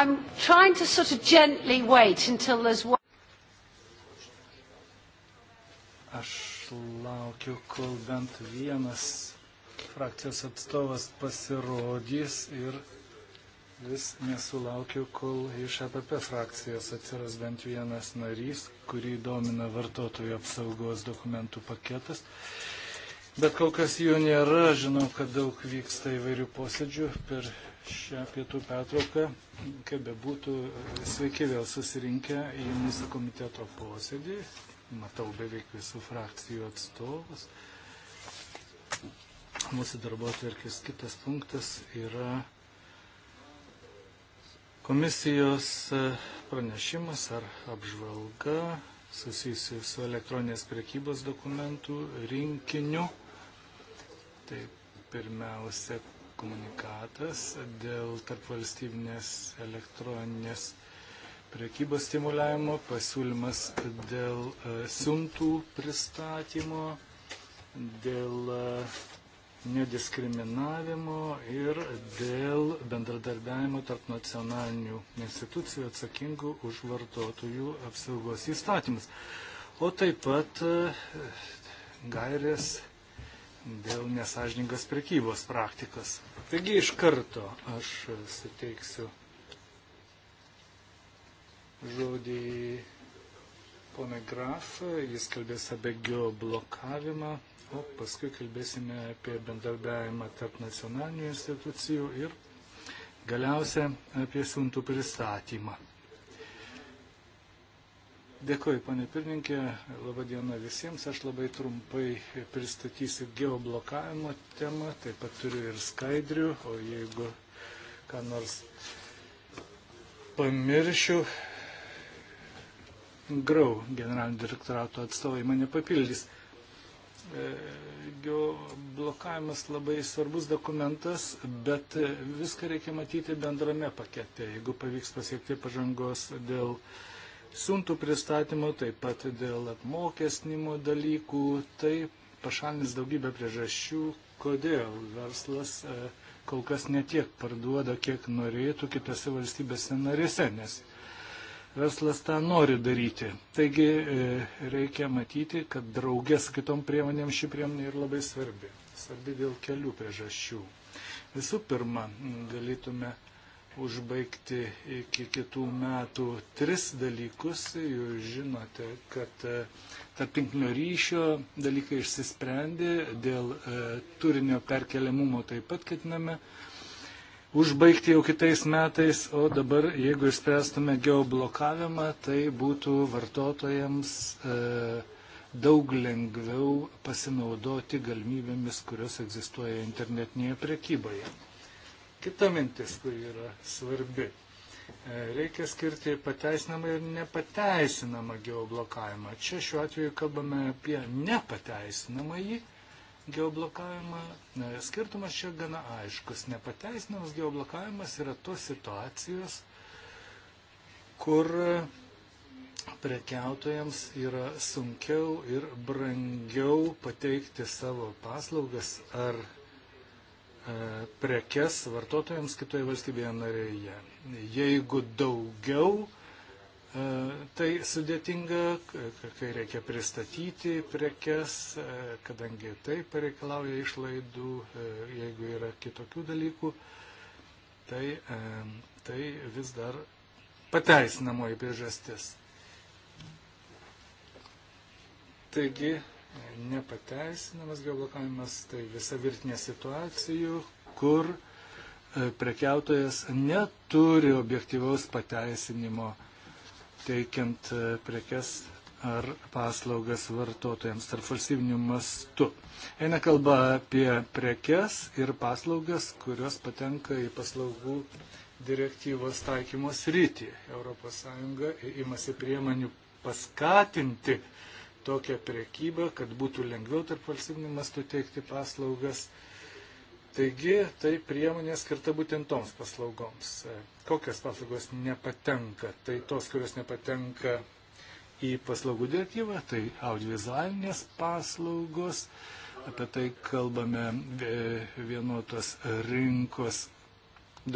I'm trying to sort of gently wait until there's one. Aš laukiu, kol bent vienas frakcijos atstovas pasirodys ir vis nesulaukiu, kol iš EPP frakcijos atsiras bent vienas narys, kurį domina vartotojų apsaugos dokumentų paketas. Bet kol kas jų nėra, žinau, kad daug vyksta įvairių posėdžių per šią pietų pertrauką, kaip bebūtų, sveiki vėl susirinkę į mūsų komiteto posėdį. Matau beveik visų frakcijų atstovus. Mūsų darbo atverkis kitas punktas yra komisijos e, pranešimas ar apžvalga susijusi su elektroninės prekybos dokumentų rinkiniu. Taip, pirmiausia, komunikatas dėl tarpvalstybinės elektroninės priekybos stimuliavimo, pasiūlymas dėl e, siuntų pristatymo, dėl e, nediskriminavimo ir dėl bendradarbiavimo tarp nacionalinių institucijų atsakingų už vartotojų apsaugos įstatymus. O taip pat e, gairės dėl nesažiningos prekybos praktikos. Taigi iš karto aš suteiksiu žodį ponai Graf, jis kalbės apie geoblokavimą, o paskui kalbėsime apie bendarbiavimą tarp nacionalinių institucijų ir galiausia apie siuntų pristatymą. Dėkuoju, ponė pirmininkė, laba diena visiems. Aš labai trumpai pristatysiu geoblokavimo temą, taip pat turiu ir skaidrių, o jeigu ką nors pamiršiu, Grau generalinio direktorato atstovai mane papildys. E, geoblokavimas labai svarbus dokumentas, bet viską reikia matyti bendrame pakete, jeigu pavyks pasiekti pažangos dėl uh, siuntų pristatymo, taip pat dėl apmokesnimo dalykų. Tai pašalins daugybę priežasčių, kodėl verslas e, kol kas netiek parduoda, kiek norėtų kitose valstybėse narėse, nes verslas tą nori daryti. Taigi e, reikia matyti, kad draugės kitom priemonėm ši priemonė yra labai svarbi. Svarbi dėl kelių priežasčių. Visų pirma, galėtume užbaigti iki kitų metų tris dalykus. Jūs žinote, kad e, tarp tinklinio ryšio dalykai išsisprendė, dėl e, turinio perkeliamumo taip pat ketiname užbaigti jau kitais metais, o dabar jeigu išspręstume geoblokavimą, tai būtų vartotojams. E, daug lengviau pasinaudoti galimybėmis, kurios egzistuoja internetinėje prekyboje kita mintis, kuri yra svarbi. E, reikia skirti pateisinamą ir nepateisinamą geoblokavimą. Čia šiuo atveju kalbame apie nepateisinamąjį geoblokavimą. E, skirtumas čia gana aiškus. Nepateisinamas geoblokavimas yra tos situacijos, kur prekiautojams yra sunkiau ir brangiau pateikti savo paslaugas ar E, prekes vartotojams kitoje valstybėje narėje. Jeigu daugiau, e, tai sudėtinga, kai reikia pristatyti prekes, e, kadangi tai pareikalauja išlaidų, jeigu yra kitokių dalykų, tai, tai vis dar pateisinamoji priežastis. Taigi, nepateisinamas geoblokavimas, tai visa virtinė situacijų, kur e, prekiautojas neturi objektyvaus pateisinimo teikiant e, prekes ar paslaugas vartotojams tarp valstybinių mastų. Eina kalba apie prekes ir paslaugas, kurios patenka į paslaugų direktyvos taikymos rytį. ES imasi priemonių paskatinti uh, tokią priekybą, kad būtų lengviau tarp valstybinių mastų teikti paslaugas. Taigi, tai priemonė skirta būtent toms paslaugoms. Kokios paslaugos nepatenka? Tai tos, kurios nepatenka į paslaugų direktyvą, tai audiovizualinės paslaugos. Apie tai kalbame e, vienuotos rinkos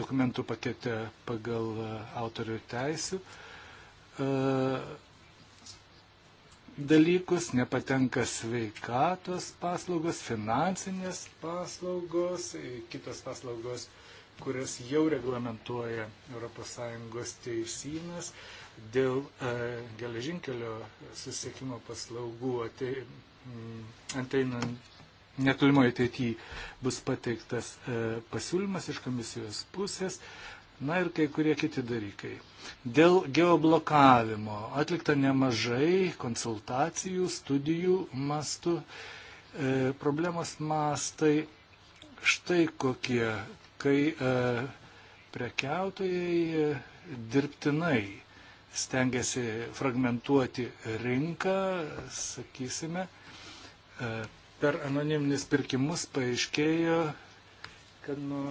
dokumentų pakete pagal e, autorių teisių e, dalykus, nepatenka sveikatos paslaugos, finansinės paslaugos, e, kitos paslaugos, kurias jau reglamentuoja ES teisynas dėl e, geležinkelio susiekimo paslaugų atei, ateinant netolimoje ateityje bus pateiktas e, pasiūlymas iš komisijos pusės. Na ir kai kurie kiti dalykai. Dėl geoblokavimo atlikta nemažai konsultacijų, studijų mastų. E, problemos mastai štai kokie, kai e, prekiautojai e, dirbtinai stengiasi fragmentuoti rinką, sakysime, e, per anoniminius pirkimus paaiškėjo, kad nuo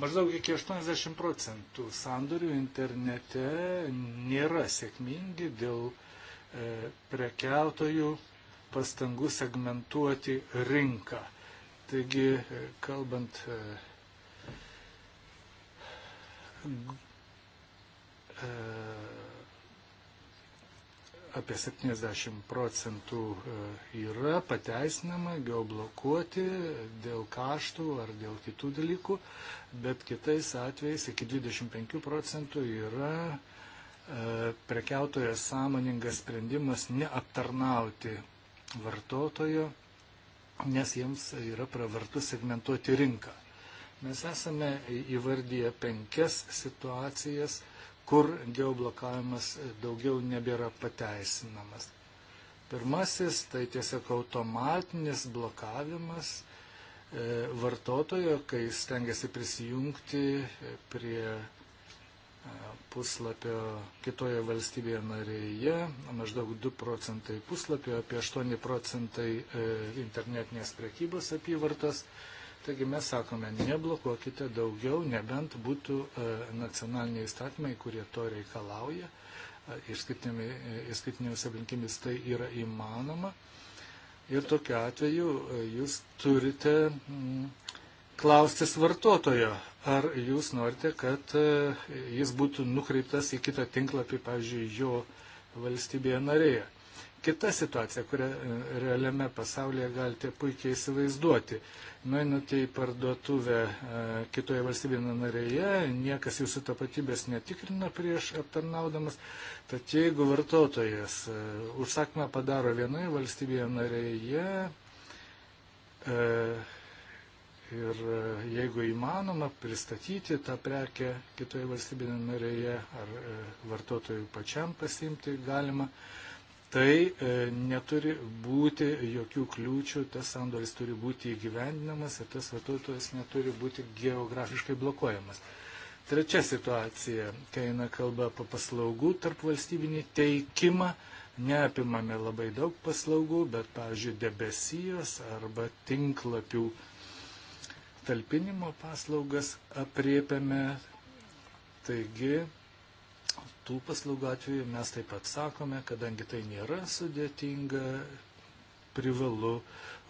Maždaug iki 80 procentų sandorių internete nėra sėkmingi dėl e, prekiautojų pastangų segmentuoti rinką. Taigi, e, kalbant e, apie 70 procentų e, yra pateisinama, geoblokuoti dėl kaštų ar dėl kitų dalykų, bet kitais atvejais iki 25 procentų yra e, prekiautojas sąmoningas sprendimas neaptarnauti vartotojo, nes jiems yra pravartu segmentuoti rinką. Mes esame įvardyje penkias situacijas, kur geoblokavimas daugiau nebėra pateisinamas. Pirmasis tai tiesiog automatinis blokavimas e, vartotojo, kai stengiasi prisijungti e, prie e, puslapio kitoje valstybėje narėje, maždaug 2 procentai puslapio, apie 8 procentai internetinės prekybos apyvartos. E, Taigi mes sakome, neblokuokite daugiau, nebent būtų e, nacionaliniai įstatymai, kurie to reikalauja. E, e, išskirtinėmis aplinkybėmis tai yra įmanoma. Ir tokiu atveju jūs turite mm, klaustis vartotojo, ar jūs norite, kad jis būtų nukreiptas į kitą tinklapį, pavyzdžiui, jo valstybėje narėje kita situacija, kurią e, realiame pasaulyje galite puikiai įsivaizduoti. Nueinate į parduotuvę e, kitoje valstybėje narėje, niekas jūsų tapatybės netikrina prieš aptarnaudamas, tad jeigu vartotojas e, užsakymą padaro vienoje valstybėje narėje, ir jeigu įmanoma pristatyti tą prekę kitoje valstybinėje narėje ar vartotojų pačiam pasimti galima tai e, neturi būti jokių kliūčių, tas sandoris turi būti įgyvendinamas ir tas vartotojas neturi būti geografiškai blokuojamas. Trečia situacija, kai eina kalba apie paslaugų tarp valstybinį teikimą, neapimame labai daug paslaugų, bet, pavyzdžiui, debesijos arba tinklapių talpinimo paslaugas apriepiame. Taigi, tų paslaugų atveju mes taip pat sakome, kadangi tai nėra sudėtinga, privalu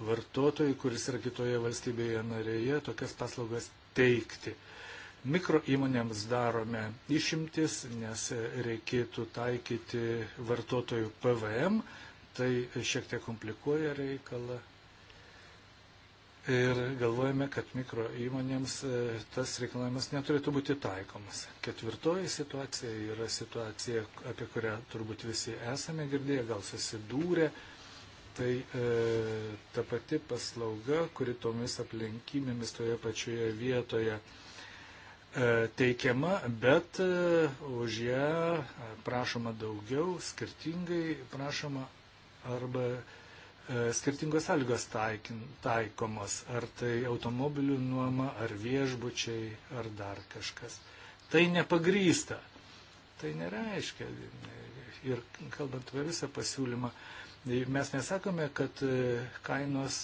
vartotojui, kuris yra kitoje valstybėje narėje, tokias paslaugas teikti. Mikro įmonėms darome išimtis, nes reikėtų taikyti vartotojų PVM, tai šiek tiek komplikuoja reikalą, ir galvojame, kad mikro įmonėms e, tas reikalavimas neturėtų būti taikomas. Ketvirtoji situacija yra situacija, apie kurią turbūt visi esame girdėję, gal susidūrę. Tai e, ta pati paslauga, kuri tomis aplinkybėmis toje pačioje vietoje e, teikiama, bet e, už ją prašoma daugiau, skirtingai prašoma arba e, E, skirtingos sąlygos taikin, taikomos, ar tai automobilių nuoma, ar viešbučiai, ar dar kažkas. Tai nepagrysta. Tai nereiškia. Ir kalbant apie visą pasiūlymą, e, mes nesakome, kad e, kainos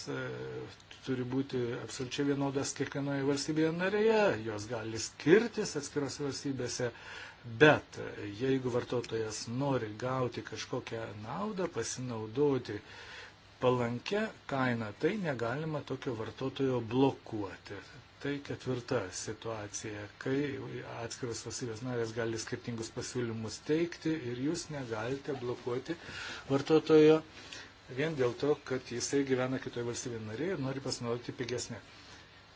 turi būti absoliučiai vienodas kiekvienoje valstybėje narėje, jos gali skirtis atskirose valstybėse, bet jeigu vartotojas nori gauti kažkokią naudą, pasinaudoti uh, palankę kainą, tai negalima tokio vartotojo blokuoti. Tai ketvirta situacija, kai atskiros valstybės narės gali skirtingus pasiūlymus teikti ir jūs negalite blokuoti vartotojo vien dėl to, kad jisai gyvena kitoje valstybėje narėje ir nori pasinaudoti pigesnę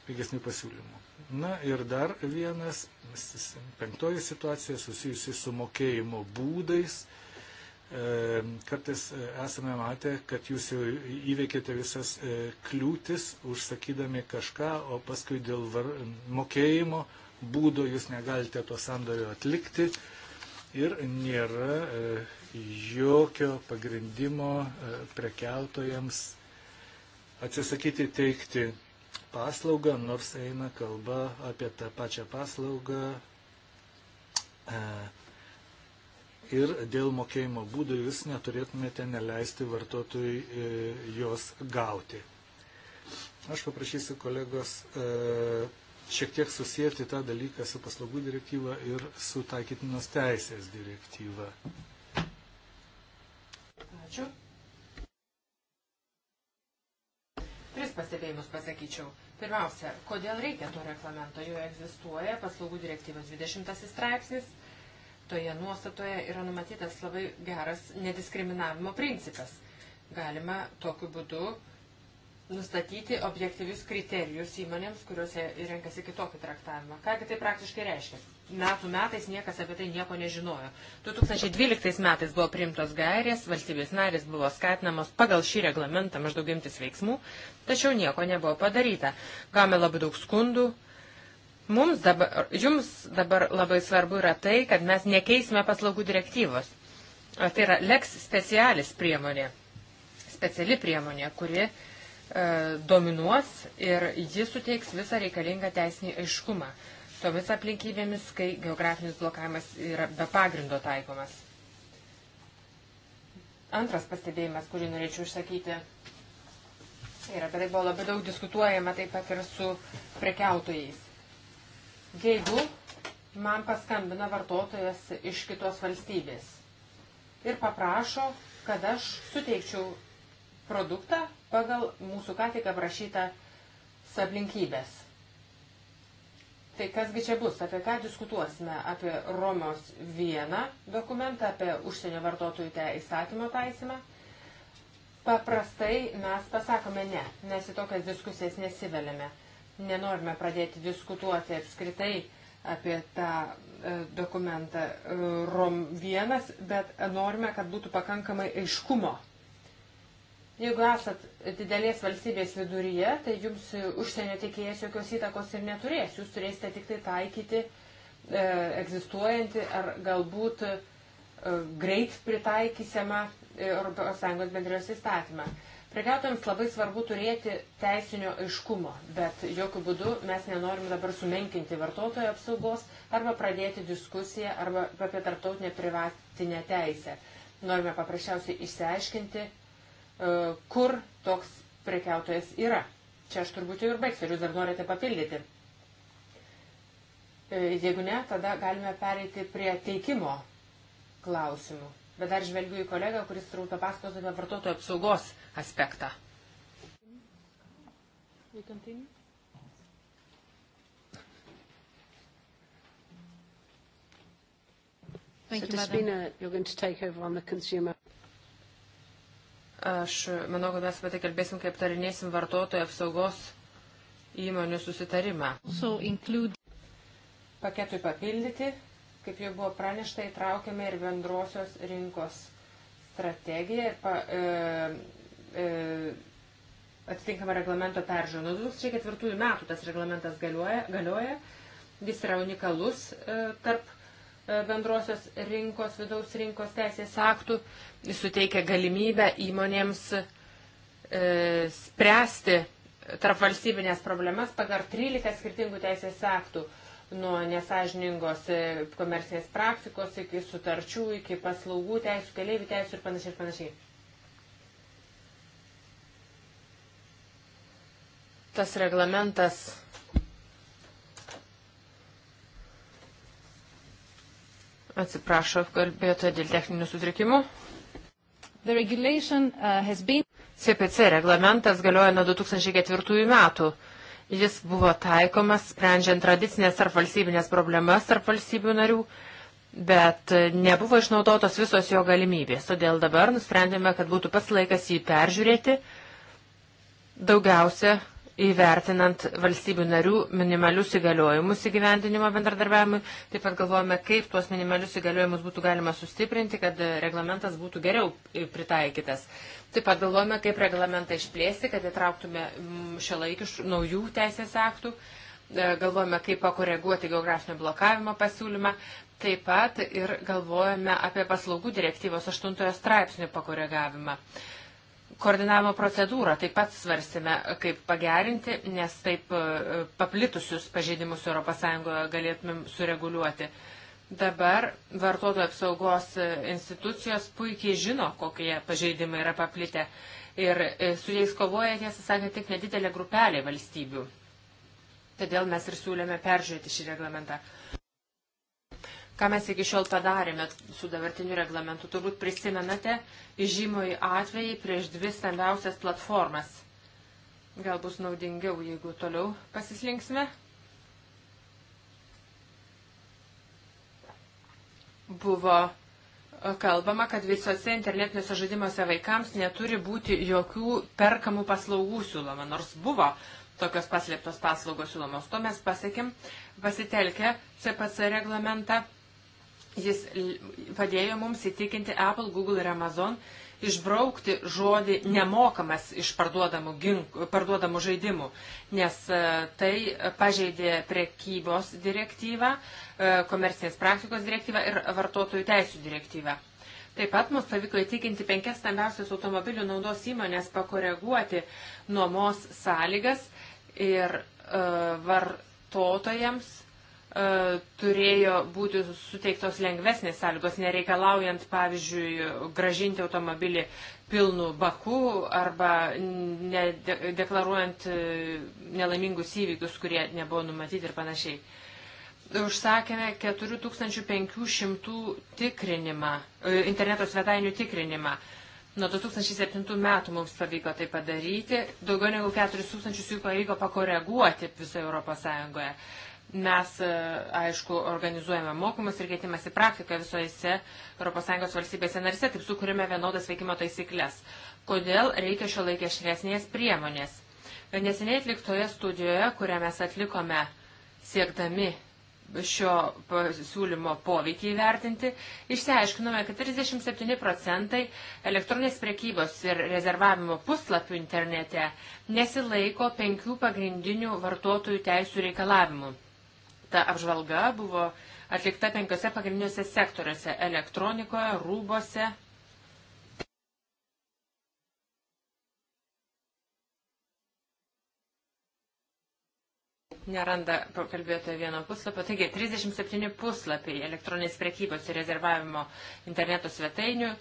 pigesnių pasiūlymų. Na ir dar vienas, penktoji situacija susijusi su mokėjimo būdais. E, kartais e, esame matę, kad jūs jau įveikėte visas e, kliūtis, užsakydami kažką, o paskui dėl var... mokėjimo būdo jūs negalite to sandorio atlikti ir nėra jokio pagrindimo prekiautojams atsisakyti teikti paslaugą, nors eina kalba apie tą pačią paslaugą ir dėl mokėjimo būdų jūs neturėtumėte neleisti vartotojui e, jos gauti. Aš paprašysiu kolegos e, šiek tiek susijęti tą dalyką su paslaugų direktyva ir su taikytinos teisės direktyva. Ačiū. Tris pastebėjimus pasakyčiau. Pirmiausia, kodėl reikia to reglamento? Jo egzistuoja paslaugų direktyvos 20 straipsnis toje nuostatoje yra numatytas labai geras nediskriminavimo principas. Galima tokiu būdu nustatyti objektyvius kriterijus įmonėms, kuriuose renkasi kitokį traktavimą. Kągi tai praktiškai reiškia? Metų metais niekas apie tai nieko nežinojo. 2012 metais buvo priimtos gairės, valstybės narės buvo skatinamos pagal šį reglamentą maždaug imtis veiksmų, tačiau nieko nebuvo padaryta. Gavome labai daug skundų, Mums dabar, jums dabar labai svarbu yra tai, kad mes nekeisime paslaugų direktyvos. O tai yra leks specialis priemonė, speciali priemonė, kuri e, dominuos ir ji suteiks visą reikalingą teisinį aiškumą tomis aplinkybėmis, kai geografinis blokavimas yra be pagrindo taikomas. Antras pastebėjimas, kurį norėčiau išsakyti, yra, kad tai buvo labai daug diskutuojama taip pat ir su prekiautojais jeigu man paskambina vartotojas iš kitos valstybės ir paprašo, kad aš suteikčiau produktą pagal mūsų ką tik aprašytą aplinkybės. Tai kasgi čia bus, apie ką diskutuosime, apie Romos vieną dokumentą, apie užsienio vartotojų te įstatymo taisymą. Paprastai mes pasakome ne, nes į tokias diskusijas nesivelėme. Nenorime pradėti diskutuoti apskritai apie tą e, dokumentą e, ROM1, bet norime, kad būtų pakankamai aiškumo. Jeigu esat didelės valstybės viduryje, tai jums užsienio teikėjas jokios įtakos ir neturės. Jūs turėsite tik tai taikyti e, egzistuojantį ar galbūt e, greit pritaikysiamą ES bendrijos įstatymą. E, Prekiautojams labai svarbu turėti teisinio aiškumo, bet jokių būdų mes nenorim dabar sumenkinti vartotojo apsaugos arba pradėti diskusiją arba apie tarptautinę privatinę teisę. Norime paprasčiausiai išsiaiškinti, e, kur toks prekiautojas yra. Čia aš turbūt jau ir baigsiu, ar jūs dar norite papildyti. E, jeigu ne, tada galime pereiti prie teikimo klausimų. Bet dar žvelgiu į kolegą, kuris turbūt papasakos apie vartotojų apsaugos aspektą. We continue. Thank you, Madam. You're going to take over on the consumer. Aš manau, kad mes apie tai kalbėsim, kaip tarinėsim vartotojų apsaugos įmonių susitarimą. So include... Paketui papildyti, kaip jau buvo pranešta, įtraukiame ir bendrosios rinkos strategiją ir pa, e, E, atitinkamą reglamento peržiūrą. Nuo 2004 metų tas reglamentas galioja, galioja. jis yra unikalus e, tarp e, bendrosios rinkos, vidaus rinkos teisės aktų, jis suteikia galimybę įmonėms spręsti tarp valstybinės problemas pagal 13 skirtingų teisės aktų, nuo nesažiningos komersinės praktikos iki sutarčių, iki paslaugų teisų, keliaivių teisų ir panašiai ir panašiai. Tas reglamentas atsiprašo kalbėtoja dėl techninių sutrikimų. Uh, been... CPC reglamentas galioja nuo 2004 metų. Jis buvo taikomas sprendžiant tradicinės ar valstybinės problemas tarp valstybių narių, bet uh, nebuvo išnaudotos visos jo galimybės. Todėl dabar nusprendėme, kad būtų pats laikas jį peržiūrėti. Daugiausia įvertinant valstybių narių minimalius įgaliojimus įgyvendinimo bendradarbiavimui. Taip pat galvojame, kaip tuos minimalius įgaliojimus būtų galima sustiprinti, kad reglamentas būtų geriau pritaikytas. Taip pat galvojame, kaip reglamentą išplėsti, kad įtrauktume mm, šio laikiš naujų teisės aktų. E, galvojame, kaip pakoreguoti geografinio blokavimo pasiūlymą. Taip pat ir galvojame apie paslaugų direktyvos 8 straipsnių pakoregavimą. Koordinavimo procedūrą taip pat svarstėme, kaip pagerinti, nes taip e, paplitusius pažeidimus ES galėtumėm sureguliuoti. Dabar vartotojų apsaugos e, institucijos puikiai žino, kokie pažeidimai yra paplitę ir e, su jais kovoja, tiesą sakant, tik nedidelė grupelė valstybių. Todėl mes ir siūlėme peržiūrėti šį reglamentą ką mes iki šiol padarėme su dabartiniu reglamentu. Turbūt prisimenate žymui atvejai prieš dvi stambiausias platformas. Gal bus naudingiau, jeigu toliau pasislinksime. Buvo e, kalbama, kad visose internetiniuose žaidimuose vaikams neturi būti jokių perkamų paslaugų siūloma, nors buvo tokios paslėptos paslaugos siūlomos. To mes pasiekim pasitelkę CPC reglamentą Jis padėjo mums įtikinti Apple, Google ir Amazon išbraukti žodį nemokamas iš parduodamų, gink, parduodamų žaidimų, nes e, tai pažeidė prekybos direktyvą, e, komercinės praktikos direktyvą ir vartotojų teisų direktyvą. Taip pat mums pavyko įtikinti penkias stambiausias automobilių naudos įmonės pakoreguoti nuomos sąlygas ir e, vartotojams E, turėjo būti suteiktos lengvesnės sąlygos, nereikalaujant, pavyzdžiui, gražinti automobilį pilnu baku arba deklaruojant e, nelaimingus įvykius, kurie nebuvo numatyti ir panašiai. Užsakėme 4500 tikrinimą, e, interneto svetainių tikrinimą. Nuo 2007 metų mums pavyko tai padaryti, daugiau negu 4000 jų pavyko pakoreguoti visoje Europos Sąjungoje. Mes, e, aišku, organizuojame mokymus ir keitimąsi praktiką visose ES valstybėse narise, taip sukūrime vienodas veikimo taisyklės. Kodėl reikia šio laikės šviesnės priemonės? Neseniai atliktoje studijoje, kurią mes atlikome siekdami šio pasiūlymo poveikį įvertinti, išsiaiškinome, kad 37 procentai elektroninės prekybos ir rezervavimo puslapių internete nesilaiko penkių pagrindinių vartotojų teisų reikalavimų ta apžvalga buvo atlikta penkiose pagrindiniuose sektoriuose - elektronikoje, rūbose. Neranda kalbėtojo vieno puslapio. Taigi, 37 puslapiai elektroninės prekybos ir rezervavimo interneto svetainių,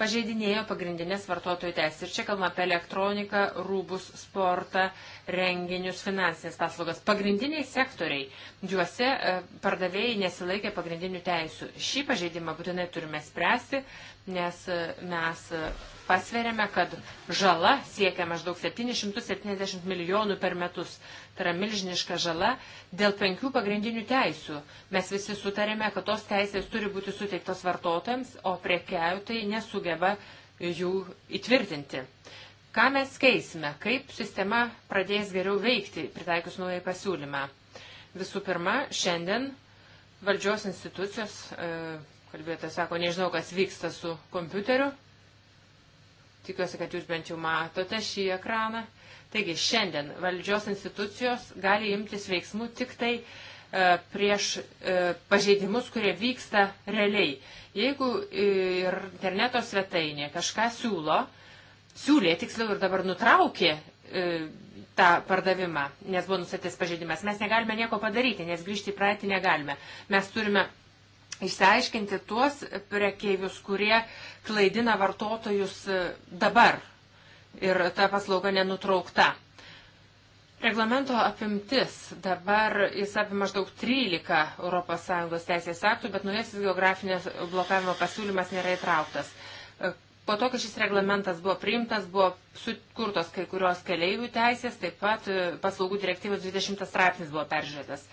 pažeidinėjo pagrindinės vartotojų teisės. Ir čia kalbame apie elektroniką, rūbus, sportą, renginius, finansinės paslaugas. Pagrindiniai sektoriai, juose e, pardavėjai nesilaikė pagrindinių teisų. Šį pažeidimą būtinai turime spręsti, nes e, mes e, pasverėme, kad žala siekia maždaug 770 milijonų per metus. Tai yra milžiniška žala dėl penkių pagrindinių teisių. Mes visi sutarėme, kad tos teisės turi būti suteiktos vartotojams, o prekiautai nesugeba jų įtvirtinti. Ką mes keisime, kaip sistema pradės geriau veikti, pritaikius naujai pasiūlymą? Visų pirma, šiandien valdžios institucijos. E, Kalbėtas sako, nežinau, kas vyksta su kompiuteriu. Tikiuosi, kad jūs bent jau matote šį ekraną. Taigi šiandien valdžios institucijos gali imtis veiksmų tik tai e, prieš e, pažeidimus, kurie vyksta realiai. Jeigu ir interneto svetainė kažką siūlo, siūlė tiksliau ir dabar nutraukė e, tą pardavimą, nes buvo nustatęs pažeidimas. Mes negalime nieko padaryti, nes grįžti į praeitį negalime. Mes turime išsiaiškinti tuos prekeivius, kurie klaidina vartotojus e, dabar ir ta paslauga nenutraukta. Reglamento apimtis dabar jis apima maždaug 13 ES teisės aktų, bet naujasis geografinės blokavimo pasiūlymas nėra įtrauktas. E, po to, kai šis reglamentas buvo priimtas, buvo sukurtos kai kurios keleivių teisės, taip pat e, paslaugų direktyvos 20 straipsnis buvo peržiūrėtas.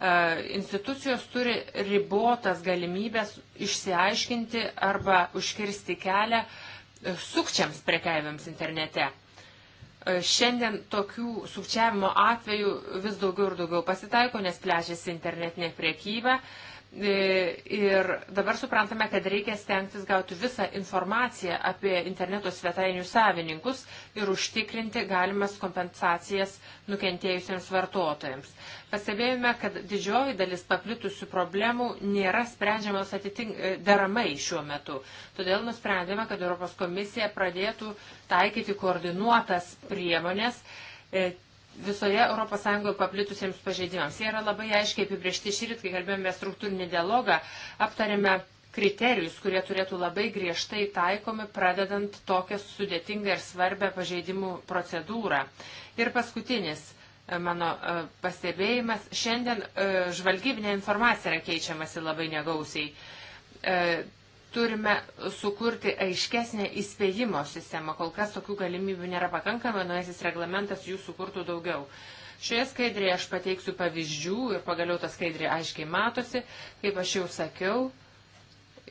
E, institucijos turi ribotas galimybės išsiaiškinti arba užkirsti kelią e, sukčiams prekiaviams internete. E, šiandien tokių sukčiavimo atvejų vis daugiau ir daugiau pasitaiko, nes plečiasi internetinė priekyba, E, ir dabar suprantame, kad reikia stengtis gauti visą informaciją apie interneto svetainių savininkus ir užtikrinti galimas kompensacijas nukentėjusiems vartotojams. Pastebėjome, kad didžioji dalis paplitusių problemų nėra sprendžiamas atitink, e, deramai šiuo metu. Todėl nusprendėme, kad Europos komisija pradėtų taikyti koordinuotas priemonės e, visoje ES paplitusiems pažeidimams. Jie yra labai aiškiai apibriešti šįryt, kai kalbėjome struktūrinį dialogą, aptarėme kriterijus, kurie turėtų labai griežtai taikomi, pradedant tokią sudėtingą ir svarbę pažeidimų procedūrą. Ir paskutinis e, mano e, pastebėjimas, šiandien e, žvalgybinė informacija yra keičiamasi labai negausiai Turime sukurti aiškesnę įspėjimo sistemą. Kol kas tokių galimybių nėra pakankamai, nuėsis reglamentas jų sukurtų daugiau. Šioje skaidrėje aš pateiksiu pavyzdžių ir pagaliau ta skaidrė aiškiai matosi, kaip aš jau sakiau,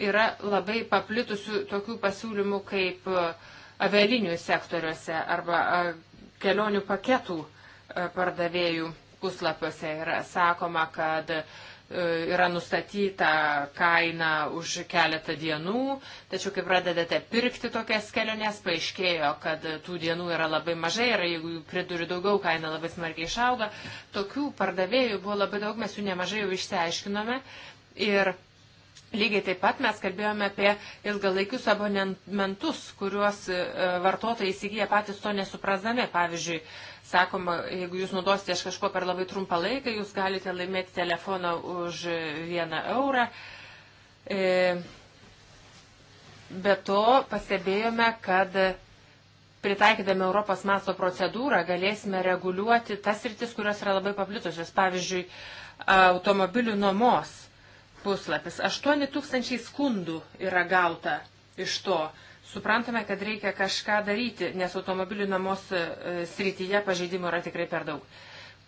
yra labai paplitusių tokių pasiūlymų kaip e, avelinių sektoriuose arba e, kelionių paketų e, pardavėjų puslapiuose yra sakoma, kad uh, E, yra nustatyta kaina už keletą dienų, tačiau kai pradedate pirkti tokias keliones, paaiškėjo, kad tų dienų yra labai mažai ir jeigu jų priduri daugiau, kaina labai smarkiai išauga. Tokių pardavėjų buvo labai daug, mes jų nemažai jau išsiaiškinome ir Lygiai taip pat mes kalbėjome apie ilgalaikius abonementus, kuriuos e, vartotojai įsigyja patys to nesuprasdami. Pavyzdžiui, sakoma, jeigu jūs naudosite iš kažko per labai trumpą laiką, jūs galite laimėti telefoną už vieną eurą. E, be to pastebėjome, kad pritaikydami Europos masto procedūrą galėsime reguliuoti tas rytis, kurios yra labai paplitusios. Pavyzdžiui, automobilių nuomos puslapis. 8000 skundų yra gauta iš to. Suprantame, kad reikia kažką daryti, nes automobilių namos e, srityje pažeidimų yra tikrai per daug.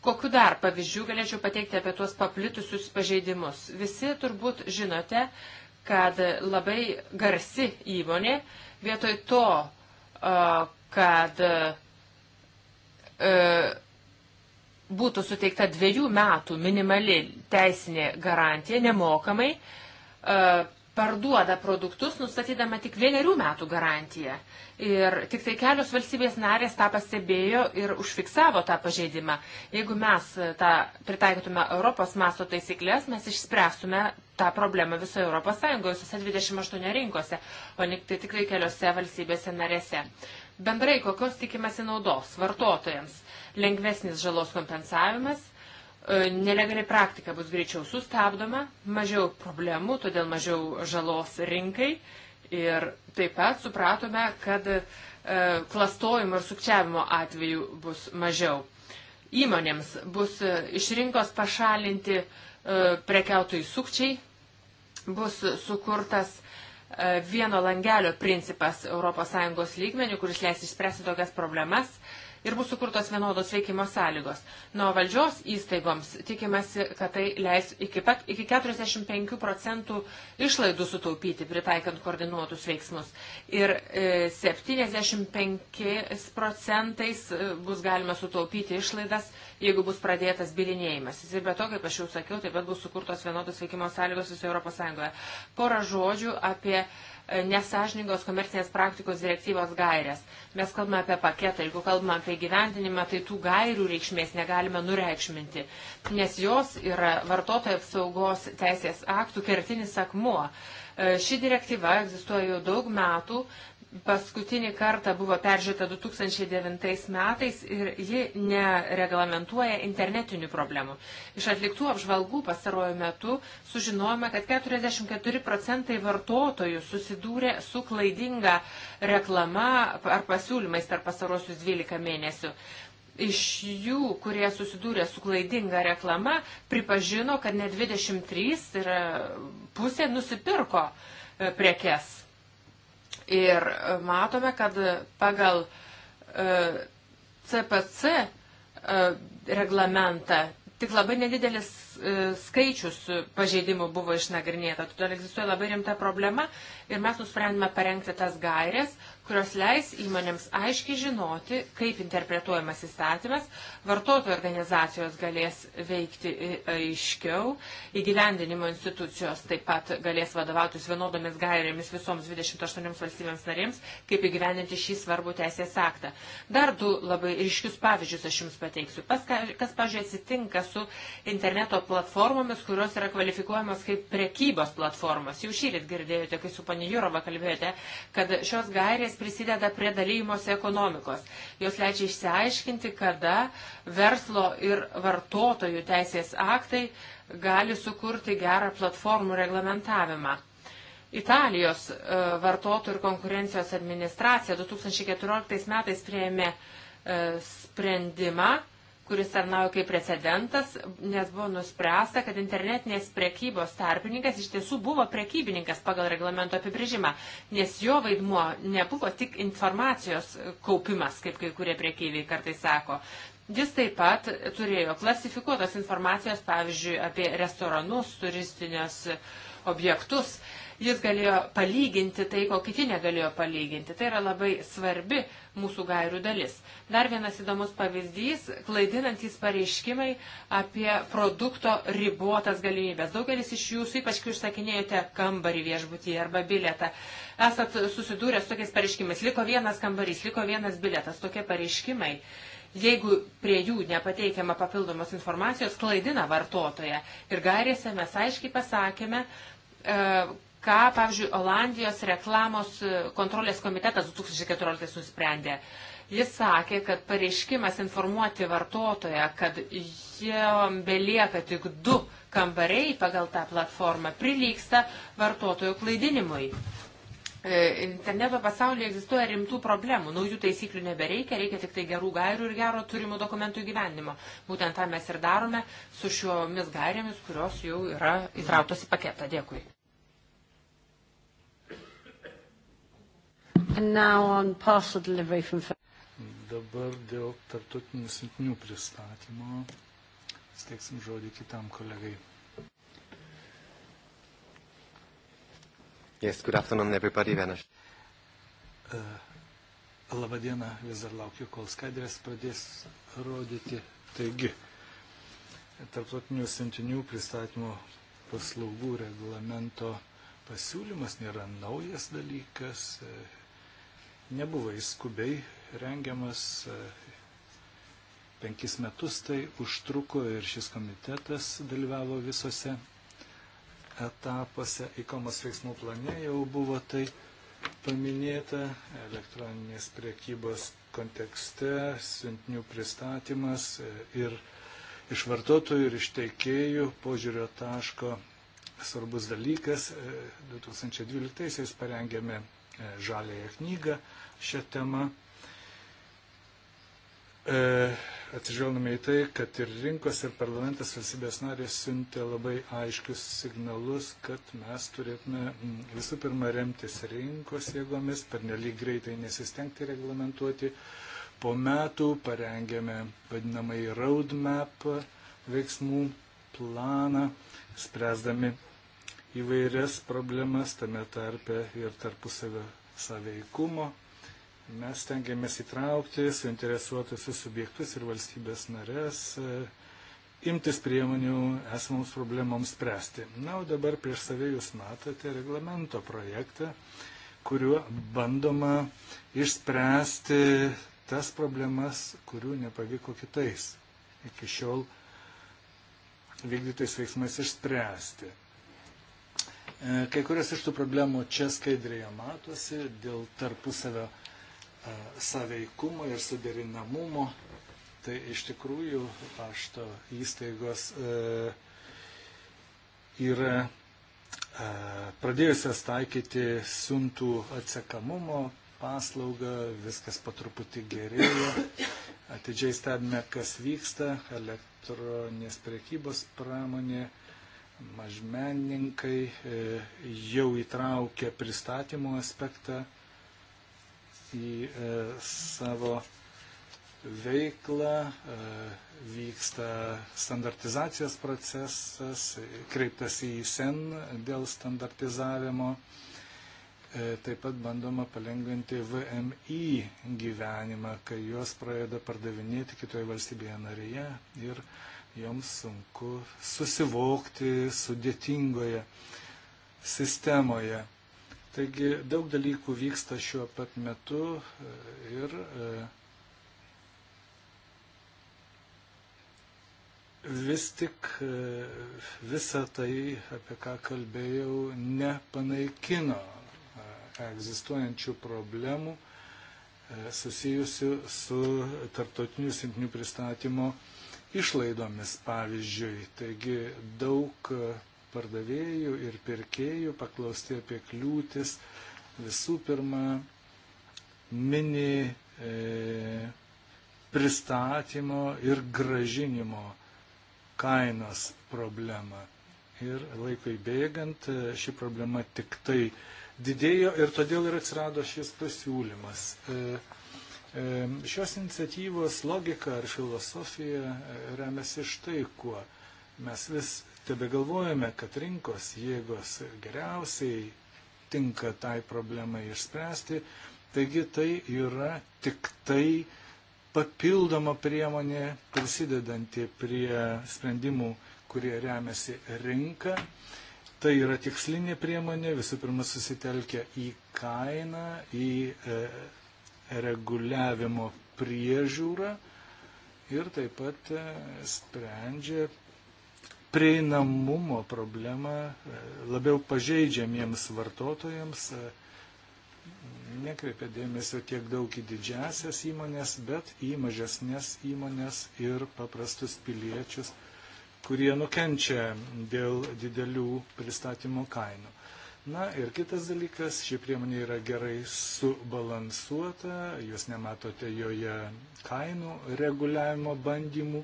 Kokiu dar pavyzdžių galėčiau pateikti apie tuos paplitusius pažeidimus? Visi turbūt žinote, kad labai garsi įmonė vietoj to, e, kad e, būtų suteikta dviejų metų minimali teisinė garantija nemokamai, e, parduoda produktus, nustatydama tik vienerių metų garantiją. Ir tik tai kelios valstybės narės tą pastebėjo ir užfiksavo tą pažeidimą. Jeigu mes tą pritaikytume Europos masto taisyklės, mes išspręstume tą problemą visoje Europos Sąjungoje, visose 28 rinkose, o ne tai tik tai keliose valstybėse narėse. Bendrai, kokios tikimasi naudos vartotojams? lengvesnis žalos kompensavimas, e, nelegali praktika bus greičiau sustabdoma, mažiau problemų, todėl mažiau žalos rinkai. Ir taip pat supratome, kad e, klastojimo ir sukčiavimo atveju bus mažiau. Įmonėms bus e, iš rinkos pašalinti prekiautojai sukčiai, bus sukurtas vieno langelio principas ES lygmenių, kuris leis išspręsti tokias problemas ir bus sukurtos vienodos veikimo sąlygos. Nuo valdžios įstaigoms tikimasi, kad tai leis iki, pat, iki 45 procentų išlaidų sutaupyti, pritaikant koordinuotus veiksmus. Ir 75 e, procentais e, bus galima sutaupyti išlaidas, jeigu bus pradėtas bilinėjimasis. Ir be to, kaip aš jau sakiau, taip pat bus sukurtos vienodos veikimo sąlygos visoje Europos Sąjungoje. Porą žodžių apie nesažiningos komercinės praktikos direktyvos gairės. Mes kalbame apie paketą, jeigu kalbame apie gyvendinimą, tai tų gairių reikšmės negalime nureikšminti, nes jos yra vartotojų apsaugos teisės aktų kertinis akmuo. E, ši direktyva egzistuoja jau daug metų, paskutinį kartą buvo peržiūrėta 2009 metais ir ji nereglamentuoja internetinių problemų. Iš atliktų apžvalgų pastaruoju metu sužinojome, kad 44 procentai vartotojų susidūrė su klaidinga reklama ar pasiūlymais per pastaruosius 12 mėnesių. Iš jų, kurie susidūrė su klaidinga reklama, pripažino, kad ne 23, tai yra pusė, nusipirko e, prekes Ir matome, kad pagal CPC e, e, reglamentą tik labai nedidelis e, skaičius pažeidimų buvo išnagrinėta. Todėl egzistuoja labai rimta problema ir mes nusprendėme parengti tas gairės, kurios leis įmonėms aiškiai žinoti, kaip interpretuojamas įstatymas, vartotojų organizacijos galės veikti e, aiškiau, įgyvendinimo institucijos taip pat galės vadovautis vienodomis gairėmis visoms 28 valstybėms narėms, kaip įgyvendinti šį svarbų teisės aktą. Dar du labai ryškius pavyzdžius aš Jums pateiksiu. Pas, kas, pažiūrėjau, atsitinka su interneto platformomis, kurios yra kvalifikuojamos kaip prekybos platformos. Jau šį girdėjote, kai su panijurova kalbėjote, kad šios gairės priemonės prisideda prie dalymosi ekonomikos. Jos leidžia išsiaiškinti, kada verslo ir vartotojų teisės aktai gali sukurti gerą platformų reglamentavimą. Italijos e, vartotojų ir konkurencijos administracija 2014 metais prieėmė e, sprendimą kuris tarnauja kaip precedentas, nes buvo nuspręsta, kad internetinės prekybos tarpininkas iš tiesų buvo prekybininkas pagal reglamento apibrėžimą, nes jo vaidmuo nebuvo tik informacijos kaupimas, kaip kai kurie prekyviai kartais sako. Jis taip pat turėjo klasifikuotos informacijos, pavyzdžiui, apie restoranus, turistinius objektus Jis galėjo palyginti tai, ko kiti negalėjo palyginti. Tai yra labai svarbi mūsų gairių dalis. Dar vienas įdomus pavyzdys - klaidinantis pareiškimai apie produkto ribotas galimybės. Daugelis iš jūsų, ypač kai užsakinėjote kambarį viešbutyje arba biletą, esat susidūrę su tokiais pareiškimais. Liko vienas kambarys, liko vienas biletas. Tokie pareiškimai jeigu prie jų nepateikiama papildomos informacijos, klaidina vartotoje. Ir gairėse mes aiškiai pasakėme, e, ką, pavyzdžiui, Olandijos reklamos e, kontrolės komitetas 2014 nusprendė. Jis sakė, kad pareiškimas informuoti vartotoją, kad jam belieka tik du kambariai pagal tą platformą, prilyksta vartotojų klaidinimui. E, interneto pasaulyje egzistuoja rimtų problemų. Naujų taisyklių nebereikia, reikia tik tai gerų gairių ir gero turimų dokumentų gyvenimo. Būtent tą mes ir darome su šiomis gairėmis, kurios jau yra įtrauktos į paketą. Dėkui. From... Dabar dėl tartutinių siuntinių pristatymo steiksim žodį kitam kolegai. Yes, good afternoon everybody, Venaš. Uh, e, Labadiena, vis dar laukiu, kol skaidrės pradės rodyti. Taigi, tarptautinių siuntinių pristatymo paslaugų reglamento pasiūlymas nėra naujas dalykas. Uh, nebuvo įskubiai rengiamas. E, penkis metus tai užtruko ir šis komitetas dalyvavo visose etapuose. ICOMOS veiksmų plane jau buvo tai paminėta elektroninės priekybos kontekste, siuntinių pristatymas e, ir iš vartotojų ir iš teikėjų požiūrio taško svarbus dalykas. 2012-aisiais e, parengėme E, žalėją knygą šią temą. E, atsižvelgame į tai, kad ir rinkos, ir parlamentas valstybės narės siuntė labai aiškius signalus, kad mes turėtume visų pirma remtis rinkos jėgomis, per nelik greitai nesistengti reglamentuoti. Po metų parengėme vadinamąjį roadmap veiksmų planą, spręsdami įvairias problemas, tame tarpe ir tarpusavio saveikumo. Mes tengiamės įtraukti suinteresuotusius subjektus ir valstybės narės, e, imtis priemonių esamoms problemoms spręsti. Na, o dabar prieš save jūs matote reglamento projektą, kuriuo bandoma išspręsti tas problemas, kurių nepavyko kitais iki šiol vykdytais veiksmais išspręsti. E, kai kurios iš tų problemų čia skaidrėje matosi dėl tarpusavio e, saveikumo ir suderinamumo. Tai iš tikrųjų pašto įstaigos e, yra pradėjusios taikyti siuntų atsekamumo paslaugą, viskas patruputį gerėjo. Atidžiai stebime, kas vyksta, elektroninės priekybos pramonė mažmeninkai e, jau įtraukė pristatymo aspektą į e, savo veiklą, e, vyksta standartizacijos procesas, kreiptasi į SEN dėl standartizavimo, taip pat bandoma palengventi VMI gyvenimą, kai juos pradeda pardavinėti kitoje valstybėje narėje ir uh, joms sunku susivokti sudėtingoje sistemoje. Taigi daug dalykų vyksta šiuo pat metu e, ir e, vis tik e, visa tai, apie ką kalbėjau, nepanaikino egzistuojančių problemų susijusių su tarptautiniu sinkinių pristatymo išlaidomis, pavyzdžiui. Taigi daug pardavėjų ir pirkėjų paklausti apie kliūtis visų pirma mini e, pristatymo ir gražinimo kainos problemą. Ir laikui bėgant e, ši problema tik tai didėjo ir todėl ir atsirado šis pasiūlymas. E, Šios iniciatyvos logika ar filosofija e, remiasi štai kuo. Mes vis tebe galvojame, kad rinkos jėgos geriausiai tinka tai problemai išspręsti, taigi tai yra tik tai papildoma priemonė prisidedanti prie sprendimų, kurie remiasi rinka. Tai yra tikslinė priemonė, visų pirma susitelkia į kainą, į e, reguliavimo priežiūrą ir taip pat e, sprendžia prieinamumo problemą e, labiau pažeidžiamiems vartotojams, e, nekreipia dėmesio tiek daug į didžiasias įmonės, bet į mažesnės įmonės ir paprastus piliečius, kurie nukenčia dėl didelių pristatymo kainų. Na ir kitas dalykas, ši priemonė yra gerai subalansuota, jūs nematote joje kainų reguliavimo bandymų,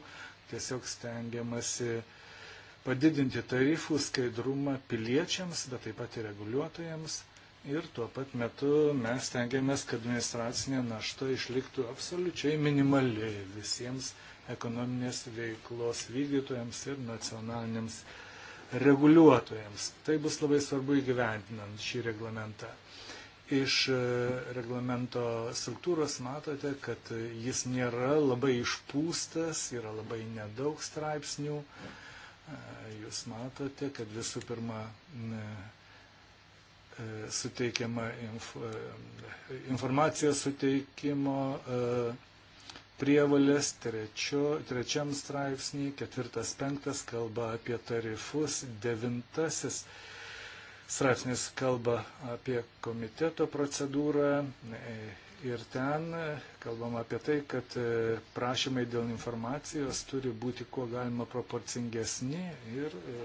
tiesiog stengiamasi padidinti tarifų skaidrumą piliečiams, bet taip pat ir reguliuotojams. Ir tuo pat metu mes tengiamės, kad administracinė našta išliktų absoliučiai minimali visiems ekonominės veiklos vykdytojams ir nacionaliniams reguliuotojams. Tai bus labai svarbu įgyventinant šį reglamentą. Iš e, reglamento struktūros matote, kad jis nėra labai išpūstas, yra labai nedaug straipsnių. E, jūs matote, kad visų pirma e, suteikiama inf, informacijos suteikimo prievalės, trečio, trečiam straipsnį, ketvirtas, penktas kalba apie tarifus, devintasis straipsnis kalba apie komiteto procedūrą e, ir ten kalbama apie tai, kad e, prašymai dėl informacijos turi būti kuo galima proporcingesni ir e,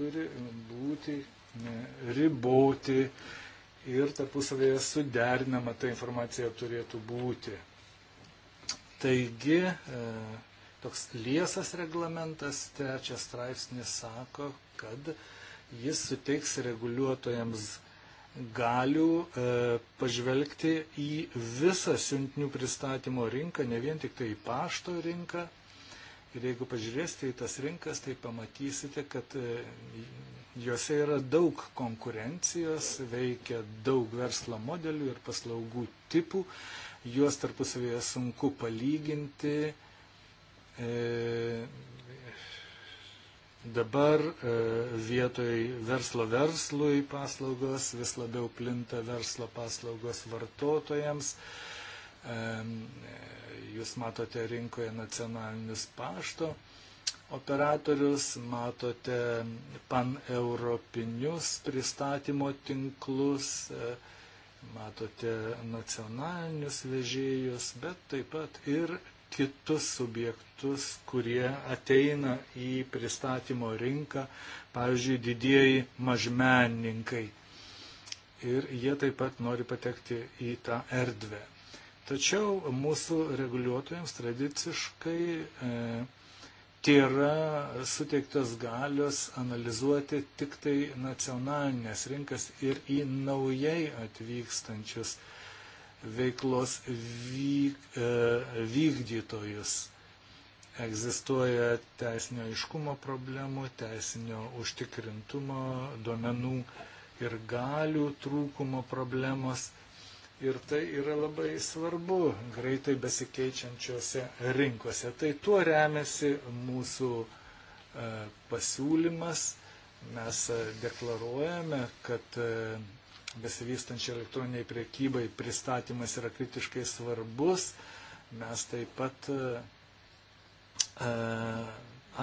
turi būti riboti ir tarpusavėje suderinama ta informacija turėtų būti. Taigi, e, toks liesas reglamentas, trečias straipsnis sako, kad jis suteiks reguliuotojams galių e, pažvelgti į visą siuntinių pristatymo rinką, ne vien tik tai į pašto rinką. Ir jeigu pažiūrėsite į tas rinkas, tai pamatysite, kad e, juose yra daug konkurencijos, veikia daug verslo modelių ir paslaugų tipų. E, juos tarpusavėje sunku palyginti. E, dabar e, vietoj verslo verslui paslaugos vis labiau plinta verslo paslaugos vartotojams. E, jūs matote rinkoje nacionalinius pašto operatorius, matote paneuropinius pristatymo tinklus. E, matote nacionalinius vežėjus, bet taip pat ir kitus subjektus, kurie ateina į pristatymo rinką, pavyzdžiui, didieji mažmenininkai. Ir jie taip pat nori patekti į tą erdvę. Tačiau mūsų reguliuotojams tradiciškai e, yra suteiktas galios analizuoti tik tai nacionalinės rinkas ir į naujai atvykstančius veiklos vyk, e, vykdytojus. Egzistuoja teisinio iškumo problemų, teisinio užtikrintumo, duomenų ir galių trūkumo problemos. Ir tai yra labai svarbu greitai besikeičiančiose rinkose. Tai tuo remiasi mūsų e, pasiūlymas. Mes e, deklaruojame, kad e, besivystančiai elektroniniai priekybai pristatymas yra kritiškai svarbus. Mes taip pat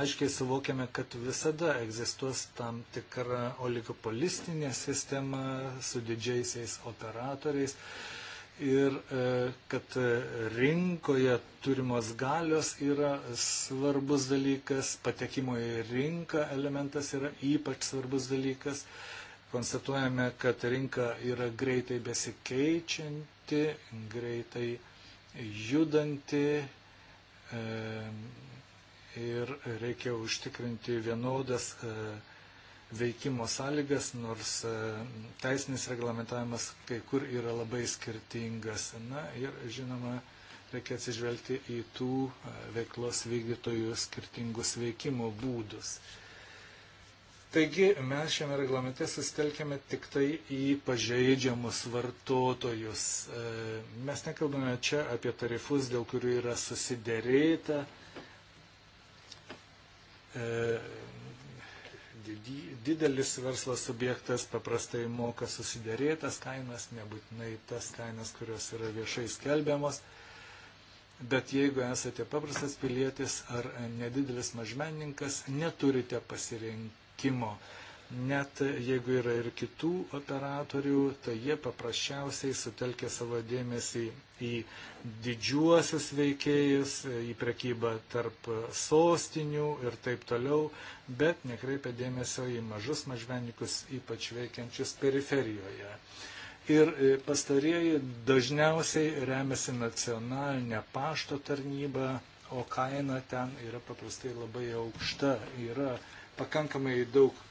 aiškiai suvokiame, kad visada egzistuos tam tikra oligopolistinė sistema su didžiaisiais operatoriais ir e, kad rinkoje turimos galios yra svarbus dalykas, patekimo į rinką elementas yra ypač svarbus dalykas. Konstatuojame, kad rinka yra greitai besikeičianti, greitai judanti, e, ir reikia užtikrinti vienodas e, veikimo sąlygas, nors e, teisinis reglamentavimas kai kur yra labai skirtingas. Na ir žinoma, reikia atsižvelgti į tų e, veiklos vykdytojų skirtingus veikimo būdus. Taigi mes šiame reglamente susitelkėme tik tai į pažeidžiamus vartotojus. Mes nekalbame čia apie tarifus, dėl kurių yra susiderėta E, didelis verslo subjektas paprastai moka susidėrėtas kainas, nebūtinai tas kainas, kurios yra viešai skelbiamos. Bet jeigu esate paprastas pilietis ar nedidelis mažmenininkas, neturite pasirinkimo. E, Net jeigu yra ir kitų operatorių, tai jie paprasčiausiai sutelkia savo dėmesį į didžiuosius veikėjus, į prekybą tarp sostinių ir taip toliau, bet nekreipia dėmesio į mažus mažmenikus, ypač veikiančius periferijoje. Ir e, pastarieji dažniausiai remiasi nacionalinę pašto tarnybą, o kaina ten yra paprastai labai aukšta. Yra pakankamai daug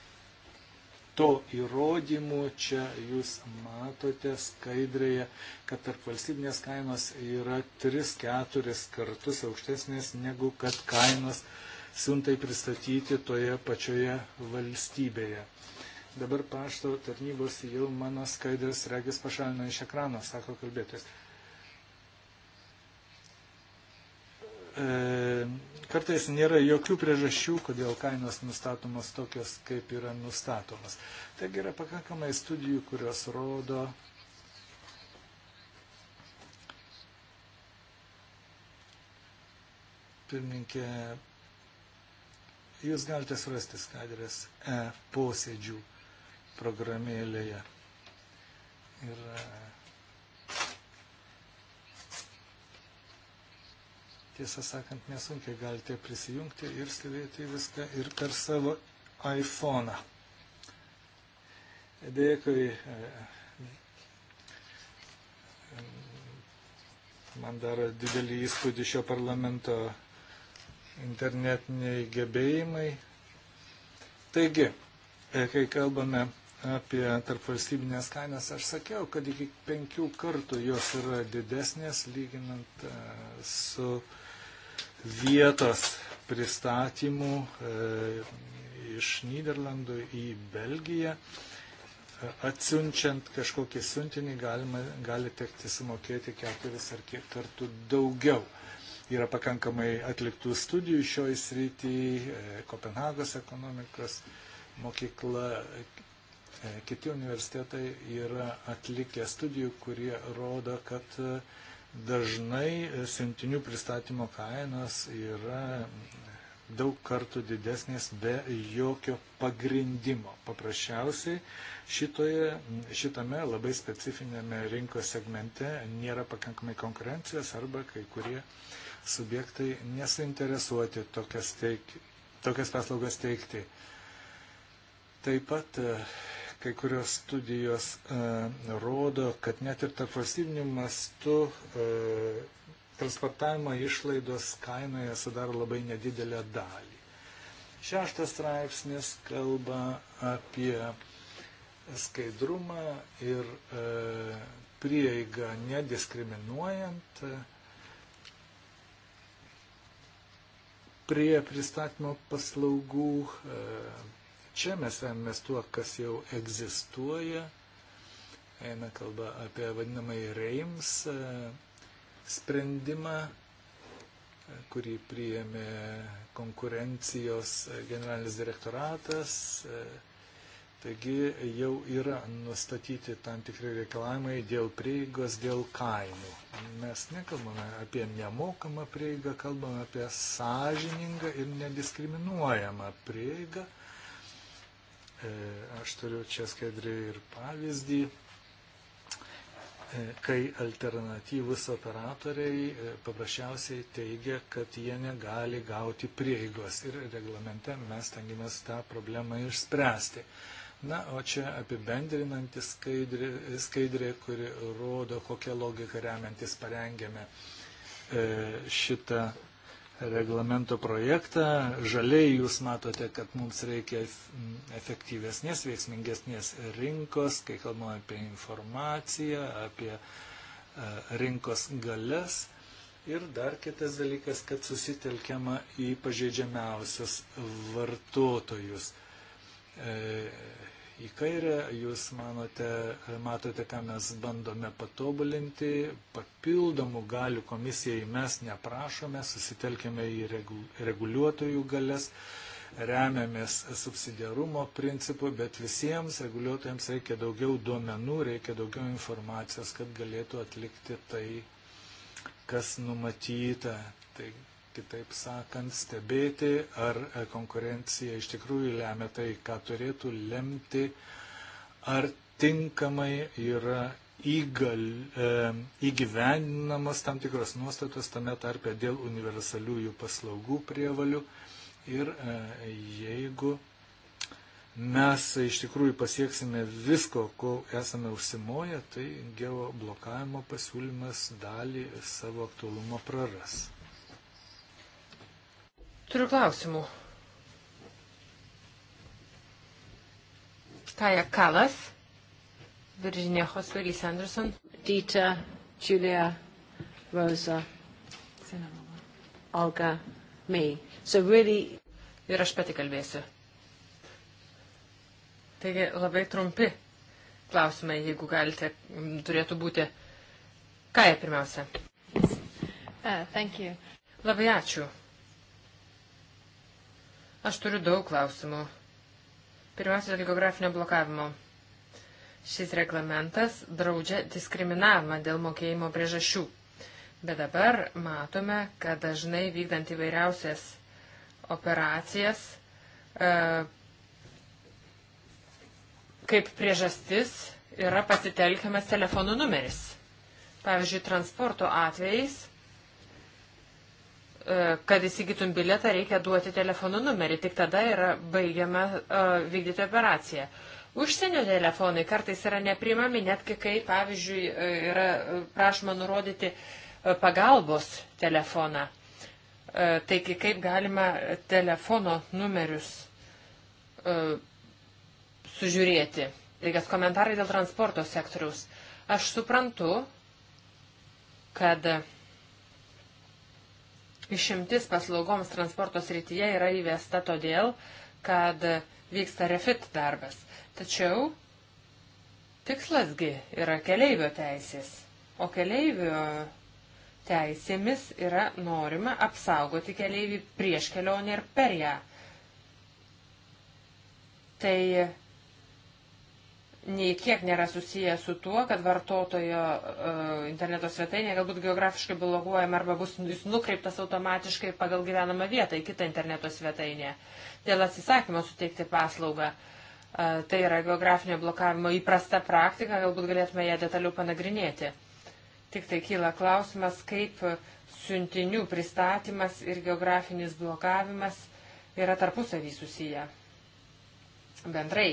to įrodymų. Čia jūs matote skaidrėje, kad tarp valstybinės kainos yra 3-4 kartus aukštesnės negu kad kainos siuntai pristatyti toje pačioje valstybėje. Dabar pašto tarnybos jau mano skaidrės regis pašalino iš ekrano, sako kalbėtojas. E, Kartais nėra jokių priežasčių, kodėl kainos nustatomos tokios, kaip yra nustatomas. Taigi yra pakankamai studijų, kurios rodo, pirmininkė, jūs galite surasti skaidrės e posėdžių programėlėje. Ir e, tiesą sakant, nesunkiai galite prisijungti ir stebėti viską ir per savo iPhone'ą. Dėkui. E, e, man daro didelį įspūdį šio parlamento internetiniai gebėjimai. Taigi, e, kai kalbame apie tarpvalstybinės kainas, aš sakiau, kad iki penkių kartų jos yra didesnės lyginant su uh, vietos pristatymų e, iš Niderlandų į Belgiją. E, atsiunčiant kažkokį siuntinį galima, gali tekti sumokėti keturis ar kiek kartų daugiau yra pakankamai atliktų studijų šioj srity, e, Kopenhagos ekonomikos mokykla, kiti universitetai yra atlikę studijų, kurie rodo, kad Dažnai siuntinių pristatymo kainos yra daug kartų didesnės be jokio pagrindimo. Paprasčiausiai šitoje, šitame labai specifinėme rinkos segmente nėra pakankamai konkurencijos arba kai kurie subjektai nesuinteresuoti tokias, teik, tokias paslaugas teikti. Taip pat Kai kurios studijos e, rodo, kad net ir tarp valstybinių mastų e, transportavimo išlaidos kainoje sudaro labai nedidelę dalį. Šeštas straipsnis kalba apie skaidrumą ir e, prieigą nediskriminuojant e, prie pristatymo paslaugų, e, Čia mes remiamės tuo, kas jau egzistuoja. Eina kalba apie vadinamąjį REIMS e, sprendimą, e, kurį priėmė konkurencijos e, generalinis direktoratas. Taigi jau yra nustatyti tam tikri reikalavimai dėl prieigos, dėl kainų. Mes nekalbame apie nemokamą prieigą, kalbame apie sąžiningą ir nediskriminuojamą prieigą E, aš turiu čia skaidrį ir pavyzdį, e, kai alternatyvus operatoriai e, paprasčiausiai teigia, kad jie negali gauti prieigos ir reglamente mes tengiamės tą problemą išspręsti. Na, o čia apibendrinanti skaidrė, skaidrė kuri rodo, kokią logiką remiantis parengėme šitą reglamento projektą. Žaliai jūs matote, kad mums reikia efektyvesnės, veiksmingesnės rinkos, kai kalbame apie informaciją, apie e, rinkos galės. Ir dar kitas dalykas, kad susitelkiama į pažeidžiamiausius vartotojus. E, į kairę, jūs manote, matote, ką mes bandome patobulinti, papildomų galių komisijai mes neprašome, susitelkime į reguliuotojų galės, remiamės subsidiarumo principu, bet visiems reguliuotojams reikia daugiau duomenų, reikia daugiau informacijos, kad galėtų atlikti tai, kas numatyta. Tai kitaip sakant, stebėti, ar e, konkurencija iš tikrųjų lemia tai, ką turėtų lemti, ar tinkamai yra įgal, e, įgyvendinamas tam tikros nuostatos tame tarpe dėl universaliųjų paslaugų prievalių. Ir e, jeigu mes iš tikrųjų pasieksime visko, ko esame užsimoję, tai geoblokavimo pasiūlymas dalį savo aktualumo praras. Turiu klausimų. Kaja Kalas, Virginia Hosvelis Anderson. Dita, Julia, Rosa, Olga, me. So really... Ir aš pati kalbėsiu. Taigi labai trumpi klausimai, jeigu galite, turėtų būti. Kaja pirmiausia. Uh, thank you. Labai ačiū. Aš turiu daug klausimų. Pirmiausia, dėl geografinio blokavimo. Šis reglamentas draudžia diskriminavimą dėl mokėjimo priežasčių. Bet dabar matome, kad dažnai vykdant įvairiausias operacijas, e, kaip priežastis yra pasitelkiamas telefonų numeris. Pavyzdžiui, transporto atvejais E, kad įsigytum biletą, reikia duoti telefonų numerį, tik tada yra baigiama e, vykdyti operaciją. Užsienio telefonai kartais yra neprimami, net kai, pavyzdžiui, e, yra prašoma nurodyti pagalbos telefoną. Taigi, kaip galima telefono numerius sužiūrėti. Reikas komentarai dėl transporto sektoriaus. Aš suprantu, kad Išimtis paslaugoms transporto srityje yra įvesta todėl, kad vyksta refit darbas. Tačiau tikslasgi yra keleivio teisės, o keleivio teisėmis yra norima apsaugoti keleivį prieš kelionę ir per ją. Tai nei kiek nėra susiję su tuo, kad vartotojo uh, interneto svetainė galbūt geografiškai blokuojama arba bus jis nukreiptas automatiškai pagal gyvenamą vietą į kitą interneto svetainę. Dėl atsisakymo suteikti paslaugą. Uh, tai yra geografinio blokavimo įprasta praktika, galbūt galėtume ją detaliau panagrinėti. Tik tai kyla klausimas, kaip siuntinių pristatymas ir geografinis blokavimas yra tarpusavį susiję. Bendrai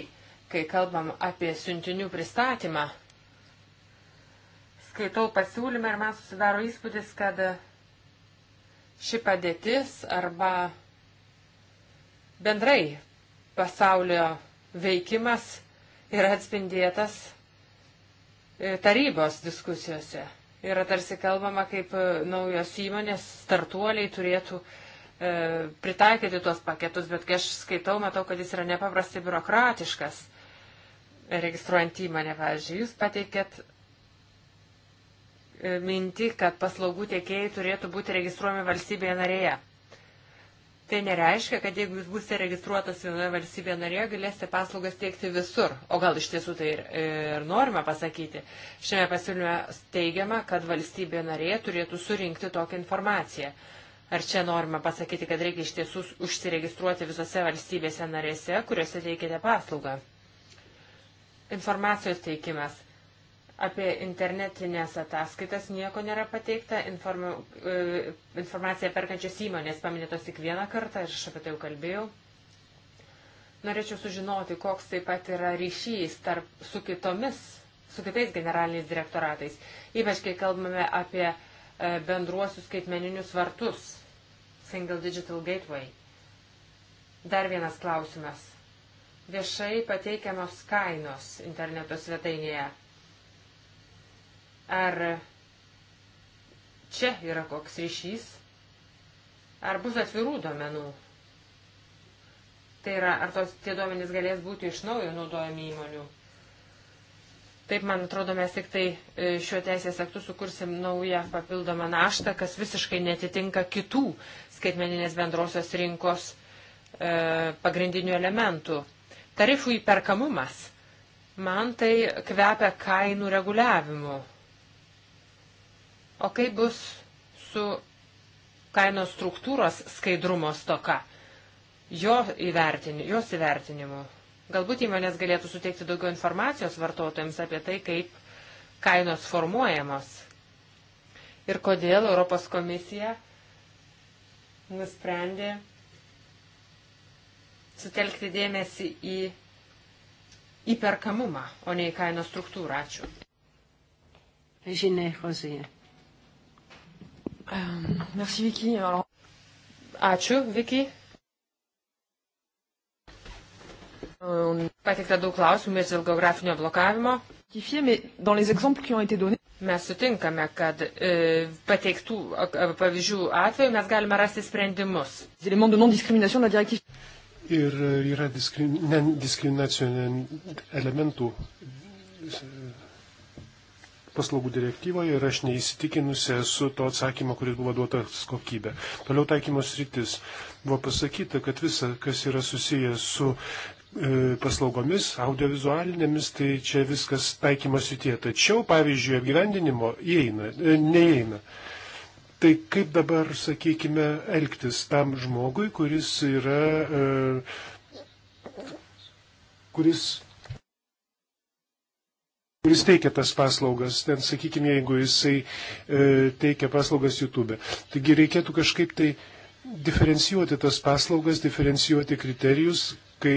kai kalbam apie siuntinių pristatymą, skaitau pasiūlymą ir man susidaro įspūdis, kad ši padėtis arba bendrai pasaulio veikimas yra atspindėtas e, tarybos diskusijose. Yra tarsi kalbama, kaip e, naujos įmonės startuoliai turėtų e, pritaikyti tuos paketus, bet kai aš skaitau, matau, kad jis yra nepaprastai biurokratiškas registruojant įmonę, pavyzdžiui, jūs pateikėt e, mintį, kad paslaugų tiekėjai turėtų būti registruojami valstybėje narėje. Tai nereiškia, kad jeigu jūs būsite registruotas vienoje valstybėje narėje, galėsite paslaugas teikti visur. O gal iš tiesų tai ir, ir norima pasakyti. Šiame pasiūlyme teigiama, kad valstybė narėje turėtų surinkti tokią informaciją. Ar čia norima pasakyti, kad reikia iš tiesų užsiregistruoti visose valstybėse narėse, kuriuose teikėte paslaugą? Informacijos teikimas. Apie internetinės ataskaitas nieko nėra pateikta. Informa, e, informacija perkančios įmonės paminėtos tik vieną kartą ir aš apie tai jau kalbėjau. Norėčiau sužinoti, koks taip pat yra ryšys tarp, su kitomis, su kitais generaliniais direktoratais, ypač kai kalbame apie e, bendruosius skaitmeninius vartus, Single Digital Gateway. Dar vienas klausimas viešai pateikiamos kainos interneto svetainėje. Ar čia yra koks ryšys? Ar bus atvirų duomenų? Tai yra, ar tos, tie duomenys galės būti iš naujo naudojami įmonių? Taip, man atrodo, mes tik tai e, šiuo teisės aktu sukursim naują papildomą naštą, kas visiškai netitinka kitų skaitmeninės bendrosios rinkos e, pagrindinių elementų. Tarifų įperkamumas. Man tai kvepia kainų reguliavimu. O kaip bus su kainos struktūros skaidrumo stoka, jo įvertini, jos įvertinimu? Galbūt įmonės galėtų suteikti daugiau informacijos vartotojams apie tai, kaip kainos formuojamos ir kodėl Europos komisija nusprendė sutelkti dėmesį į įperkamumą, o ne į kainos struktūrą. Ačiū. Žinia, Hozija. Um, merci, Vicky. Ačiū, Vicky. Euh, Pateikta daug klausimų ir dėl geografinio blokavimo. Mes sutinkame, kad e, pateiktų pavyzdžių atveju mes galime rasti sprendimus ir yra diskrim, diskriminacinių elementų paslaugų direktyvoje ir aš neįsitikinusi esu to atsakymo, kuris buvo duotas kokybė. Toliau taikymos rytis. Buvo pasakyta, kad visa, kas yra susijęs su e, paslaugomis, audiovizualinėmis, tai čia viskas taikymos rytie. Tačiau, pavyzdžiui, apgyvendinimo įeina, e, neįeina. E, Tai kaip dabar, sakykime, elgtis tam žmogui, kuris yra, e, kuris, kuris teikia tas paslaugas, ten, sakykime, jeigu jisai e, teikia paslaugas YouTube. Taigi reikėtų kažkaip tai diferencijuoti tas paslaugas, diferencijuoti kriterijus, kai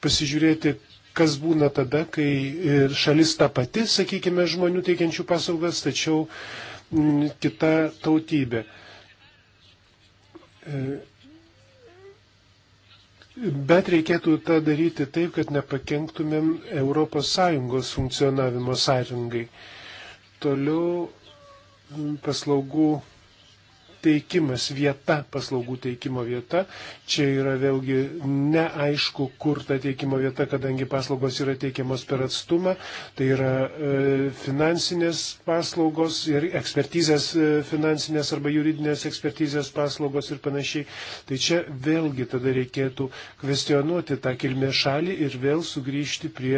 pasižiūrėti, kas būna tada, kai e, šalis ta pati, sakykime, žmonių teikiančių paslaugas, tačiau uh, kita tautybė. E, bet reikėtų tą daryti taip, kad nepakenktumėm ES funkcionavimo sąjungai. Toliau paslaugų teikimas vieta, paslaugų teikimo vieta. Čia yra vėlgi neaišku, kur ta teikimo vieta, kadangi paslaugos yra teikiamos per atstumą. Tai yra e, finansinės paslaugos ir ekspertizės e, finansinės arba juridinės ekspertizės paslaugos ir panašiai. Tai čia vėlgi tada reikėtų kvestionuoti tą kilmės šalį ir vėl sugrįžti prie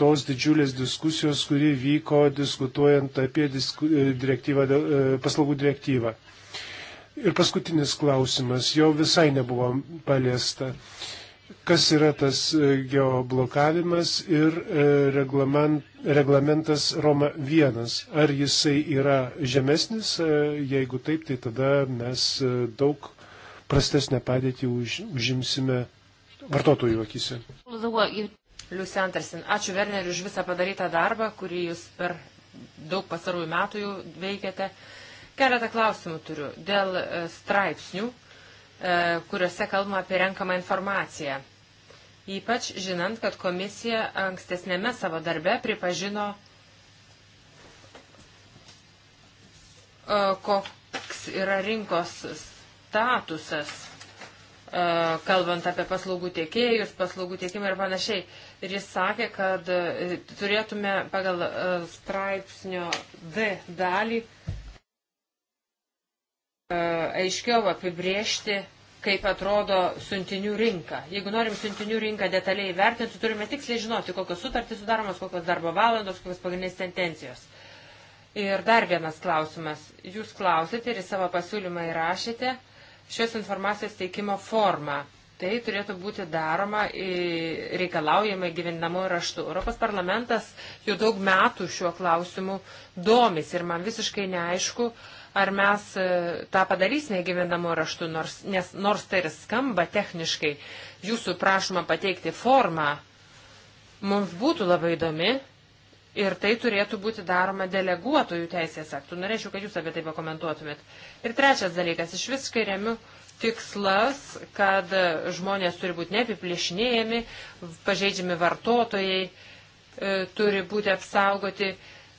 tos didžiulės diskusijos, kuri vyko diskutuojant apie disku, e, direktyvą, e, paslaugų direktyvą. Ir paskutinis klausimas, jo visai nebuvo paliesta. Kas yra tas e, geoblokavimas ir e, reglamentas Roma 1? Ar jisai yra žemesnis? E, jeigu taip, tai tada mes daug prastesnę padėtį už, užimsime vartotojų akise. Liusi Antarsin, ačiū Werneriu už visą padarytą darbą, kurį jūs per daug pasarųjų metų jau veikėte. Keletą klausimų turiu dėl e, straipsnių, e, kuriuose kalbama apie renkamą informaciją. Ypač žinant, kad komisija ankstesnėme savo darbe pripažino, e, koks yra rinkos statusas, kalbant apie paslaugų tiekėjus, paslaugų tiekimą ir panašiai. Ir jis sakė, kad turėtume pagal straipsnio D dalį E, aiškiau apibriežti, kaip atrodo siuntinių rinka. Jeigu norim siuntinių rinką detaliai įvertinti, turime tiksliai žinoti, kokios sutartys sudaromos, kokios darbo valandos, kokios pagrindinės tendencijos. Ir dar vienas klausimas. Jūs klausėte ir į savo pasiūlymą įrašėte šios informacijos teikimo formą. Tai turėtų būti daroma reikalaujama gyvenamųjų raštų. Europos parlamentas jau daug metų šiuo klausimu domis ir man visiškai neaišku, uh, Ar mes e, tą padarysime gyvenamo raštu, nors, nes nors tai ir skamba techniškai, jūsų prašoma pateikti formą, mums būtų labai įdomi ir tai turėtų būti daroma deleguotojų teisės aktų. Norėčiau, kad jūs apie tai pakomentuotumėt. Ir trečias dalykas, iš visiškai remiu tikslas, kad žmonės turi būti neapiplėšinėjami, pažeidžiami vartotojai, e, turi būti apsaugoti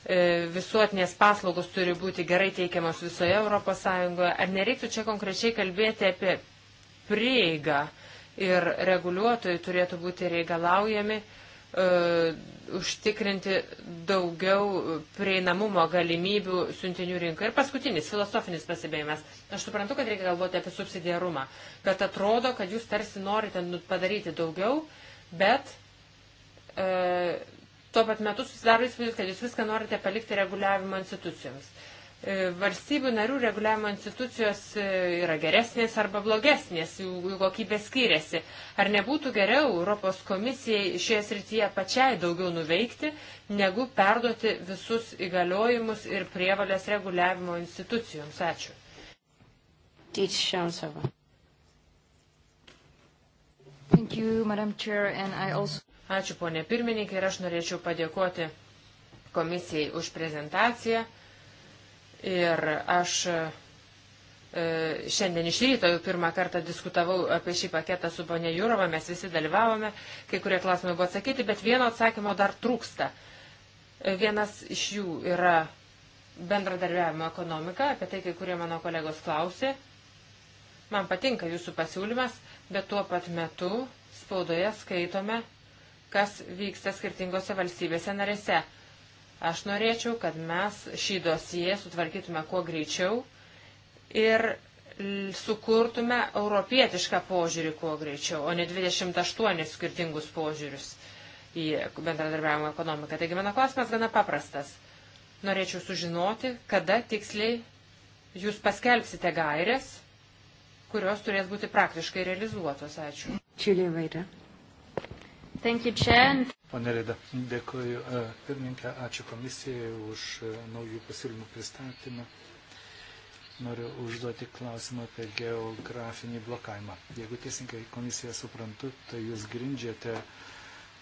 E, visuotinės paslaugos turi būti gerai teikiamas visoje ES, ar nereiktų čia konkrečiai kalbėti apie prieigą ir reguliuotojai turėtų būti reikalaujami uh, užtikrinti daugiau prieinamumo galimybių siuntinių rinkai. Ir paskutinis filosofinis pasibėjimas. Aš suprantu, kad reikia galvoti apie subsidiarumą, bet atrodo, kad jūs tarsi norite nu, padaryti daugiau, bet uh, tuo pat metu susidaro įspūdis, kad jūs viską norite palikti reguliavimo institucijoms. E, valstybių narių reguliavimo institucijos e, yra geresnės arba blogesnės, jų kokybė skiriasi. Ar nebūtų geriau Europos komisijai šioje srityje pačiai daugiau nuveikti, negu perduoti visus įgaliojimus ir prievalės reguliavimo institucijoms? Ačiū. Thank you, Madam Chair, and I also... Ačiū ponė pirmininkė ir aš norėčiau padėkoti komisijai už prezentaciją. Ir aš e, šiandien iš ryto jau pirmą kartą diskutavau apie šį paketą su ponė Jūrova, mes visi dalyvavome, kai kurie klausimai buvo atsakyti, bet vieno atsakymo dar trūksta. E, vienas iš jų yra bendradarbiavimo ekonomika, apie tai kai kurie mano kolegos klausė. Man patinka jūsų pasiūlymas, bet tuo pat metu spaudoje skaitome kas vyksta skirtingose valstybėse narėse. Aš norėčiau, kad mes šį dosiją sutvarkytume kuo greičiau ir sukurtume europietišką požiūrį kuo greičiau, o ne 28 skirtingus požiūrius į bendradarbiavimo ekonomiką. Taigi mano klausimas gana paprastas. Norėčiau sužinoti, kada tiksliai jūs paskelbsite gairės, kurios turės būti praktiškai realizuotos. Ačiū. Čilė Vaira. Thank you, Chair. Pane Reda, dėkoju e, pirmininkę, ačiū komisijai už e, naujų pasiūlymų pristatymą. Noriu užduoti klausimą apie geografinį blokavimą. Jeigu teisingai komisiją suprantu, tai jūs grindžiate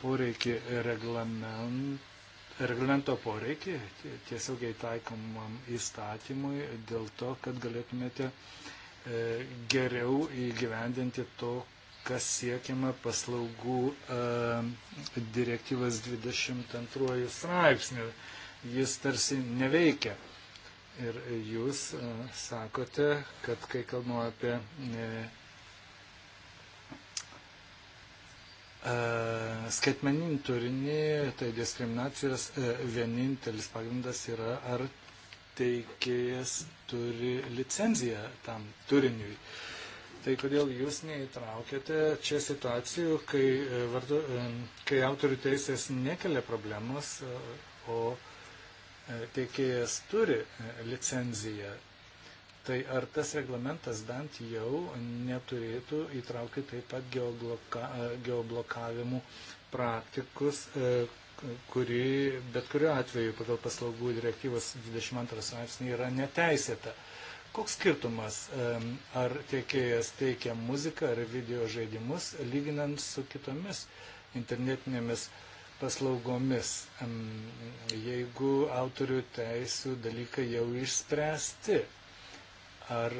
poreikį reglament, reglamento poreikį tiesiogiai taikomam įstatymui dėl to, kad galėtumėte e, geriau įgyvendinti to, kas siekiama paslaugų e, direktyvas 22 straipsnių. Jis tarsi neveikia. Ir jūs e, sakote, kad kai kalbu apie e, skaitmeninį turinį, tai diskriminacijos vienintelis pagrindas yra, ar teikėjas turi licenciją tam turiniui. Uh, Tai kodėl jūs neįtraukėte čia situacijų, kai, e, vardu, e, kai autorių teisės nekelia problemos, e, o tiekėjas turi licenciją. Tai ar tas reglamentas bent jau neturėtų įtraukti taip pat geobloka, geoblokavimų praktikus, kuri bet kuriuo atveju pagal paslaugų direktyvos 22 straipsnį yra neteisėta. Koks skirtumas, ar tiekėjas teikia muziką ar video žaidimus, lyginant su kitomis internetinėmis paslaugomis, jeigu autorių teisų dalykai jau išspręsti? Ar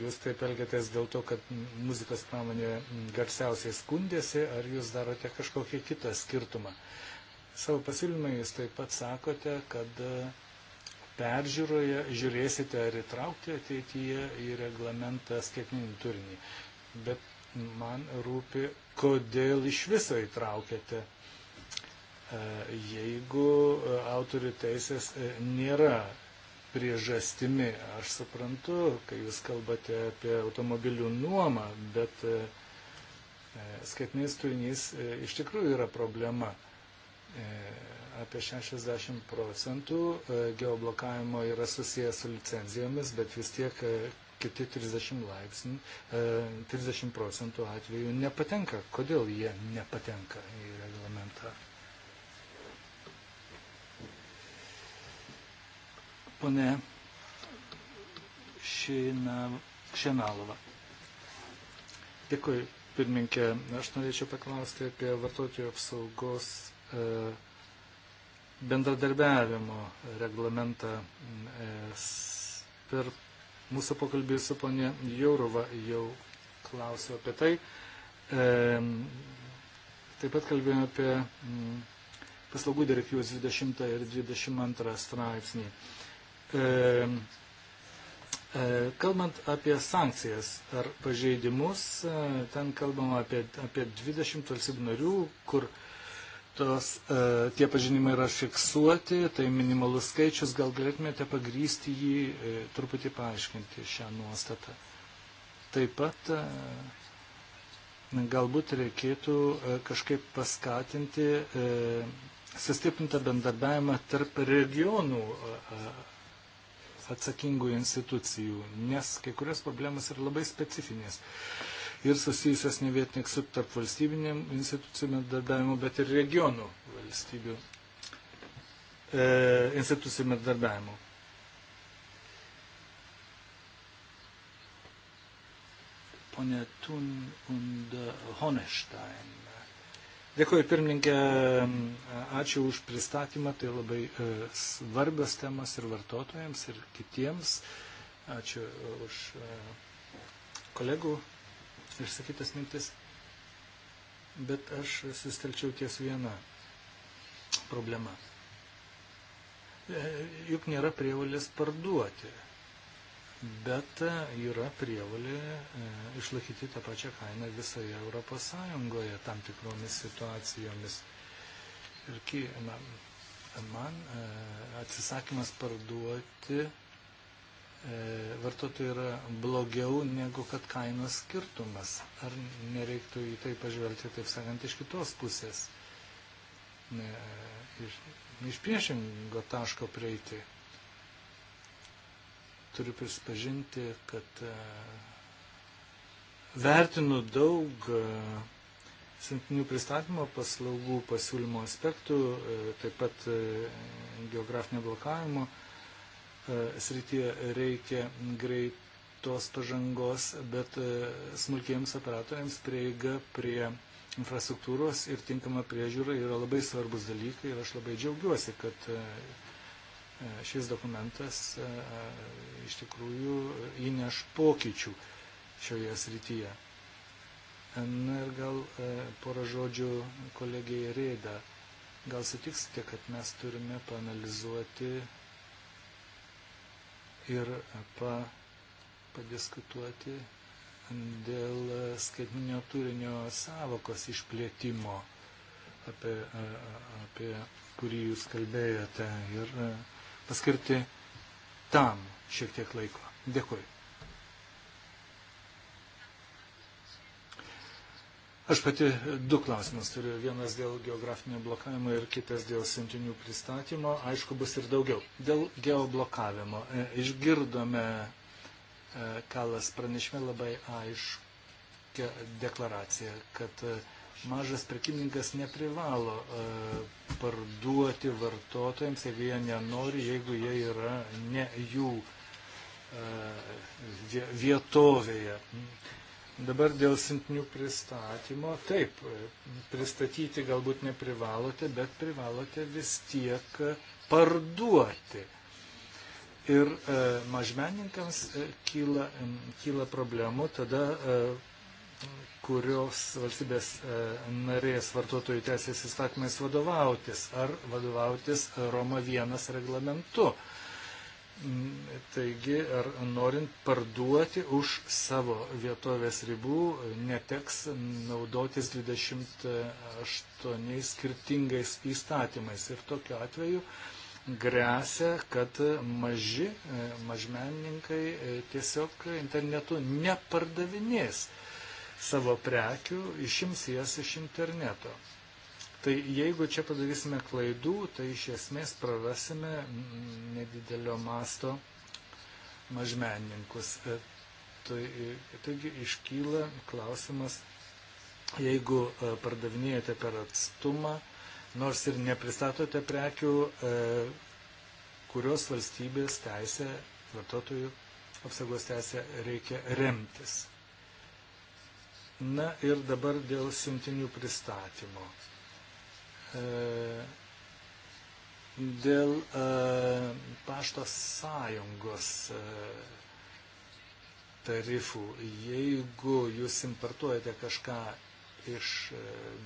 jūs taip elgiatės dėl to, kad muzikos pramonė garsiausiai skundėsi, ar jūs darote kažkokį kitą skirtumą? Savo pasiūlymą jūs taip pat sakote, kad uh, peržiūroje žiūrėsite, ar įtraukti ateityje į reglamentą skaitminį turinį. Bet man rūpi, kodėl iš viso įtraukėte, e, jeigu e, autorių teisės e, nėra priežastimi. Aš suprantu, kai jūs kalbate apie automobilių nuomą, bet skaitminis turinys iš tikrųjų yra problema apie 60 procentų e, geoblokavimo yra susijęs su licenzijomis, bet vis tiek e, kiti 30, laipsnių, 30 e, procentų atvejų nepatenka. Kodėl jie nepatenka į reglamentą? Pone Šenalova. Dėkui, pirminkė. Aš norėčiau paklausti apie vartotojų apsaugos e, bendradarbiavimo reglamentą. Per mūsų pokalbį su ponė Jaurova jau klausiau apie tai. Taip pat kalbėjome apie paslaugų direktyvos 20 ir 22 straipsnį. E, kalbant apie sankcijas ar pažeidimus, e, ten kalbama apie, apie 20 valstybių narių, kur uh, tos, e, tie pažinimai yra fiksuoti, tai minimalus skaičius, gal galėtumėte pagrysti jį, e, truputį paaiškinti šią nuostatą. Taip pat e, galbūt reikėtų kažkaip paskatinti sustiprintą bendarbiavimą tarp regionų atsakingų institucijų, nes kai kurios problemas yra labai specifinės ir susijusios ne vien tik su tarp valstybinėm institucijų bendradarbiavimu, bet ir regionų valstybių e, institucijų bendradarbiavimu. Pone Tun und Honestein. Dėkuoju pirmininkė, ačiū už pristatymą, tai labai e, svarbios temas ir vartotojams, ir kitiems. Ačiū už e, kolegų išsakytas mintis, bet aš sustelčiau ties viena problema. E, juk nėra prievalės parduoti, bet yra prievalė e, išlaikyti tą pačią kainą visoje Europos Sąjungoje tam tikromis situacijomis. Ir man, man e, atsisakymas parduoti E, vartotojui yra blogiau negu kad kainos skirtumas. Ar nereiktų į tai pažvelgti, taip sakant, iš kitos pusės, ne, e, iš, iš priešingo taško prieiti. Turiu prisipažinti, kad a, e, vertinu daug a, siuntinių pristatymo paslaugų pasiūlymo aspektų, a, taip pat a, geografinio blokavimo. A, E, srityje reikia greitos pažangos, bet e, smulkiems operatoriams prieiga prie infrastruktūros ir tinkama priežiūra yra labai svarbus dalykai ir aš labai džiaugiuosi, kad e, šis dokumentas iš tikrųjų įneš pokyčių šioje srityje. Na ir gal porą žodžių kolegijai Reida. Gal sutiksite, kad mes turime panalizuoti ir pa, padiskutuoti dėl skaitminio turinio savokos išplėtimo, apie, apie kurį jūs kalbėjote, ir paskirti tam šiek tiek laiko. Dėkuoju. Aš pati du klausimus turiu. Vienas dėl geografinio blokavimo ir kitas dėl siuntinių pristatymo. Aišku, bus ir daugiau. Dėl geoblokavimo. E, išgirdome, e, Kalas pranešime labai aiškia deklaracija, kad e, mažas prekybininkas neprivalo parduoti vartotojams, jeigu jie nenori, jeigu jie yra ne jų vietovėje. Dabar dėl sintinių pristatymo. Taip, pristatyti galbūt neprivalote, bet privalote vis tiek parduoti. Ir e, mažmeninkams e, kyla, e, kyla problemų tada, e, kurios valstybės e, narės vartotojų teisės įstatymais vadovautis ar vadovautis Roma 1 reglamentu. E, Taigi, ar norint parduoti už savo vietovės ribų, neteks naudotis 28 skirtingais įstatymais. Ir tokiu atveju grėsia, kad maži e, mažmenininkai e, tiesiog internetu nepardavinės savo prekių, išims jas iš interneto. Tai jeigu čia padarysime klaidų, tai iš esmės prarasime nedidelio masto mažmenininkus. E, tai, taigi iškyla klausimas, jeigu e, pardavinėjate per atstumą, nors ir nepristatote prekių, e, kurios valstybės teisė, vartotojų apsaugos teisė reikia remtis. Na ir dabar dėl siuntinių pristatymo. E, dėl e, pašto sąjungos e, tarifų, jeigu jūs importuojate kažką iš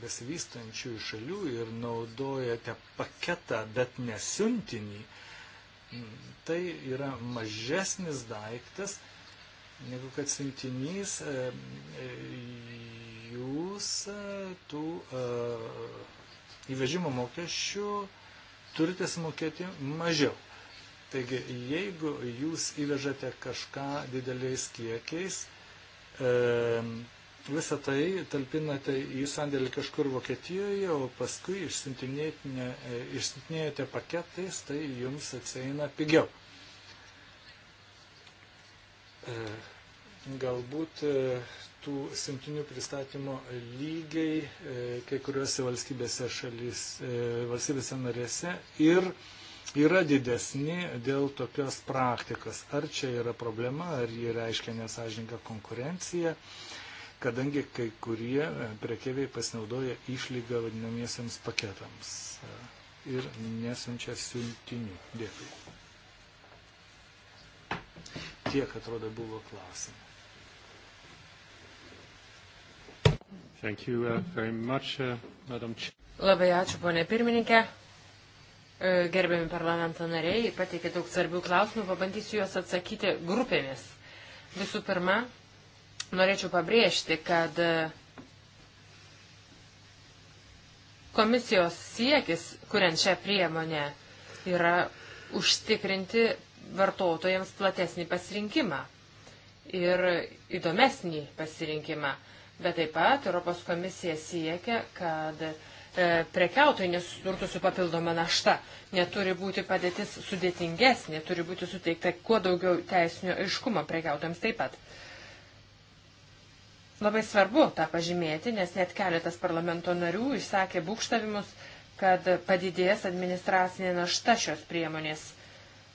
besivystančių šalių ir naudojate paketą, bet nesiuntinį, tai yra mažesnis daiktas, negu kad siuntinys jūs tų įvežimo mokesčių turite sumokėti mažiau. Taigi, jeigu jūs įvežate kažką dideliais kiekiais, e, visą tai talpinate į sandėlį kažkur Vokietijoje, o paskui išsintinėjate e, paketais, tai jums atseina pigiau. E, galbūt e, tų siuntinių pristatymo lygiai e, kai kuriuose valstybėse, šalis, e, valstybėse narėse ir yra didesni dėl tokios praktikos. Ar čia yra problema, ar jie reiškia nesažininką konkurenciją, kadangi kai kurie e, prekeiviai pasinaudoja išlygą vadinamiesiams paketams ir nesunčia siuntinių. Dėkui. Tiek atrodo buvo klausimų. Thank you uh, very much, uh, Madam Chair. Labai ačiū, ponė pirmininkė. E, gerbiami parlamento nariai, pateikė daug svarbių klausimų, pabandysiu juos atsakyti grupėmis. Visų pirma, norėčiau pabrėžti, kad e, komisijos siekis, kuriant šią priemonę, yra užtikrinti vartotojams platesnį pasirinkimą ir įdomesnį pasirinkimą. Bet taip pat Europos komisija siekia, kad e, prekiautojai nesusidurtų su papildoma našta. Neturi būti padėtis sudėtingesnė, turi būti suteikta kuo daugiau teisinio aiškumo prekiautojams taip pat. Labai svarbu tą pažymėti, nes net keletas parlamento narių išsakė būkštavimus, kad padidės administracinė našta šios priemonės,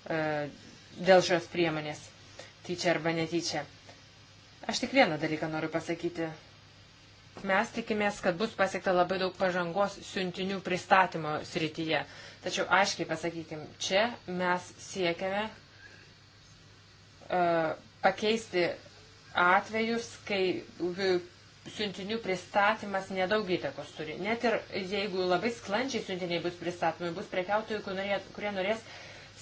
e, dėl šios priemonės, tyčia arba netyčia. Aš tik vieną dalyką noriu pasakyti. Mes tikimės, kad bus pasiekta labai daug pažangos siuntinių pristatymo srityje. Tačiau aiškiai pasakykime, čia mes siekiame uh, pakeisti atvejus, kai e, siuntinių pristatymas nedaug įtakos turi. Net ir jeigu labai sklandžiai siuntiniai bus pristatomi, bus prekiautojų, kurie norės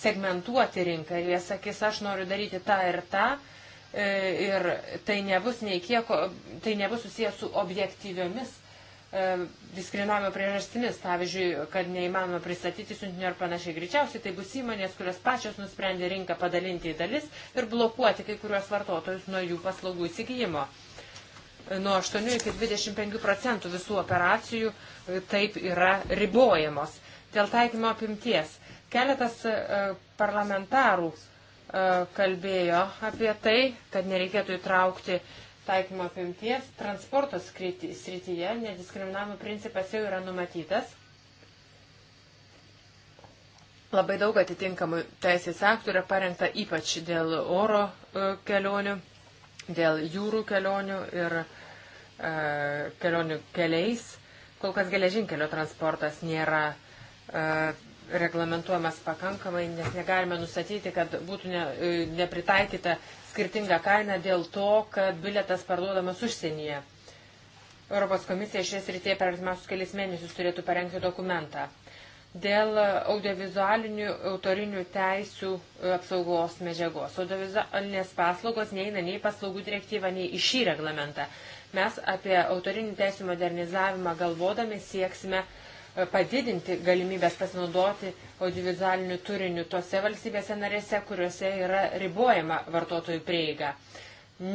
segmentuoti rinką ir jie sakys, aš noriu daryti tą ir tą, E, ir tai nebus, kiek, tai nebus susijęs su objektyviomis e, diskriminavimo priežastimis, pavyzdžiui, kad neįmanoma pristatyti siuntinio ir panašiai. Greičiausiai tai bus įmonės, kurios pačios nusprendė rinką padalinti į dalis ir blokuoti kai kuriuos vartotojus nuo jų paslaugų įsigijimo. Nuo 8 iki 25 procentų visų operacijų e, taip yra ribojamos. Dėl taikymo apimties. Keletas parlamentarų uh, E, kalbėjo apie tai, kad nereikėtų įtraukti taikymo apimties. Transporto srityje nediskriminavimo principas jau yra numatytas. Labai daug atitinkamų teisės aktų yra parengta ypač dėl oro e, kelionių, dėl jūrų kelionių ir e, kelionių keliais. Kol kas geležinkelio transportas nėra e, reglamentuojamas pakankamai, nes negalime nustatyti, kad būtų ne, e, nepritaikyta skirtinga kaina dėl to, kad biletas parduodamas užsienyje. Europos komisija šies rytėje per artimiausius kelias mėnesius turėtų parengti dokumentą. Dėl audiovizualinių autorinių teisių e, apsaugos medžiagos. Audiovizualinės paslaugos neina nei paslaugų direktyvą, nei į šį reglamentą. Mes apie autorinių teisų modernizavimą galvodami sieksime uh, padidinti galimybės pasinaudoti audiovizualiniu turiniu tose valstybėse narėse, kuriuose yra ribojama vartotojų prieiga.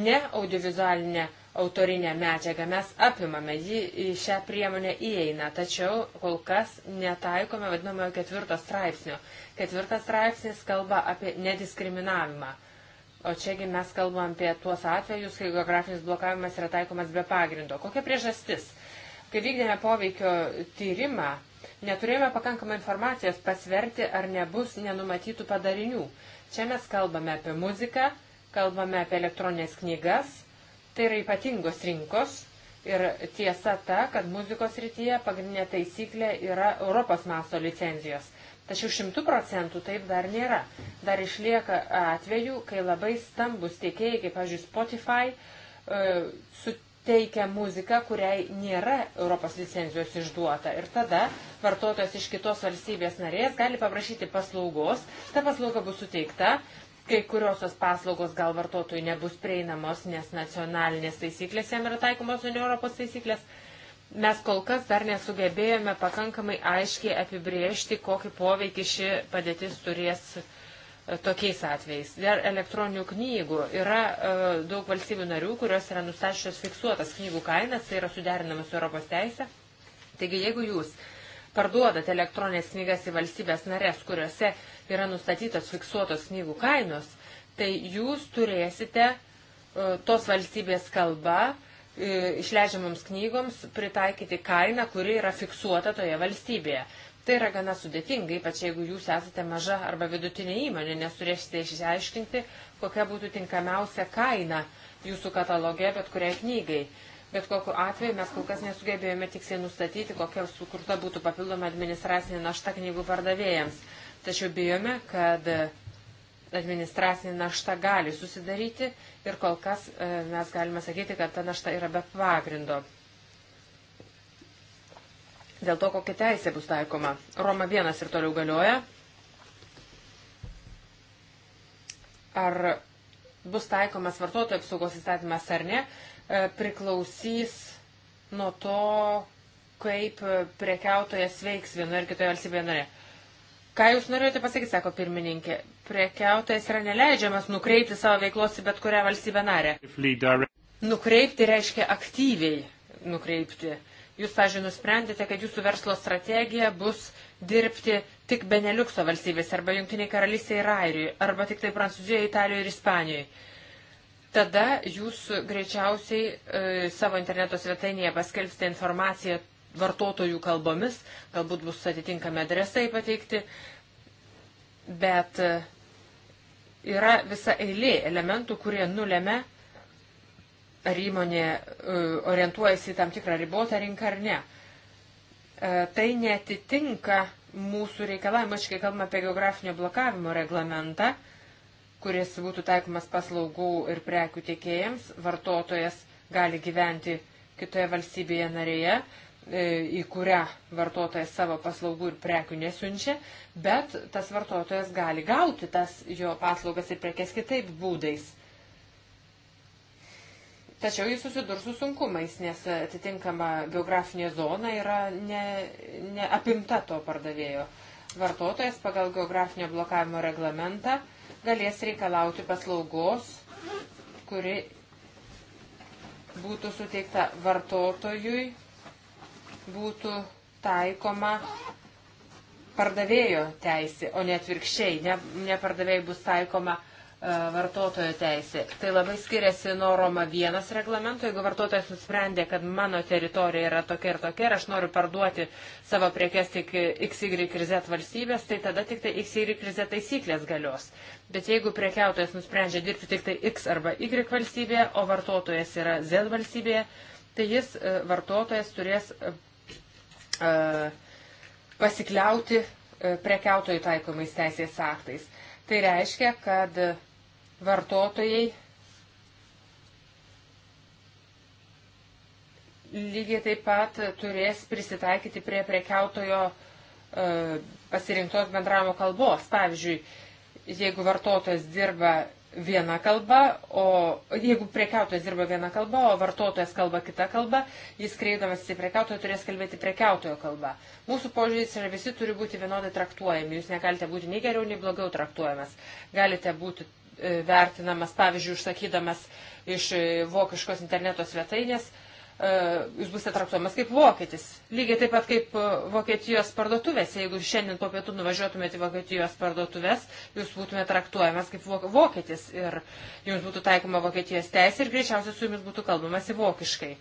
Ne audiovizualinę autorinę medžiagą mes apimame, ji į šią priemonę įeina, tačiau kol kas netaikome vadinamojo ketvirto straipsnio. Ketvirtas straipsnis kalba apie nediskriminavimą. O čiagi mes kalbam apie tuos atvejus, kai geografinis blokavimas yra taikomas be pagrindo. Kokia priežastis? Kai vykdėme poveikio tyrimą, neturėjome pakankamai informacijos pasverti, ar nebus nenumatytų padarinių. Čia mes kalbame apie muziką, kalbame apie elektroninės knygas, tai yra ypatingos rinkos. Ir tiesa ta, kad muzikos rytyje pagrindinė taisyklė yra Europos masto licenzijos. Tačiau šimtų procentų taip dar nėra. Dar išlieka atvejų, kai labai stambus tiekėjai, kaip, pavyzdžiui, Spotify, e, su, teikia muziką, kuriai nėra Europos licenzijos išduota. Ir tada vartotojas iš kitos valstybės narės gali paprašyti paslaugos, ta paslauga bus suteikta, kai kurios tos paslaugos gal vartotojui nebus prieinamos, nes nacionalinės taisyklės jam yra taikomos, o ne Europos taisyklės. Mes kol kas dar nesugebėjome pakankamai aiškiai apibriežti, kokį poveikį ši padėtis turės uh, tokiais atvejais. Dėl elektroninių knygų yra e, daug valstybių narių, kurios yra nustačiusios fiksuotas knygų kainas, tai yra suderinama su Europos teise. Taigi, jeigu jūs parduodate elektroninės knygas į valstybės narės, kuriuose yra nustatytos fiksuotos knygų kainos, tai jūs turėsite e, tos valstybės kalba e, išleidžiamoms knygoms pritaikyti kainą, kuri yra fiksuota toje valstybėje. Tai yra gana sudėtinga, ypač jeigu jūs esate maža arba vidutinė įmonė, nes turėsite išsiaiškinti, kokia būtų tinkamiausia kaina jūsų kataloge, bet kuriai knygai. Bet kokiu atveju mes kol kas nesugebėjome tiksliai nustatyti, kokia sukurta būtų papildoma administracinė našta knygų pardavėjams. Tačiau bijome, kad e, administracinė našta gali susidaryti ir kol kas e, mes galime sakyti, kad ta našta yra be pagrindo dėl to, kokia teisė bus taikoma. Roma 1 ir toliau galioja. Ar bus taikomas vartotojų apsaugos įstatymas ar ne, e, priklausys nuo to, kaip prekiautojas veiks vienoje ar kitoje valstybėje narė. Ką jūs norėjote pasakyti, sako pirmininkė, prekiautojas yra neleidžiamas nukreipti savo veiklos į bet kurią valstybę narę. Nukreipti reiškia aktyviai nukreipti. Uh, Jūs, pažiūrėjau, nusprendėte, kad jūsų verslo strategija bus dirbti tik Beneliukso valstybės arba Junktiniai karalystėje ir Airijoje, arba tik tai Prancūzijoje, Italijoje ir Ispanijoje. Tada jūs greičiausiai e, savo interneto svetainėje paskelbsite informaciją vartotojų kalbomis, galbūt bus atitinkami adresai pateikti, bet e, yra visa eilė elementų, kurie nulėmė ar įmonė e, orientuojasi į tam tikrą ribotą rinką ar ne. E, tai netitinka mūsų reikalavimų, aš kai kalbame apie geografinio blokavimo reglamentą, kuris būtų taikomas paslaugų ir prekių tiekėjams, vartotojas gali gyventi kitoje valstybėje narėje, e, į kurią vartotojas savo paslaugų ir prekių nesiunčia, bet tas vartotojas gali gauti tas jo paslaugas ir prekes kitaip būdais Tačiau jis susidurs su sunkumais, nes atitinkama geografinė zona yra neapimta ne, ne to pardavėjo. Vartotojas pagal geografinio blokavimo reglamentą galės reikalauti paslaugos, kuri būtų suteikta vartotojui, būtų taikoma pardavėjo teisė, o ne atvirkščiai, ne, ne pardavėjai bus taikoma uh, E, vartotojo teisė. Tai labai skiriasi nuo Roma vienas reglamento. Jeigu vartotojas nusprendė, kad mano teritorija yra tokia ir tokia ir aš noriu parduoti savo priekes tik XYZ valstybės, tai tada tik tai XYZ taisyklės galios. Bet jeigu priekiautojas nusprendžia dirbti tik tai X arba Y valstybėje, o vartotojas yra Z valstybėje, tai jis e, vartotojas turės e, pasikliauti prekiautojų taikomais teisės aktais. Tai reiškia, kad vartotojai lygiai taip pat turės prisitaikyti prie prekiautojo e, pasirinktos bendravimo kalbos. Pavyzdžiui, jeigu vartotojas dirba viena kalba, o jeigu prekiautojas dirba viena kalba, o vartotojas kalba kita kalba, jis kreidamas į prekiautoją turės kalbėti prekiautojo kalba. Mūsų požiūris yra visi turi būti vienodai traktuojami. Jūs negalite būti nei geriau, nei blogiau traktuojamas. Galite būti E, vertinamas, pavyzdžiui, užsakydamas iš e, vokiškos interneto svetainės, e, jūs busite traktuojamas kaip vokietis. Lygiai taip pat kaip Vokietijos parduotuvės. Jeigu šiandien po pietų nuvažiuotumėte į Vokietijos parduotuvės, jūs būtumėte traktuojamas kaip vokietis ir jums būtų taikoma Vokietijos teisė ir greičiausiai su jumis būtų kalbamasi vokiškai.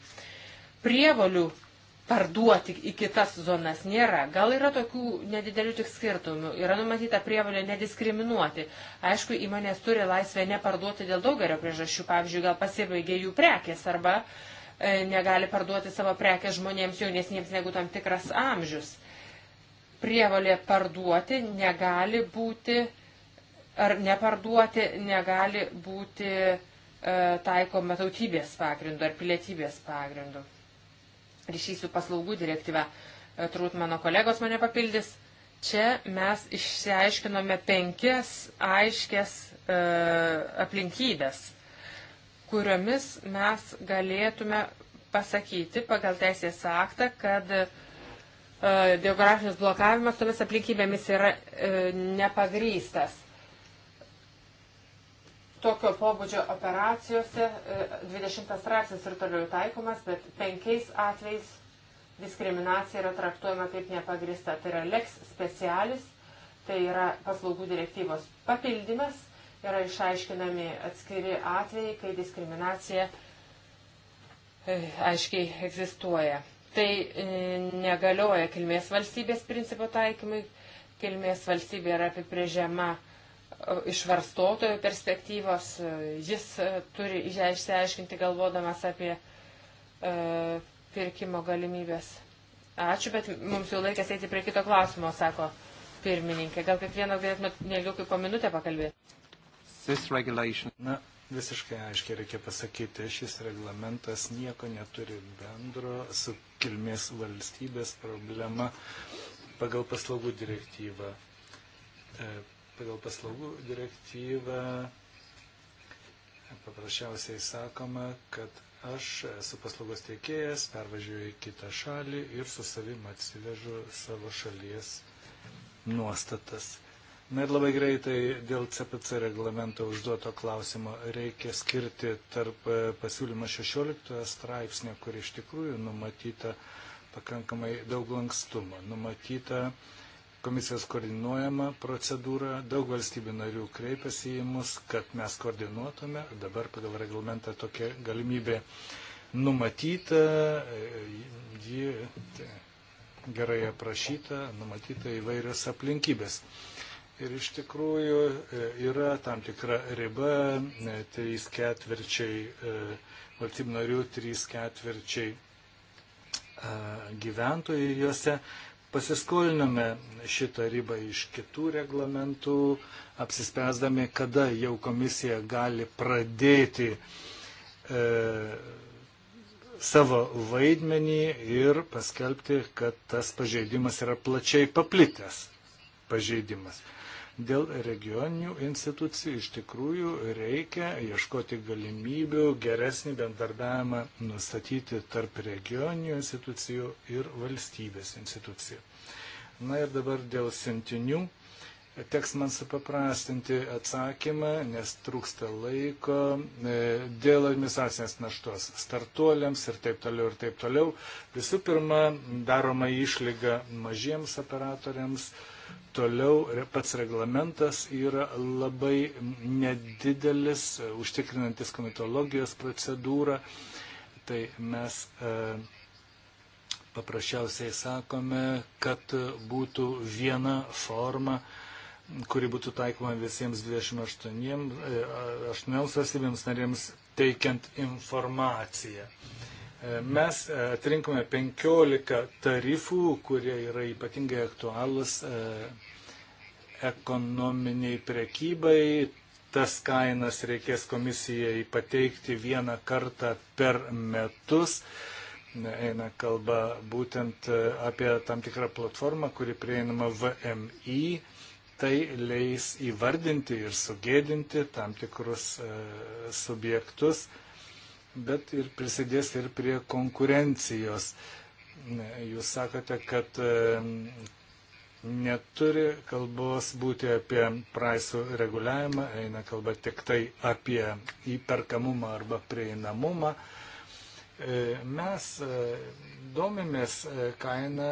Prievolių parduoti į kitas zonas nėra. Gal yra tokių nedidelių tik skirtumų. Yra numatyta prievalė nediskriminuoti. Aišku, įmonės turi laisvę neparduoti dėl daugelio priežasčių. Pavyzdžiui, gal pasibaigė jų prekės arba e, negali parduoti savo prekės žmonėms jaunesniems negu tam tikras amžius. Prievalė parduoti negali būti ar neparduoti negali būti e, taikoma tautybės pagrindu ar pilietybės pagrindu ryšys su paslaugų direktyve. Turbūt mano kolegos mane papildys. Čia mes išsiaiškinome penkias aiškės e, aplinkybės, kuriomis mes galėtume pasakyti pagal teisės aktą, kad e, geografinis blokavimas tomis aplinkybėmis yra e, nepagrystas tokio pobūdžio operacijose 20 e, straipsnis ir toliau taikomas, bet penkiais atvejais diskriminacija yra traktuojama kaip nepagrista. Tai yra lex specialis, tai yra paslaugų direktyvos papildymas, yra išaiškinami atskiri atvejai, kai diskriminacija e, aiškiai egzistuoja. Tai e, negalioja kilmės valstybės principo taikymui. Kilmės valstybė yra apibrėžiama iš vartotojo perspektyvos. Jis e, turi ją išsiaiškinti galvodamas apie e, pirkimo galimybės. Ačiū, bet mums jau laikas eiti prie kito klausimo, sako pirmininkė. Gal kiekvienas galėtumėt neilgiau kaip po minutę pakalbėti? Na, visiškai aiškiai reikia pasakyti, šis reglamentas nieko neturi bendro su kilmės valstybės problema pagal paslaugų direktyvą. E, pagal paslaugų direktyvą paprasčiausiai sakoma, kad aš esu paslaugos teikėjas, pervažiuoju į kitą šalį ir su savim atsivežu savo šalies nuostatas. Na ir labai greitai dėl CPC reglamento užduoto klausimo reikia skirti tarp e, pasiūlymo 16 straipsnio, kur iš tikrųjų numatyta pakankamai daug lankstumo, numatyta uh, komisijos koordinuojama procedūra. Daug valstybių narių kreipiasi į mus, kad mes koordinuotume. Dabar pagal reglamentą tokia galimybė numatyta, ji gerai aprašyta, numatyta įvairios aplinkybės. Ir iš tikrųjų e, yra tam tikra riba, e, trys ketvirčiai e, valstybių narių, trys ketvirčiai gyventojai juose pasiskoliname šitą ribą iš kitų reglamentų, apsispręsdami, kada jau komisija gali pradėti e, savo vaidmenį ir paskelbti, kad tas pažeidimas yra plačiai paplitęs pažeidimas. Dėl regioninių institucijų iš tikrųjų reikia ieškoti galimybių geresnį bendarbiavimą nustatyti tarp regioninių institucijų ir valstybės institucijų. Na ir dabar dėl simtinių teks man supaprastinti atsakymą, nes trūksta laiko e, dėl administracinės naštos startuoliams ir taip toliau ir taip toliau. Visų pirma, daroma išlyga mažiems operatoriams, Toliau pats reglamentas yra labai nedidelis, e, užtikrinantis komitologijos procedūrą. Tai mes e, paprasčiausiai sakome, kad būtų viena forma, kuri būtų taikoma visiems 28 e, valstybėms narėms teikiant informaciją. E, E, mes e, atrinkome 15 tarifų, kurie yra ypatingai aktualūs e, ekonominiai prekybai. Tas kainas reikės komisijai pateikti vieną kartą per metus. Eina kalba būtent apie tam tikrą platformą, kuri prieinama VMI. Tai leis įvardinti ir sugėdinti tam tikrus subjektus, bet ir prisidės ir prie konkurencijos. Jūs sakote, kad neturi kalbos būti apie praisų reguliavimą, eina kalba tik tai apie įperkamumą arba prieinamumą. E, mes e, domimės e, kainą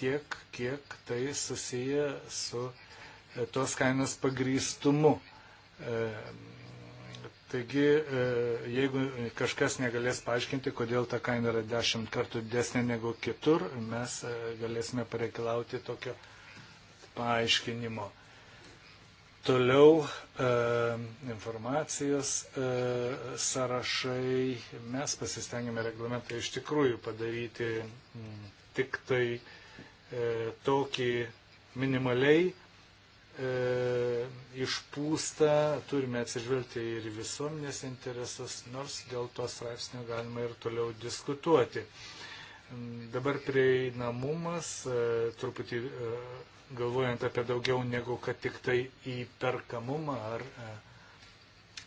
tiek, kiek tai susiję su tos kainos pagrįstumu Taigi, e, jeigu kažkas negalės paaiškinti, kodėl ta kaina yra dešimt kartų desnė negu kitur, mes e, galėsime pareikalauti tokio paaiškinimo. Toliau e, informacijos sąrašai. Mes pasistengėme reglamentą iš tikrųjų padaryti tik tai tokį minimaliai e, išpūsta, turime atsižvelgti ir visuomenės interesus, nors dėl to straipsnio galima ir toliau diskutuoti. Dabar prieinamumas, e, truputį e, galvojant apie daugiau negu kad tik tai įperkamumą ar e,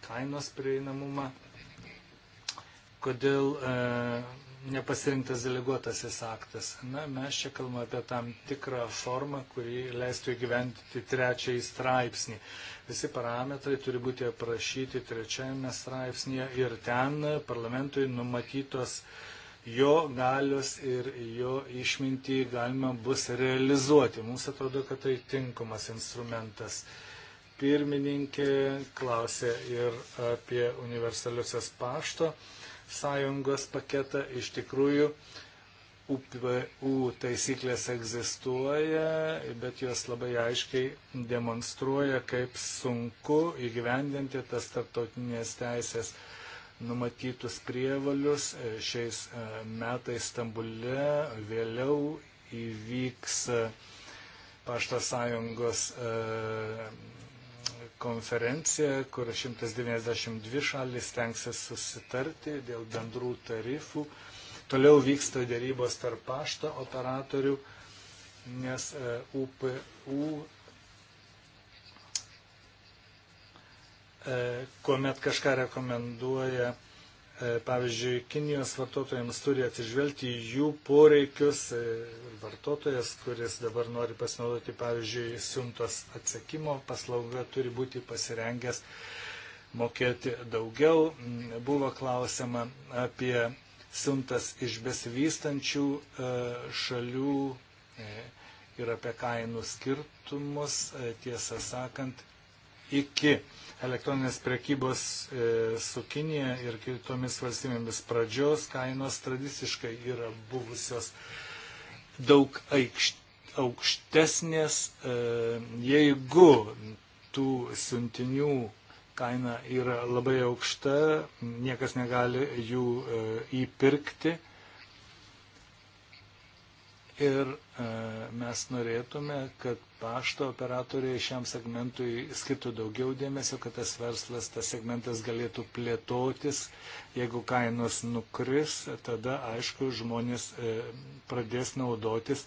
kainos prieinamumą, kodėl e, nepasirinktas deleguotasis aktas. Na, mes čia kalbame apie tam tikrą formą, kuri leistų įgyventi trečiąjį straipsnį. Visi parametrai turi būti aprašyti trečiajame straipsnėje ir ten parlamentui numatytos jo galios ir jo išmintį galima bus realizuoti. Mums atrodo, kad tai tinkamas instrumentas. Pirmininkė klausė ir apie universaliusias pašto sąjungos paketą. Iš tikrųjų, UPU taisyklės egzistuoja, bet jos labai aiškiai demonstruoja, kaip sunku įgyvendinti tas tarptautinės teisės numatytus prievalius. Šiais e, metais Stambule vėliau įvyks e, Pašto sąjungos e, konferencija, kur 192 šalis tenksis susitarti dėl bendrų tarifų. Toliau vyksta dėrybos tarp pašto operatorių, nes UPU, e, e, kuomet kažką rekomenduoja E, pavyzdžiui, Kinijos vartotojams turi atsižvelgti į jų poreikius. E, vartotojas, kuris dabar nori pasinaudoti, pavyzdžiui, siuntos atsiekimo paslauga, turi būti pasirengęs mokėti daugiau. Mm, buvo klausima apie siuntas iš besivystančių e, šalių ir apie kainų skirtumus, tiesą sakant, iki elektroninės prekybos e, su Kinija ir kitomis valstybėmis pradžios kainos tradiciškai yra buvusios daug aukštesnės, e, jeigu tų siuntinių kaina yra labai aukšta, niekas negali jų e, įpirkti ir e, mes norėtume, kad pašto operatoriai šiam segmentui skirtų daugiau dėmesio, kad tas verslas, tas segmentas galėtų plėtotis. Jeigu kainos nukris, tada aišku, žmonės e, pradės naudotis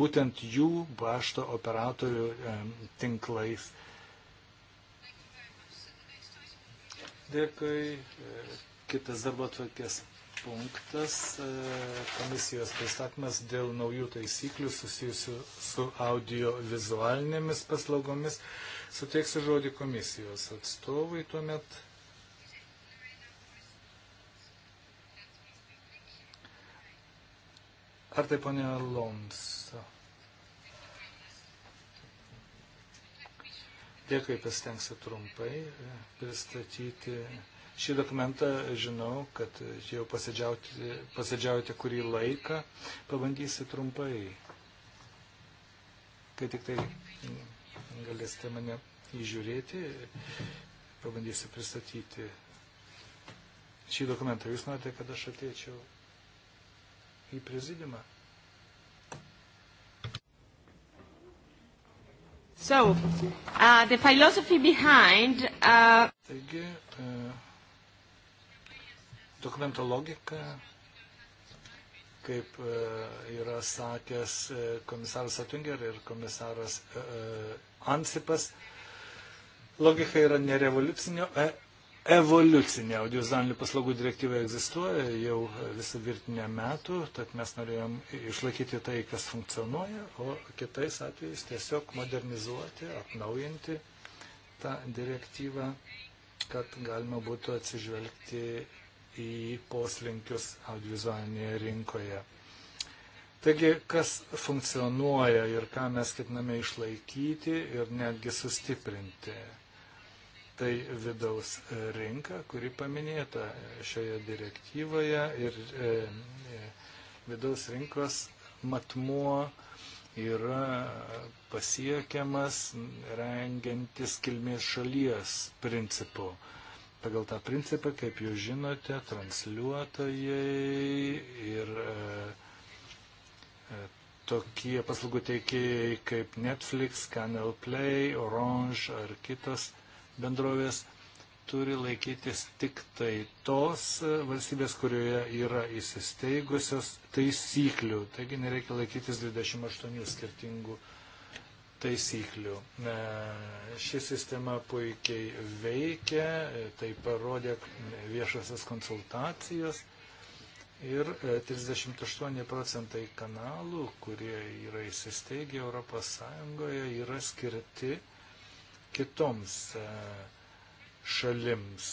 būtent jų pašto operatorių e, tinklais. Dėkui. Kitas darbo atvarkės punktas e, komisijos pristatymas dėl naujų taisyklių susijusių su audiovizualinėmis paslaugomis. Suteiksiu žodį komisijos atstovui tuomet. Ar tai ponia Alonso? Dėkui, pasitengsiu trumpai e, pristatyti šį dokumentą, žinau, kad jau pasidžiaujate kurį laiką, pabandysiu trumpai, kai tik tai galėsite mane įžiūrėti, pabandysiu pristatyti šį dokumentą. Jūs norite, kad aš ateičiau į prezidimą? So, uh, the philosophy behind. Uh... Taigi, uh, dokumento logika, kaip e, yra sakęs e, komisaras Atinger ir komisaras e, Ansipas, logika yra nerevoliucinio, e, evoliucinė. Audiovizualinių paslaugų direktyva egzistuoja jau visą virtinę metų, tad mes norėjom išlaikyti tai, kas funkcionuoja, o kitais atvejais tiesiog modernizuoti, atnaujinti tą direktyvą, kad galima būtų atsižvelgti į poslinkius audiovizualinėje rinkoje. Taigi, kas funkcionuoja ir ką mes ketiname išlaikyti ir netgi sustiprinti, tai vidaus rinka, kuri paminėta šioje direktyvoje ir e, e vidaus rinkos matmuo yra pasiekiamas rengiantis kilmės šalies principu. E, pagal tą principą, kaip jūs žinote, transliuotojai ir e, e, tokie paslaugų teikėjai kaip Netflix, Canal Play, Orange ar kitos bendrovės turi laikytis tik tai tos e, valstybės, kurioje yra įsisteigusios taisyklių. Taigi nereikia laikytis 28 skirtingų taisyklių taisyklių. E, ši sistema puikiai veikia, e, tai parodė viešasias konsultacijas ir 38 e, procentai kanalų, kurie yra įsisteigę ES, yra skirti kitoms šalims.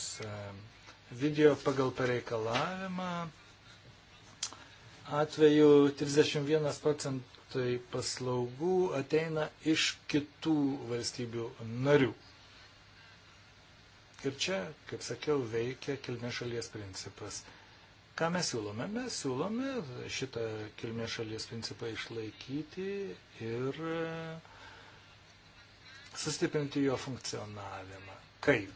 Video pagal pareikalavimą atveju 31 procentas vietoj tai paslaugų ateina iš kitų valstybių narių. Ir čia, kaip sakiau, veikia kilmės šalies principas. Ką mes siūlome? Mes siūlome šitą kilmės šalies principą išlaikyti ir e, sustiprinti jo funkcionavimą. Kaip?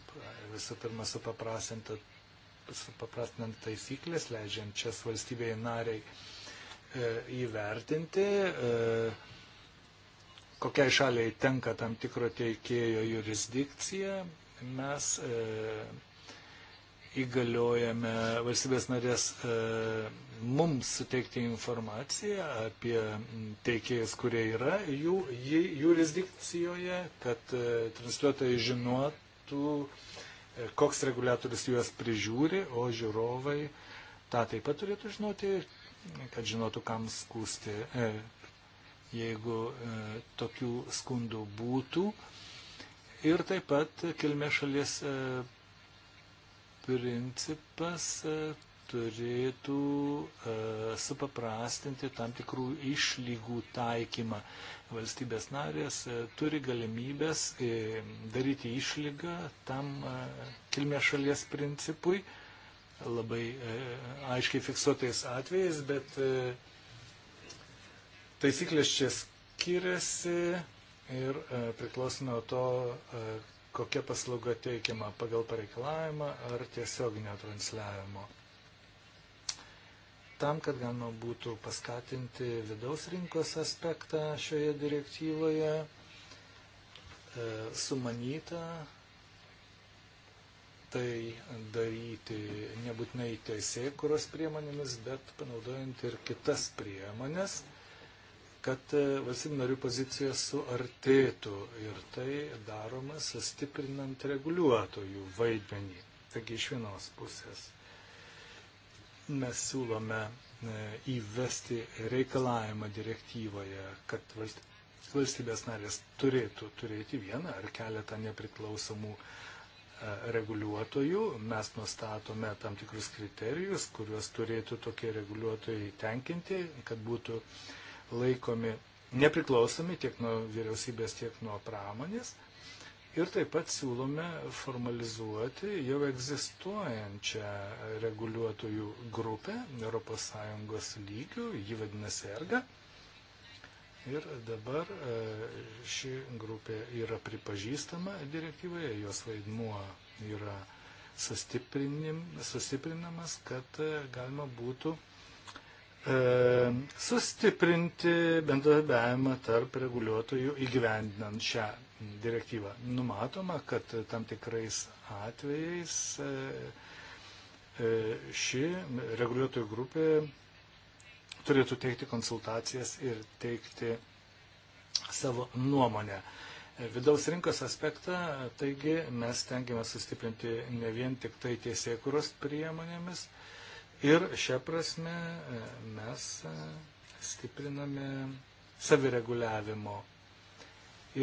Visų pirma, supaprastinant taisyklės, leidžiančias valstybėje nariai E, įvertinti, e, kokiai šaliai tenka tam tikro teikėjo jurisdikcija. Mes e, įgaliojame valstybės narės mums suteikti informaciją apie teikėjus, kurie yra jų jurisdikcijoje, kad transliuotojai žinotų, koks reguliatorius juos prižiūri, o žiūrovai tą taip pat turėtų žinoti, kad žinotų, kam skūsti. E, jeigu e, tokių skundų būtų. Ir taip pat kilmė šalies e, principas turėtų supaprastinti tam tikrų išlygų taikymą. Valstybės narės turi galimybės daryti išlygą tam kilmės šalies principui labai e, aiškiai fiksuotais atvejais, bet e, taisyklės čia skiriasi ir e, priklauso nuo to, kokia paslauga teikiama pagal pareikalavimą ar tiesioginio transliavimo. Tam, kad galima būtų paskatinti vidaus rinkos aspektą šioje direktyvoje, sumanyta tai daryti nebūtinai teisėkuros priemonėmis, bet panaudojant ir kitas priemonės, kad e, valstybių narių pozicijos suartėtų ir tai daroma sustiprinant reguliuotojų vaidmenį. Taigi iš vienos pusės mes siūlome e, įvesti reikalavimą direktyvoje, kad valstybės narės turėtų turėti vieną ar keletą nepriklausomų reguliuotojų, mes nustatome tam tikrus kriterijus, kuriuos turėtų tokie reguliuotojai tenkinti, kad būtų laikomi nepriklausomi tiek nuo vyriausybės, tiek nuo pramonės. Ir taip pat siūlome formalizuoti jau egzistuojančią reguliuotojų grupę ES lygių, ji vadinasi ERGA. Ir dabar e, ši grupė yra pripažįstama direktyvoje, jos vaidmuo yra sustiprinamas, kad e, galima būtų e, sustiprinti bendradarbiavimą tarp reguliuotojų įgyvendinant šią direktyvą. Numatoma, kad tam tikrais atvejais ši reguliuotojų grupė turėtų teikti konsultacijas ir teikti savo nuomonę. Vidaus rinkos aspektą, taigi mes tengiame sustiprinti ne vien tik tai tiesiekuros priemonėmis ir šią prasme e, mes e, stipriname savireguliavimo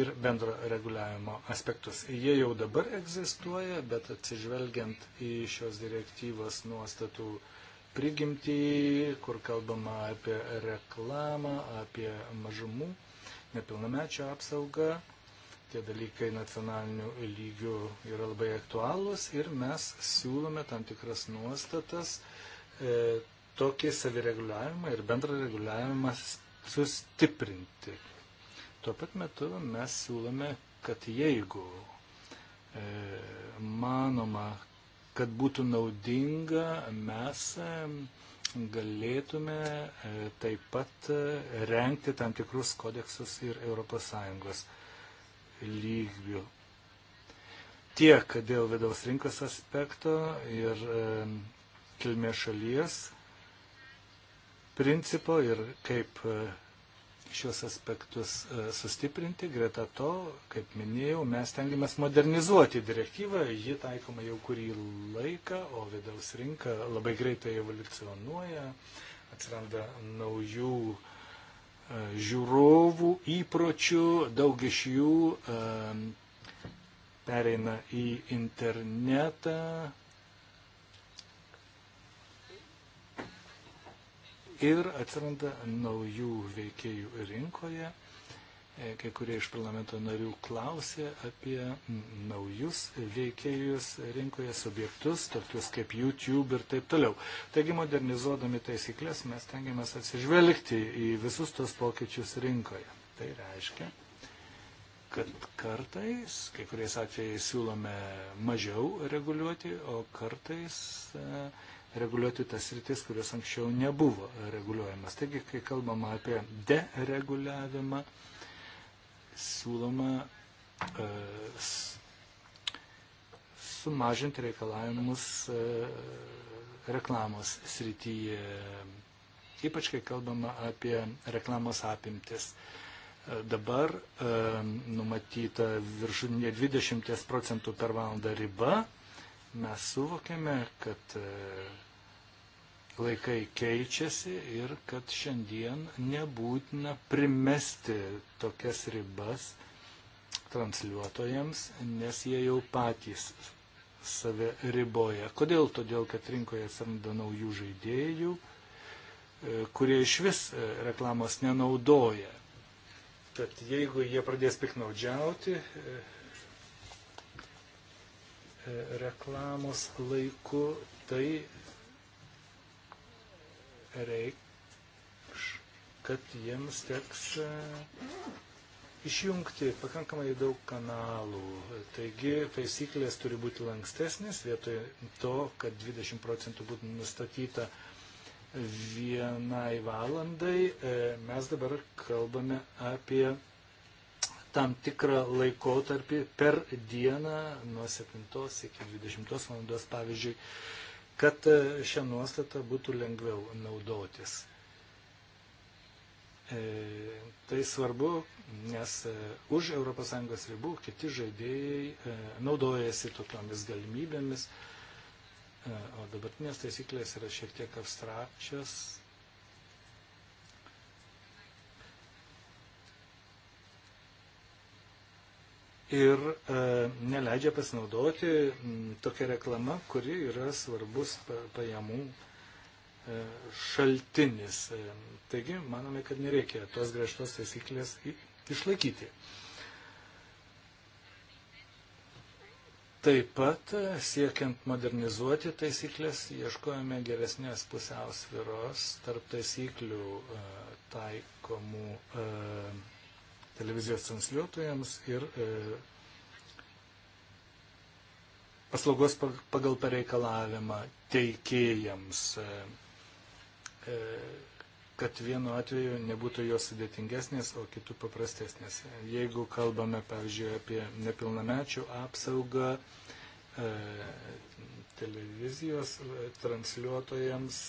ir bendro reguliavimo aspektus. Jie jau dabar egzistuoja, bet atsižvelgiant į šios direktyvos nuostatų prigimtį, kur kalbama apie reklamą, apie mažumų, nepilnamečio apsaugą. Tie dalykai nacionalinių lygių yra labai aktualūs ir mes siūlome tam tikras nuostatas e, tokį savireguliavimą ir bendrą reguliavimą sustiprinti. Tuo pat metu mes siūlome, kad jeigu e, manoma, kad būtų naudinga, mes galėtume e, taip pat e, renkti tam tikrus kodeksus ir ES lygvių. Tiek dėl vidaus rinkos aspekto ir kilmės šalies principo ir kaip e, šios aspektus e, sustiprinti. Greta to, kaip minėjau, mes tengiamės modernizuoti direktyvą, ji taikoma jau kurį laiką, o vidaus rinka labai greitai evoliucionuoja, atsiranda naujų e, žiūrovų įpročių, daug iš jų e, pereina į internetą, ir atsiranda naujų veikėjų rinkoje. E, kai kurie iš parlamento narių klausė apie naujus veikėjus rinkoje, subjektus, tokius kaip YouTube ir taip toliau. Taigi, modernizuodami taisyklės, mes tengiamės atsižvelgti į visus tos pokyčius rinkoje. Tai reiškia, kad kartais, kai kuriais atvejais siūlome mažiau reguliuoti, o kartais. E, reguliuoti tas rytis, kurios anksčiau nebuvo reguliuojamas. Taigi, kai kalbama apie dereguliavimą, siūloma e, sumažinti reikalavimus e, reklamos srityje, ypač kai kalbama apie reklamos apimtis. E, dabar e, numatyta viršutinė 20 procentų per valandą riba, mes suvokiame, kad e, laikai keičiasi ir kad šiandien nebūtina primesti tokias ribas transliuotojams, nes jie jau patys save riboja. Kodėl? Todėl, kad rinkoje atsiranda naujų žaidėjų, e, kurie iš vis e, reklamos nenaudoja. Tad jeigu jie pradės piknaudžiauti, reklamos laiku, tai reikš, kad jiems teks e, išjungti pakankamai daug kanalų. Taigi taisyklės turi būti lankstesnės, vietoj to, kad 20 procentų būtų nustatyta vienai valandai, e, mes dabar kalbame apie tam tikrą laikotarpį per dieną nuo 7 iki 20 valandos, pavyzdžiui, kad e, šią nuostatą būtų lengviau naudotis. E, tai svarbu, nes e, už ES ribų kiti žaidėjai e, naudojasi tokiomis galimybėmis, e, o dabartinės taisyklės yra šiek tiek abstrakčios ir e, neleidžia pasinaudoti tokia reklama, kuri yra svarbus pajamų e, šaltinis. E, taigi, manome, kad nereikia tos griežtos taisyklės išlaikyti. Taip pat, siekiant modernizuoti taisyklės, ieškojame geresnės pusiausviros tarp taisyklių taikomų televizijos transliuotojams ir e, paslaugos pagal pareikalavimą teikėjams, e, e, kad vienu atveju nebūtų jos sudėtingesnės, o kitų paprastesnės. Jeigu kalbame, pavyzdžiui, apie nepilnamečių apsaugą, e, televizijos e, transliuotojams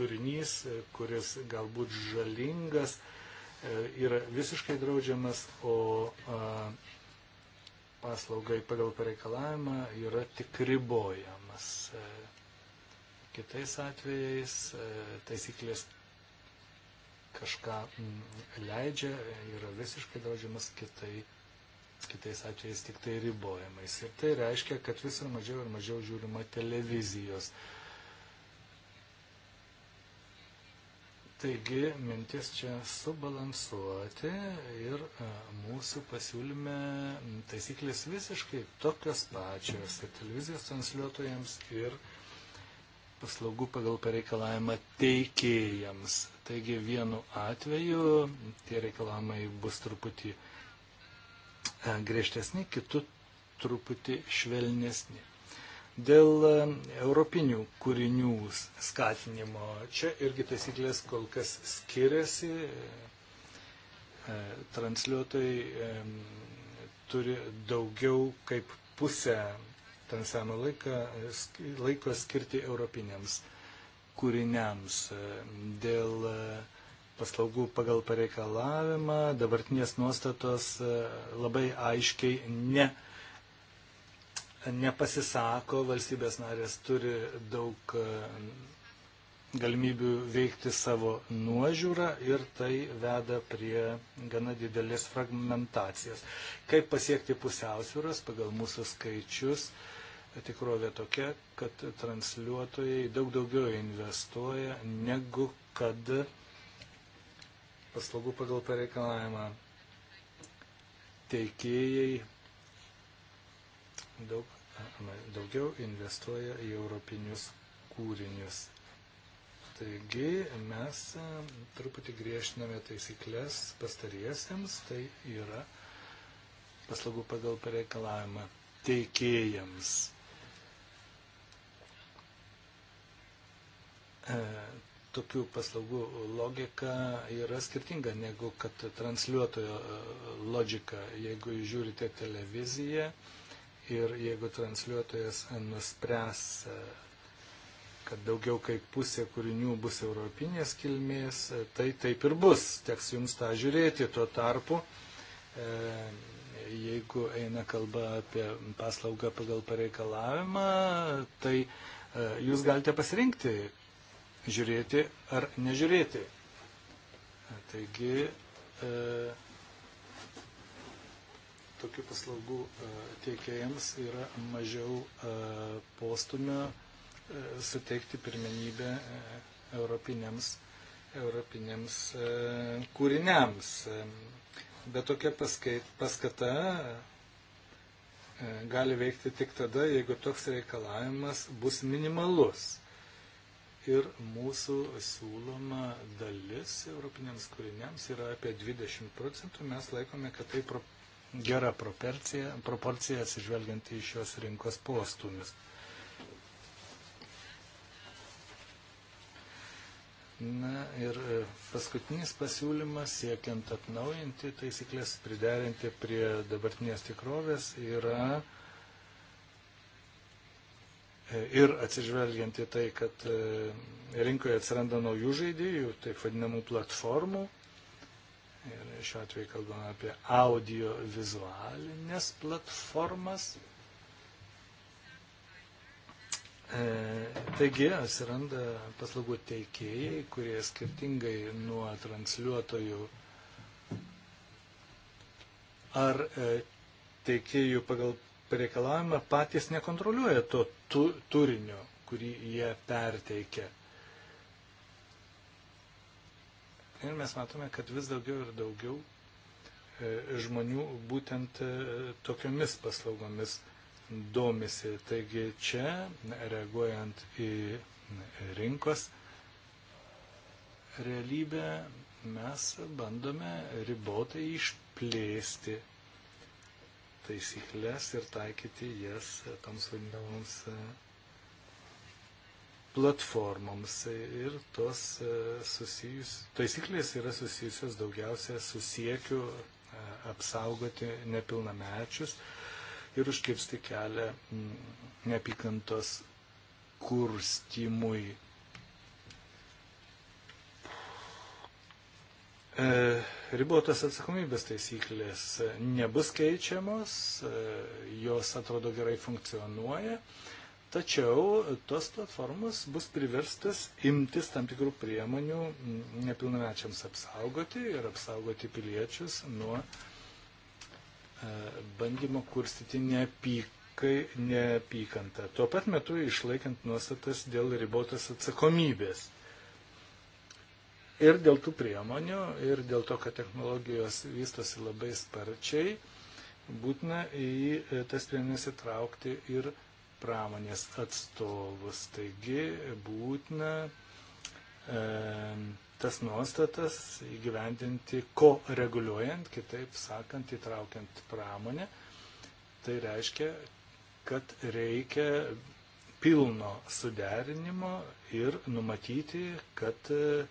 turinys, kuris galbūt žalingas, E, yra visiškai draudžiamas, o e, paslaugai pagal pareikalavimą yra tik ribojamas. E, kitais atvejais taisyklės kažką mm, leidžia, yra visiškai draudžiamas kitai, kitais atvejais tik tai ribojamais. Ir tai reiškia, kad vis ir mažiau ir mažiau žiūrima televizijos. Uh, Taigi mintis čia subalansuoti ir e, mūsų pasiūlyme taisyklės visiškai tokios pačios ir televizijos transliuotojams ir paslaugų pagal pareikalavimą teikėjams. Taigi vienu atveju tie reikalavimai bus truputį e, griežtesni, kitu truputį švelnesni. Dėl e, europinių kūrinių skatinimo čia irgi taisyklės kol kas skiriasi. E, transliuotojai e, turi daugiau kaip pusę transliavimo laiką, laiko skirti europiniams kūriniams. Dėl paslaugų pagal pareikalavimą dabartinės nuostatos labai aiškiai ne nepasisako, valstybės narės turi daug e, galimybių veikti savo nuožiūrą ir tai veda prie gana didelės fragmentacijos. Kaip pasiekti pusiausvėros pagal mūsų skaičius? Tikrovė tokia, kad transliuotojai daug daugiau investuoja negu kad paslaugų pagal pareikalavimą teikėjai daug daugiau investuoja į europinius kūrinius. Taigi mes e, truputį griežtiname taisyklės pastariesiems, tai yra paslaugų pagal pareikalavimą teikėjams. E, tokių paslaugų logika yra skirtinga negu kad transliuotojo e, logika. Jeigu žiūrite televiziją, e, ir jeigu transliuotojas nuspręs, e, kad daugiau kaip pusė kūrinių bus europinės kilmės, e, tai taip ir bus. Teks jums tą žiūrėti. Tuo tarpu, e, jeigu eina kalba apie paslaugą pagal pareikalavimą, tai jūs galite pasirinkti žiūrėti ar nežiūrėti. Taigi, tokių paslaugų e, tiekėjams yra mažiau e, postumio e, suteikti pirmenybę europinėms, europinėms kūriniams. Bet tokia paskait, paskata gali veikti tik tada, jeigu toks reikalavimas bus minimalus ir mūsų siūloma dalis europiniams kūriniams yra apie 20 procentų, mes laikome, kad tai pro, gera proporcija, proporcija atsižvelgiant į šios rinkos postumis. Na ir e, paskutinis pasiūlymas, siekiant atnaujinti taisyklės, priderinti prie dabartinės tikrovės, yra e, ir atsižvelgiant į tai, kad e, rinkoje atsiranda naujų žaidėjų, taip vadinamų platformų, Ir šiuo atveju kalbame apie audiovizualinės platformas. E, taigi atsiranda paslaugų teikėjai, kurie skirtingai nuo transliuotojų ar e, teikėjų pagal pareikalavimą patys nekontroliuoja to tu, turinio, kurį jie perteikia. Ir mes matome, kad vis daugiau ir daugiau e, žmonių būtent e, tokiomis paslaugomis domisi. Taigi čia, reaguojant į e, rinkos realybę, mes bandome ribotai išplėsti taisyklės ir taikyti jas toms vadinamoms platformoms ir tos e, susijus, taisyklės yra susijusios daugiausia su siekiu e, apsaugoti nepilnamečius ir užkirsti kelią neapykantos kurstimui. E, ribotas atsakomybės taisyklės nebus keičiamos, e, jos atrodo gerai funkcionuoja. E, Tačiau tos platformos bus priverstas imtis tam tikrų priemonių mm, nepilnamečiams apsaugoti ir apsaugoti piliečius nuo e, bandymo kurstyti neapykantą. Tuo pat metu išlaikant nuostatas dėl ribotos atsakomybės. Ir dėl tų priemonių, ir dėl to, kad technologijos vystosi labai sparčiai, būtina į e, tas priemonės įtraukti ir pramonės atstovus. Taigi būtina e, tas nuostatas įgyvendinti, ko reguliuojant, kitaip sakant, įtraukiant pramonę. Tai reiškia, kad reikia pilno suderinimo ir numatyti, kad e,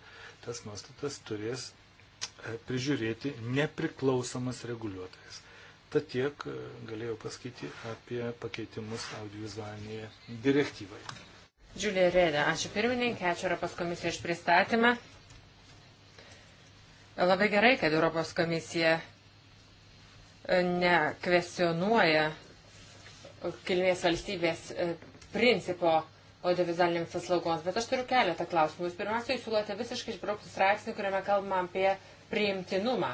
tas nuostatas turės e, prižiūrėti nepriklausomas reguliuotojas. Tad tiek e, galėjau pasakyti apie pakeitimus audiovizualinėje direktyvoje. Džiulė Rėdė, ačiū pirmininkė, ačiū Europos komisija iš pristatymą. Labai gerai, kad Europos komisija e, nekvesionuoja kilmės valstybės e, principo audiovizualinėms paslaugoms, bet aš turiu keletą klausimų. Jūs pirmiausia, jūs siūlote visiškai išbraukti straipsnį, kuriame kalbama apie priimtinumą.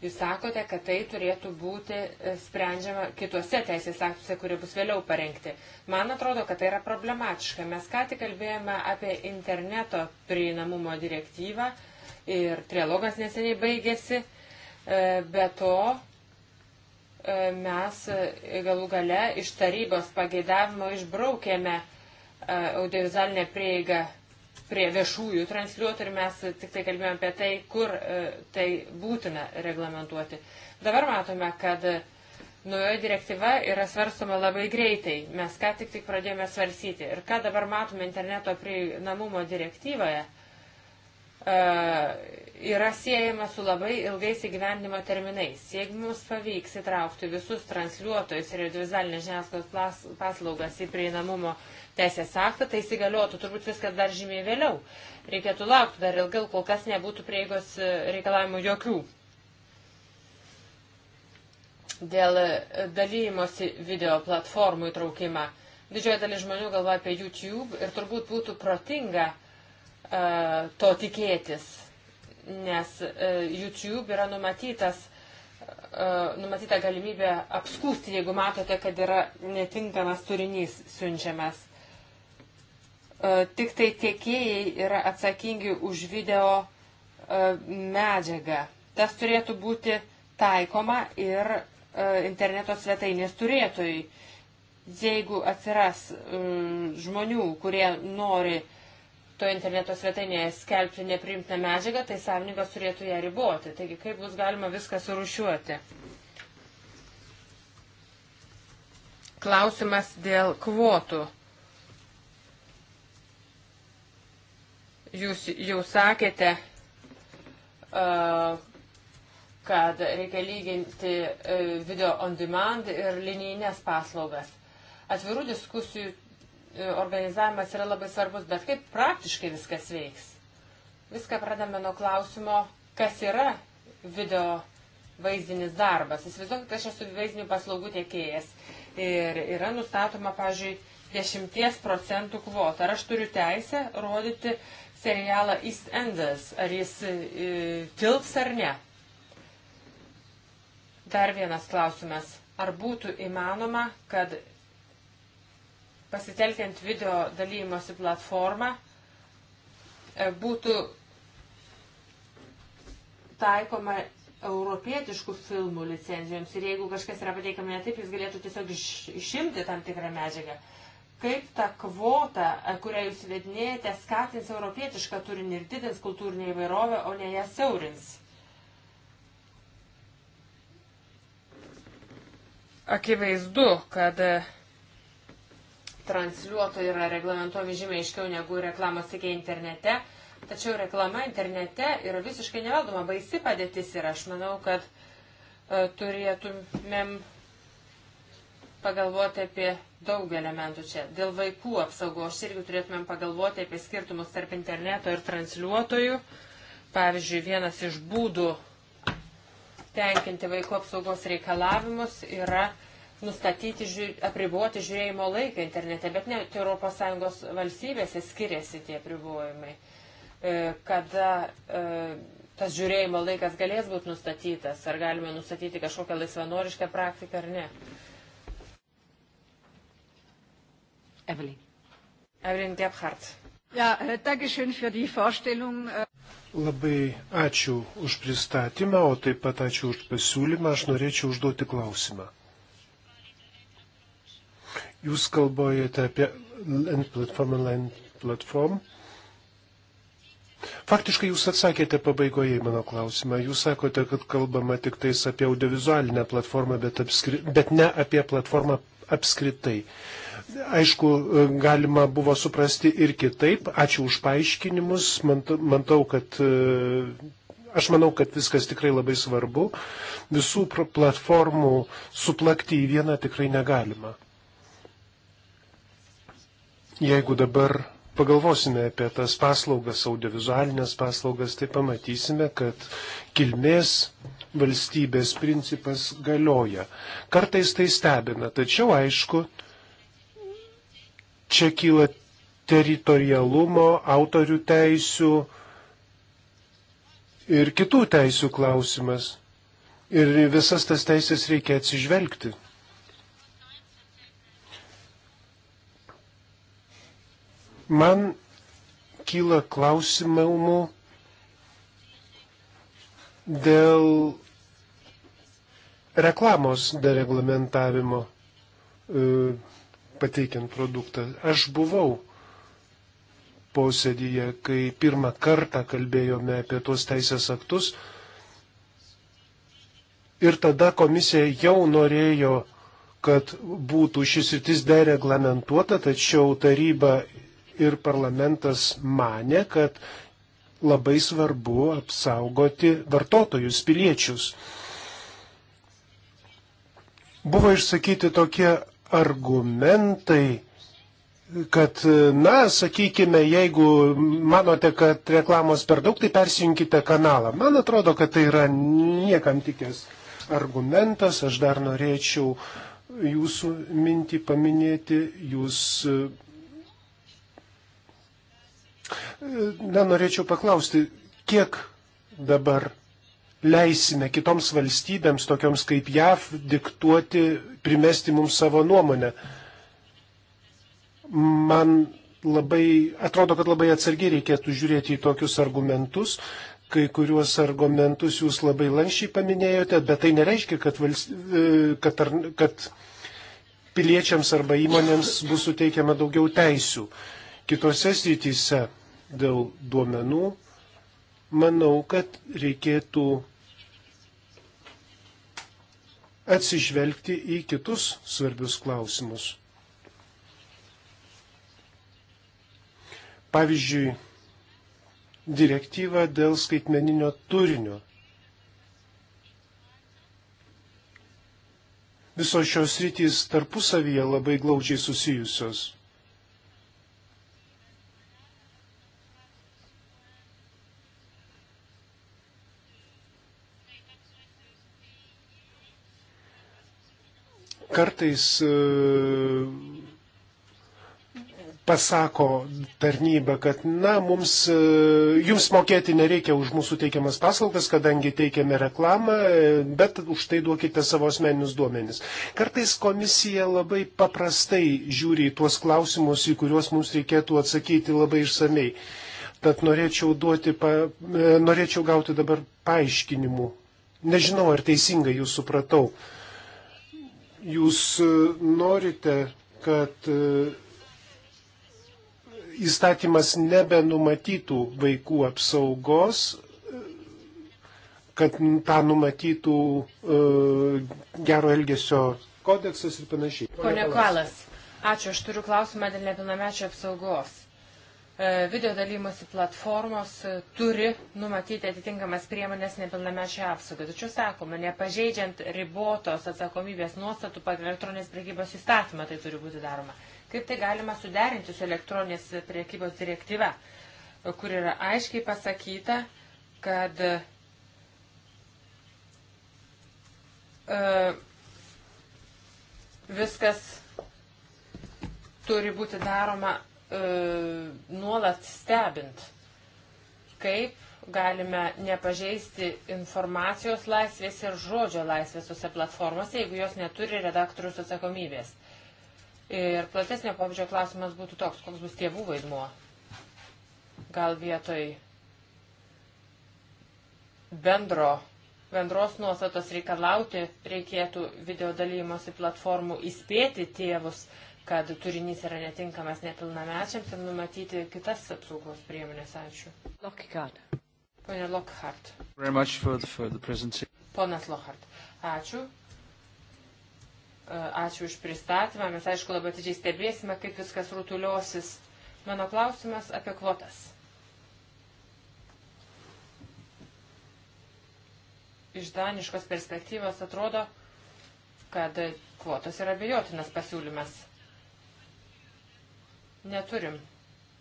Jūs sakote, kad tai turėtų būti e, sprendžiama kituose teisės aktuose, kurie bus vėliau parengti. Man atrodo, kad tai yra problematiška. Mes ką tik kalbėjome apie interneto prieinamumo direktyvą ir trilogas neseniai baigėsi. E, be to, e, mes galų gale iš tarybos pageidavimo išbraukėme audiovizualinę prieigą prie viešųjų transliuotų ir mes tik tai kalbėjome apie tai, kur e, tai būtina reglamentuoti. Dabar matome, kad e, naujoji direktyva yra svarstoma labai greitai. Mes ką tik tik pradėjome svarsyti. Ir ką dabar matome interneto prieinamumo direktyvoje, e, yra siejama su labai ilgais įgyvendimo terminais. Jeigu mums pavyks įtraukti visus transliuotojus ir audiovizualinės žiniasklaidos paslaugas į prieinamumo direktyvą, teisės aktą, tai įsigaliotų turbūt viskas dar žymiai vėliau. Reikėtų laukti dar ilgiau, kol kas nebūtų prieigos e, reikalavimų jokių. Dėl e, dalymosi video platformų įtraukimą. Didžioji dalis žmonių galvoja apie YouTube ir turbūt būtų protinga uh, to tikėtis, nes uh, YouTube yra numatytas numatyta galimybė apskūsti, jeigu matote, kad yra netinkamas turinys siunčiamas. E, tik tai tiekėjai yra atsakingi už video e, medžiagą. Tas turėtų būti taikoma ir e, interneto svetainės turėtojai. Jeigu atsiras mm, žmonių, kurie nori to interneto svetainėje skelbti neprimtą medžiagą, tai savininkas turėtų ją riboti. Taigi, kaip bus galima viską surušiuoti? Klausimas dėl kvotų Jūs jau sakėte, kad reikia lyginti e, video on demand ir linijinės paslaugas. Atvirų diskusijų e, organizavimas yra labai svarbus, bet kaip praktiškai viskas veiks? Viską pradame nuo klausimo, kas yra video vaizdinis darbas. Įsivaizduokit, aš esu vaizdinių paslaugų tiekėjas ir yra nustatoma, pažiūrėjau, 10 procentų kvotą. Ar aš turiu teisę rodyti serialą East Endas, ar jis e, tilps ar ne. Dar vienas klausimas. Ar būtų įmanoma, kad pasitelkiant video dalymosi platformą e, būtų taikoma europietiškų filmų licencijoms ir jeigu kažkas yra pateikama ne taip, jis galėtų tiesiog išimti tam tikrą medžiagą kaip ta kvota, e, kurią jūs vedinėjate, skatins europietišką turinį ir didins kultūrinį įvairovę, o ne ją siaurins. Akivaizdu, kad e, transliuotojai yra reglamentuomi žymiai aiškiau negu reklamos teikia internete, tačiau reklama internete yra visiškai nevaldoma, baisi padėtis ir aš manau, kad e, turėtumėm pagalvoti apie daug elementų čia. Dėl vaikų apsaugos irgi turėtumėm pagalvoti apie skirtumus tarp interneto ir transliuotojų. Pavyzdžiui, vienas iš būdų tenkinti vaikų apsaugos reikalavimus yra nustatyti, žiūr, apriboti žiūrėjimo laiką internete, bet net tai ES valstybėse skiriasi tie apribojimai, e, kada e, tas žiūrėjimo laikas galės būti nustatytas, ar galime nustatyti kažkokią laisvanorišką praktiką ar ne. E, Evelyn. Evelyn Gebhardt. Ja, äh, dankeschön für die Vorstellung. Labai ačiū už pristatymą, o taip pat ačiū už pasiūlymą. Aš norėčiau užduoti klausimą. Jūs kalbojate apie Land Platform and Land Platform. Faktiškai jūs atsakėte pabaigoje į mano klausimą. Jūs sakote, kad kalbama tik tais apie audiovizualinę platformą, bet, apskri... bet ne apie platformą apskritai. Uh, Aišku, galima buvo suprasti ir kitaip. Ačiū už paaiškinimus. Mantau, kad e, Aš manau, kad viskas tikrai labai svarbu. Visų platformų suplakti į vieną tikrai negalima. Jeigu dabar pagalvosime apie tas paslaugas, audiovizualinės paslaugas, tai pamatysime, kad kilmės valstybės principas galioja. Kartais tai stebina, tačiau aišku, Čia kyla teritorialumo, autorių teisių ir kitų teisių klausimas. Ir visas tas teisės reikia atsižvelgti. Man kyla klausimų dėl reklamos dereglamentavimo. E, pateikiant produktą. Aš buvau posėdyje, kai pirmą kartą kalbėjome apie tuos teisės aktus ir tada komisija jau norėjo, kad būtų šis rytis dereglamentuota, tačiau taryba ir parlamentas mane, kad labai svarbu apsaugoti vartotojus, piliečius. Buvo išsakyti tokie argumentai, kad, na, sakykime, jeigu manote, kad reklamos per daug, tai persijunkite kanalą. Man atrodo, kad tai yra niekam tikęs argumentas. Aš dar norėčiau jūsų mintį paminėti. Jūs Na, norėčiau paklausti, kiek dabar leisime kitoms valstybėms, tokioms kaip JAV, diktuoti, primesti mums savo nuomonę. Man labai, atrodo, kad labai atsargiai reikėtų žiūrėti į tokius argumentus. Kai kuriuos argumentus jūs labai lanšiai paminėjote, bet tai nereiškia, kad, valst... E, kad, ar... kad piliečiams arba įmonėms bus suteikiama daugiau teisių. Kitose srityse dėl duomenų manau, kad reikėtų atsižvelgti į kitus svarbius klausimus. Pavyzdžiui, direktyva dėl skaitmeninio turinio. Visos šios rytys tarpusavyje labai glaudžiai susijusios. Kartais e, pasako tarnyba, kad, na, mums, e, jums mokėti nereikia už mūsų teikiamas paslaugas, kadangi teikiame reklamą, e, bet už tai duokite savo asmeninius duomenis. Kartais komisija labai paprastai žiūri į tuos klausimus, į kuriuos mums reikėtų atsakyti labai išsamei. Tad norėčiau, duoti, pa, norėčiau gauti dabar paaiškinimų. Nežinau, ar teisingai jūs supratau. Uh, Jūs e, norite, kad e, įstatymas nebenumatytų vaikų apsaugos, kad tą numatytų e, gero elgesio kodeksas ir panašiai. Pone Kalas, ačiū, aš turiu klausimą dėl nepilnamečio apsaugos. E, video dalymosi platformos e, turi numatyti atitinkamas priemonės nepilnamečio apsaugai. Tačiau sakoma, nepažeidžiant ribotos atsakomybės nuostatų pagal elektroninės priekybos įstatymą tai turi būti daroma. Kaip tai galima suderinti su elektroninės priekybos direktyva, e, kur yra aiškiai pasakyta, kad uh, viskas turi būti daroma E, nuolat stebint, kaip galime nepažeisti informacijos laisvės ir žodžio laisvės tose platformose, jeigu jos neturi redaktorius atsakomybės. Ir platesnio pabudžio klausimas būtų toks, koks bus tėvų vaidmuo. Gal vietoj bendro, bendros nuostatos reikalauti reikėtų video dalymosi platformų įspėti tėvus, uh, kad turinys yra netinkamas nepilnamečiams ir numatyti kitas apsaugos priemonės. Ačiū. Lockhart. Pone Lockhart. For the, for the Ponas Lockhart. Ačiū. E, ačiū už pristatymą. Mes, aišku, labai atidžiai stebėsime, kaip viskas rutuliosis. Mano klausimas apie kvotas. Iš daniškos perspektyvos atrodo, kad kvotos yra bejotinas pasiūlymas neturim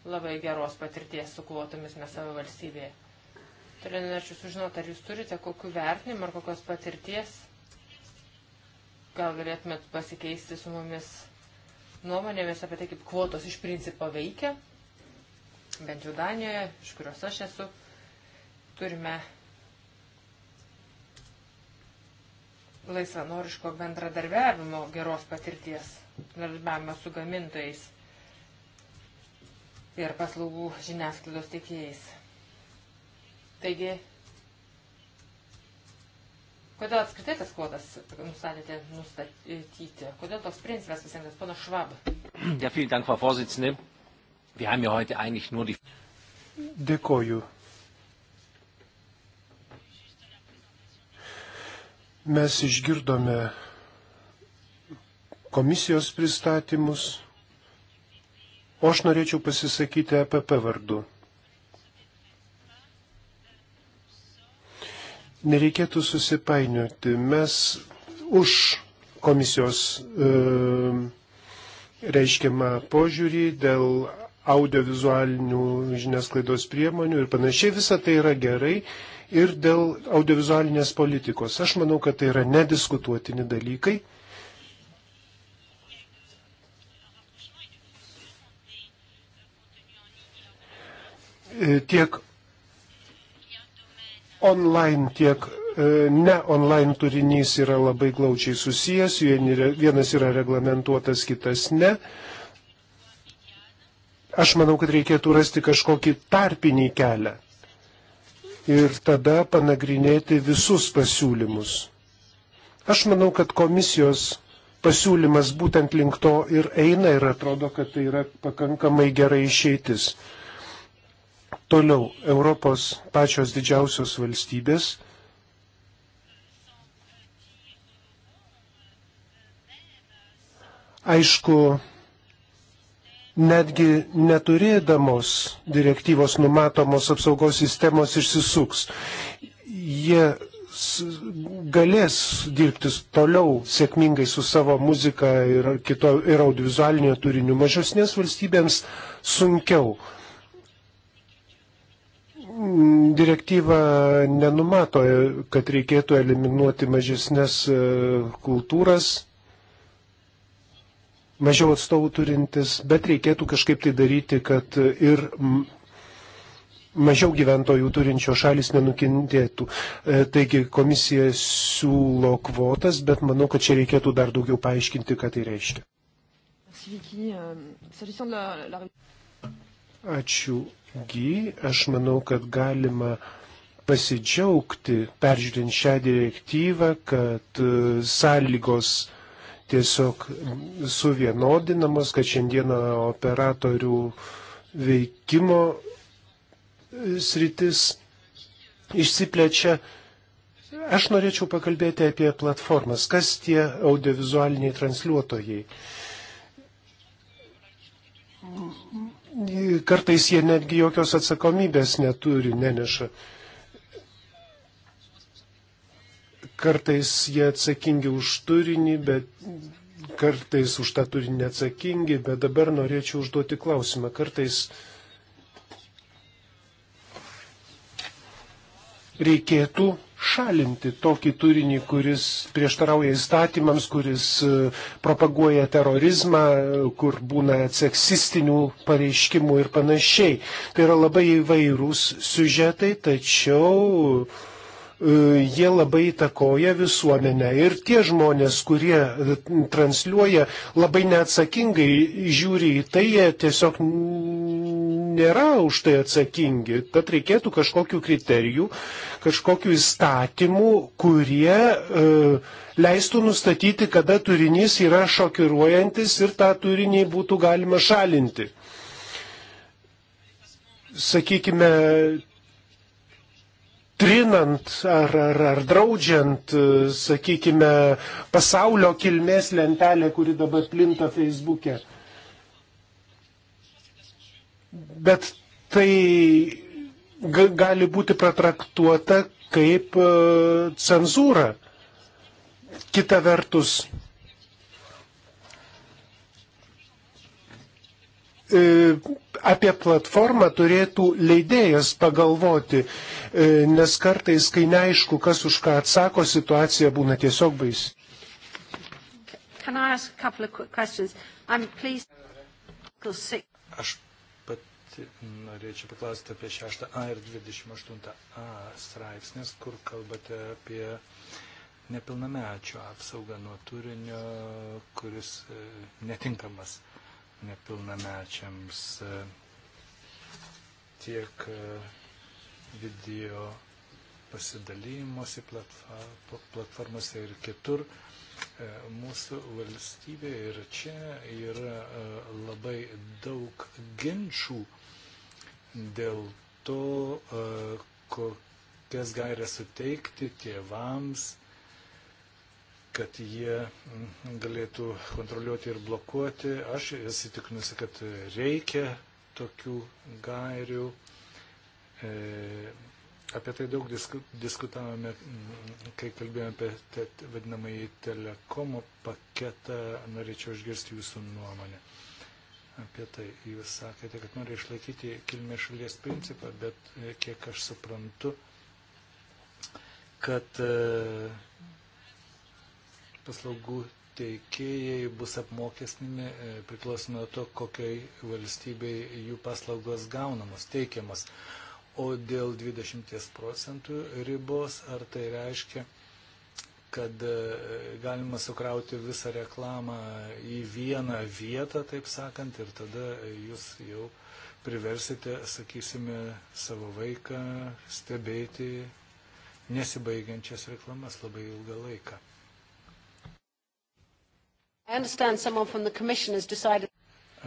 labai geros patirties su kvotomis mes savo valstybėje. Todėl norėčiau sužinoti, ar jūs turite kokiu vertinimu ar kokios patirties. Gal galėtumėt pasikeisti su mumis nuomonėmis apie tai, kaip kvotos iš principo veikia. Bent jau Danijoje, iš kurios aš esu, turime laisvanoriško bendradarbiavimo geros patirties, bendradarbiavimo su gamintojais ir paslaugų žiniasklaidos teikėjais. Taigi, kodėl apskritai tas kodas nustatėte nustatyti? Kodėl toks principas pasirinktas, pono Švab? Ja, vielen Dank, Frau Vorsitzende. Wir haben ja heute eigentlich nur die... Dėkoju. Mes išgirdome komisijos pristatymus, O aš norėčiau pasisakyti EPP vardu. Nereikėtų susipainioti. Mes už komisijos e, reiškiamą požiūrį dėl audiovizualinių žiniasklaidos priemonių ir panašiai. Visa tai yra gerai. Ir dėl audiovizualinės politikos. Aš manau, kad tai yra nediskutuotini dalykai. tiek online, tiek e, ne online turinys yra labai glaučiai susijęs, vienas yra reglamentuotas, kitas ne. Aš manau, kad reikėtų rasti kažkokį tarpinį kelią ir tada panagrinėti visus pasiūlymus. Aš manau, kad komisijos pasiūlymas būtent link to ir eina ir atrodo, kad tai yra pakankamai gerai išeitis. Toliau Europos pačios didžiausios valstybės aišku, netgi neturėdamos direktyvos numatomos apsaugos sistemos išsisuks. Jie galės dirbti toliau sėkmingai su savo muzika ir, kito, ir audiovizualinio turiniu. Mažesnės valstybėms sunkiau direktyva nenumato, kad reikėtų eliminuoti mažesnės e, kultūras, mažiau atstovų turintis, bet reikėtų kažkaip tai daryti, kad ir mažiau gyventojų turinčio šalis nenukentėtų. E, taigi komisija siūlo kvotas, bet manau, kad čia reikėtų dar daugiau paaiškinti, ką tai reiškia. Euh, Ačiū. Taigi, aš manau, kad galima pasidžiaugti, peržiūrint šią direktyvą, kad e, sąlygos tiesiog suvienodinamos, kad šiandieną operatorių veikimo e, sritis išsiplečia. Aš norėčiau pakalbėti apie platformas. Kas tie audiovizualiniai transliuotojai? kartais jie netgi jokios atsakomybės neturi, neneša. Kartais jie atsakingi už turinį, bet kartais už tą turinį atsakingi, bet dabar norėčiau užduoti klausimą. Kartais reikėtų šalinti tokį turinį, kuris prieštarauja įstatymams, kuris e, propaguoja terorizmą, e, kur būna seksistinių pareiškimų ir panašiai. Tai yra labai įvairūs siužetai, tačiau e, jie labai įtakoja visuomenę. Ir tie žmonės, kurie transliuoja, labai neatsakingai žiūri į tai, jie tiesiog nėra už tai atsakingi. Tad reikėtų kažkokių kriterijų, kažkokių įstatymų, kurie e, leistų nustatyti, kada turinys yra šokiruojantis ir tą turinį būtų galima šalinti. Sakykime, trinant ar, ar, ar draudžiant, e, sakykime, pasaulio kilmės lentelę, kuri dabar plinta Facebook'e bet tai gali būti pratraktuota kaip e, cenzūra. Kita vertus, e, apie platformą turėtų leidėjas pagalvoti, e, nes kartais, kai neaišku, kas už ką atsako, situacija būna tiesiog baisi. Aš paklausti, norėčiau paklausti apie 6a ir 28a straipsnės, kur kalbate apie nepilnamečio apsaugą nuo turinio, kuris e, netinkamas nepilnamečiams e, tiek e, video pasidalymosi platformose ir kitur mūsų valstybė ir čia yra labai daug ginčių dėl to, e, kokias gairias suteikti tėvams, kad jie galėtų kontroliuoti ir blokuoti. Aš įsitikinusi, kad reikia tokių gairių. E, apie tai daug disku, diskutavome, kai kalbėjome apie te, vadinamąjį telekomo paketą. Norėčiau išgirsti jūsų nuomonę. Uh, apie tai. Jūs sakėte, kad nori išlaikyti kilmės šalies principą, bet e, kiek aš suprantu, kad e, paslaugų teikėjai bus apmokestinami e, priklausomai nuo to, kokiai valstybei jų paslaugos gaunamos, teikiamos. O dėl 20 procentų ribos, ar tai reiškia, kad e, galima sukrauti visą reklamą į vieną vietą, taip sakant, ir tada jūs jau priversite, sakysime, savo vaiką stebėti nesibaigiančias reklamas labai ilgą laiką.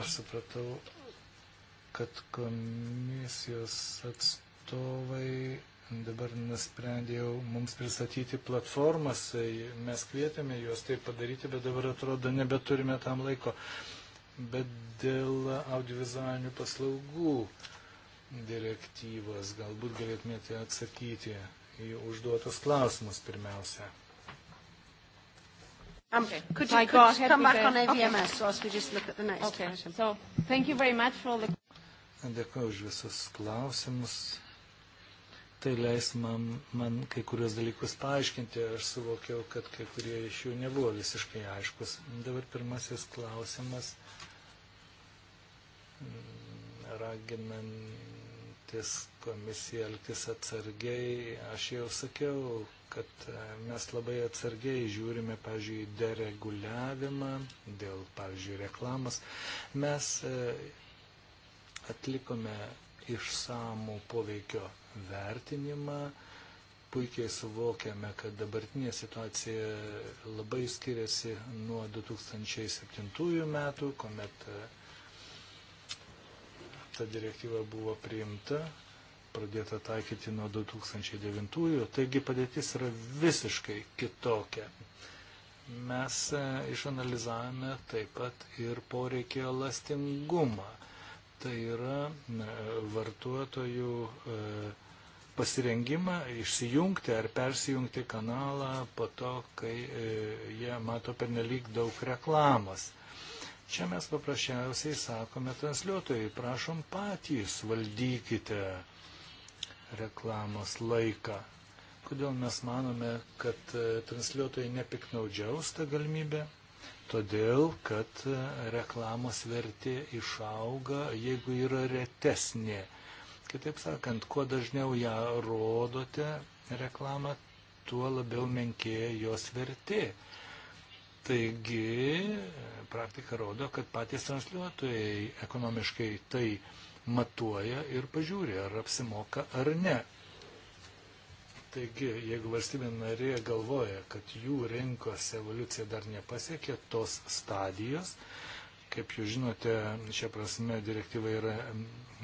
Aš supratau, kad komisijos atstovai dabar nusprendėjau mums pristatyti platformas, tai mes kvietėme juos tai padaryti, bet dabar atrodo nebeturime tam laiko. Bet dėl audiovizualinių paslaugų direktyvos galbūt galėtumėte atsakyti į užduotus klausimus pirmiausia. Um, okay. Could you, could you come, come back the... on AVMS okay. whilst we just look at the next okay. item? So, thank you very much for all the... Dėkuoju už visus klausimus tai leis man, man kai kurios dalykus paaiškinti. Aš suvokiau, kad kai kurie iš jų nebuvo visiškai aiškus. Dabar pirmasis klausimas. Raginantis komisiją elgtis atsargiai, aš jau sakiau, kad e, mes labai atsargiai žiūrime, pavyzdžiui, dereguliavimą dėl, pavyzdžiui, reklamos. Mes e, atlikome išsamų poveikio vertinimą. Puikiai suvokiame, kad dabartinė situacija labai skiriasi nuo 2007 metų, kuomet e, ta direktyva buvo priimta, pradėta taikyti nuo 2009, taigi padėtis yra visiškai kitokia. Mes e, išanalizavome taip pat ir poreikio lastingumą. Tai yra e, vartotojų e, pasirengimą išsijungti ar persijungti kanalą po to, kai e, jie mato pernelyg daug reklamos. Čia mes paprasčiausiai sakome transliuotojai, prašom patys valdykite reklamos laiką. Kodėl mes manome, kad e, transliuotojai nepiknaudžiaus tą galimybę? Todėl, kad e, reklamos vertė išauga, jeigu yra retesnė Kitaip sakant, kuo dažniau ją rodote reklamą, tuo labiau menkėja jos vertė. Taigi, praktika rodo, kad patys transliuotojai ekonomiškai tai matuoja ir pažiūri, ar apsimoka ar ne. Taigi, jeigu valstybė narė galvoja, kad jų rinkos evoliucija dar nepasiekė tos stadijos, Kaip jūs žinote, šia prasme direktyva yra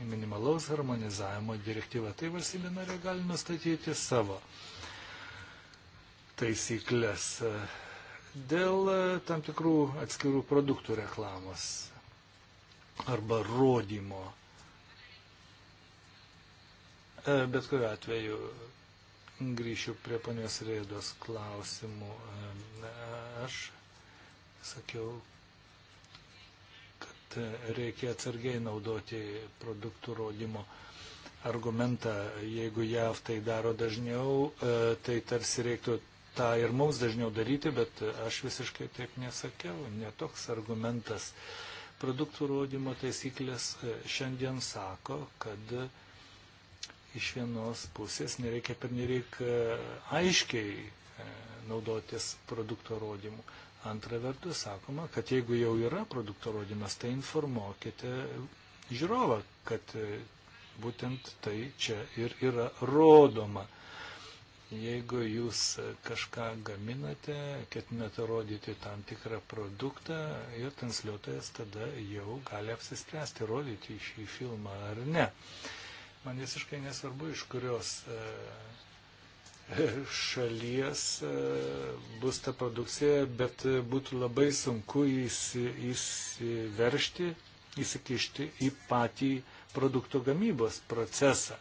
minimalaus harmonizavimo direktyva, tai valstybė narė gali nustatyti savo taisyklės e, dėl e, tam tikrų atskirų produktų reklamos arba rodymo. E, bet kuriuo atveju grįšiu prie ponios Reidos klausimų. Aš sakiau, reikia atsargiai naudoti produktų rodymo argumentą. Jeigu JAV tai daro dažniau, e, tai tarsi reiktų tą ir mums dažniau daryti, bet aš visiškai taip nesakiau, netoks argumentas. Produktų rodymo taisyklės e, šiandien sako, kad iš vienos pusės nereikia pernelyg e, aiškiai naudotis produkto rodymu. Antra vertus sakoma, kad jeigu jau yra produkto rodymas, tai informuokite žiūrovą, kad e, būtent tai čia ir yra rodoma. Jeigu jūs kažką gaminate, ketinate rodyti tam tikrą produktą ir transliuotojas tada jau gali apsispręsti, rodyti šį filmą ar ne. Man visiškai nesvarbu, iš kurios e, šalies e, bus ta produkcija, bet būtų labai sunku įsi, įsiveršti, įsikišti į patį produkto gamybos procesą.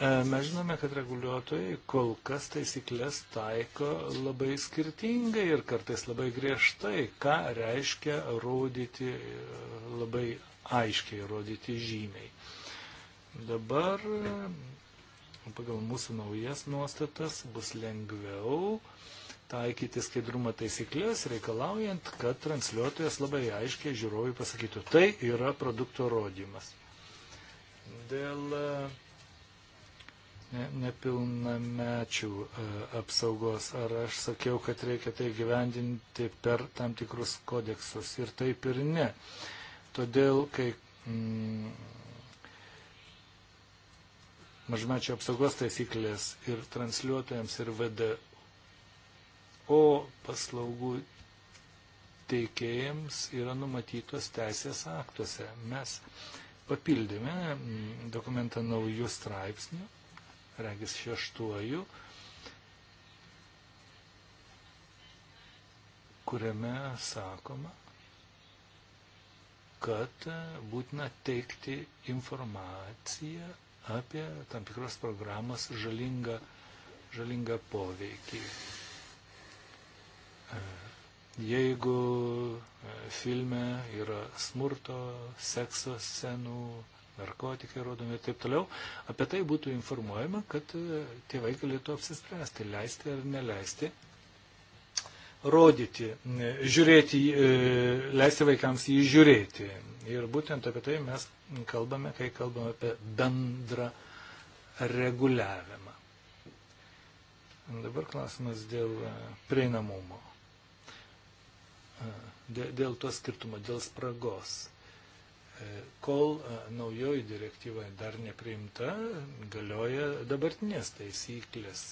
E, mes žinome, kad reguliuotojai kol kas taisyklės taiko labai skirtingai ir kartais labai griežtai, ką reiškia rodyti e, labai aiškiai, rodyti žymiai. Dabar pagal mūsų naujas nuostatas bus lengviau taikyti skaidrumo taisyklės, reikalaujant, kad transliuotojas labai aiškiai žiūrovui pasakytų, tai yra produkto rodymas. Dėl e, nepilnamečių e, apsaugos, ar aš sakiau, kad reikia tai gyvendinti per tam tikrus kodeksus ir taip ir ne. Todėl, kai mm, mažmečio apsaugos taisyklės ir transliuotojams ir VDO paslaugų teikėjams yra numatytos teisės aktuose. Mes papildėme mm, dokumentą naujų straipsnių, regis šeštuoju, kuriame sakoma, kad būtina teikti informaciją apie tam tikros programos žalingą, žalingą poveikį. E, jeigu e, filme yra smurto, sekso scenų, narkotikai rodomi ir taip toliau, apie tai būtų informuojama, kad e, tėvai galėtų apsispręsti, leisti ar neleisti rodyti, žiūrėti, e, leisti vaikams jį žiūrėti. Ir būtent apie tai mes kalbame, kai kalbame apie bendrą reguliavimą. Dabar klausimas dėl e, prieinamumo, e, dėl to skirtumo, dėl spragos. Kol naujoji direktyva dar nepriimta, galioja dabartinės taisyklės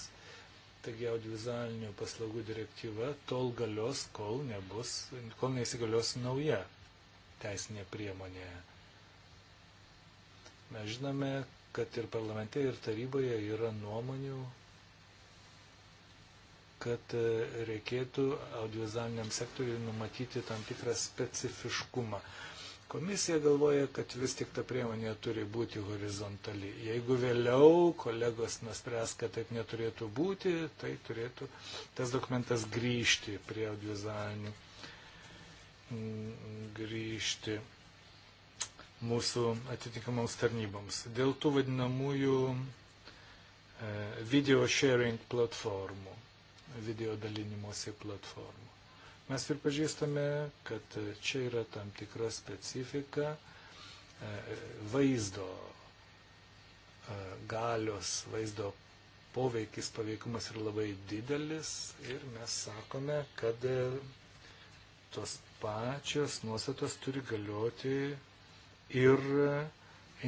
Taigi audiovizualinių paslaugų direktyva tol galios, kol nebus, kol neįsigalios nauja teisinė priemonė. Mes žinome, kad ir parlamente, ir taryboje yra nuomonių, kad e, reikėtų audiovizualiniam sektoriui numatyti tam tikrą specifiškumą. Komisija galvoja, kad vis tik ta priemonė turi būti horizontali. Jeigu vėliau kolegos nuspręs, kad taip neturėtų būti, tai turėtų tas dokumentas grįžti prie audiovizualinių, mm, grįžti mūsų atitinkamoms tarnyboms. Dėl tų vadinamųjų e, video sharing platformų, video dalinimosi platformų. Mes pripažįstame, kad čia yra tam tikra specifika e, vaizdo e, galios, vaizdo poveikis, paveikumas yra labai didelis ir mes sakome, kad e, tos pačios nuostatos turi galioti ir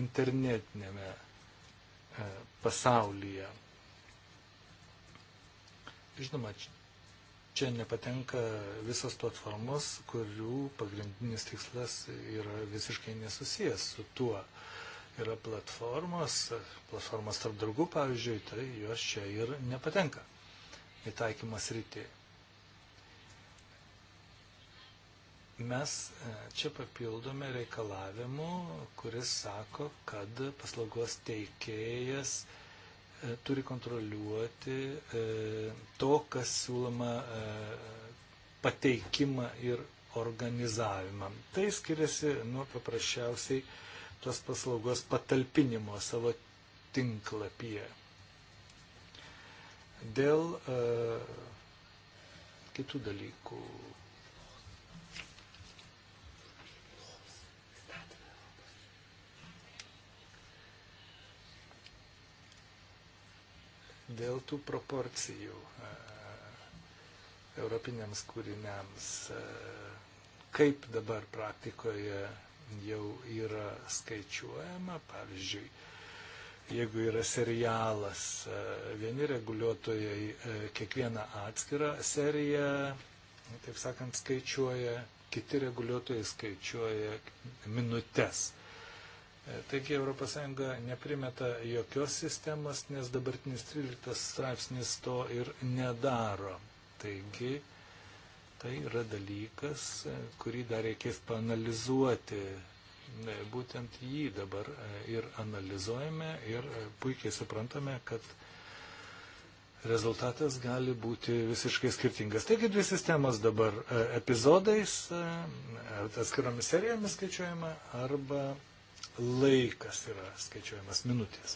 internetinėme pasaulyje. Žinoma, čia nepatenka visas platformos, kurių pagrindinis tikslas yra visiškai nesusijęs su tuo. Yra platformos, platformos tarp draugų, pavyzdžiui, tai jos čia ir nepatenka į taikymas rytį. Mes e, čia papildome reikalavimu, kuris sako, kad paslaugos teikėjas e, E, turi kontroliuoti e, to, kas siūloma e, pateikimą ir organizavimą. Tai skiriasi nuo paprasčiausiai tos paslaugos patalpinimo savo tinklapyje. Dėl kitų dalykų dėl tų proporcijų e, europiniams kūriniams, e, kaip dabar praktikoje jau yra skaičiuojama, pavyzdžiui, jeigu yra serialas, e, vieni reguliuotojai kiekvieną atskirą seriją, taip sakant, skaičiuoja, kiti reguliuotojai skaičiuoja minutes Taigi ES neprimeta jokios sistemos, nes dabartinis 13 straipsnis to ir nedaro. Taigi tai yra dalykas, kurį dar reikės panalizuoti. Būtent jį dabar e, ir analizuojame ir e, puikiai suprantame, kad rezultatas gali būti visiškai skirtingas. Taigi dvi sistemos dabar e, epizodais, atskiromis serijomis skaičiuojama, arba laikas yra skaičiuojamas minutės.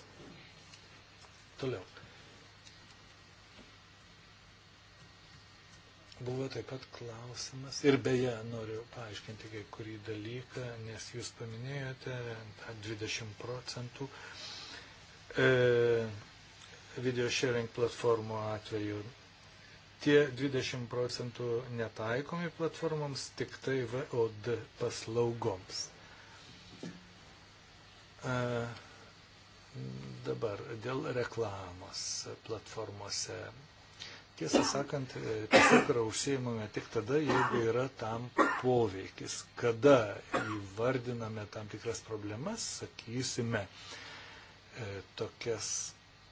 Toliau. Buvo taip pat klausimas ir beje noriu paaiškinti kai kurį dalyką, nes jūs paminėjote tą 20 procentų e, video sharing platformų atveju. Tie 20 procentų netaikomi platformoms, tik tai VOD paslaugoms. Dabar dėl reklamos platformose. Tiesą sakant, e, tiesiog yra užsieimame tik tada, jeigu yra tam poveikis. Kada įvardiname tam tikras problemas, sakysime, e, tokias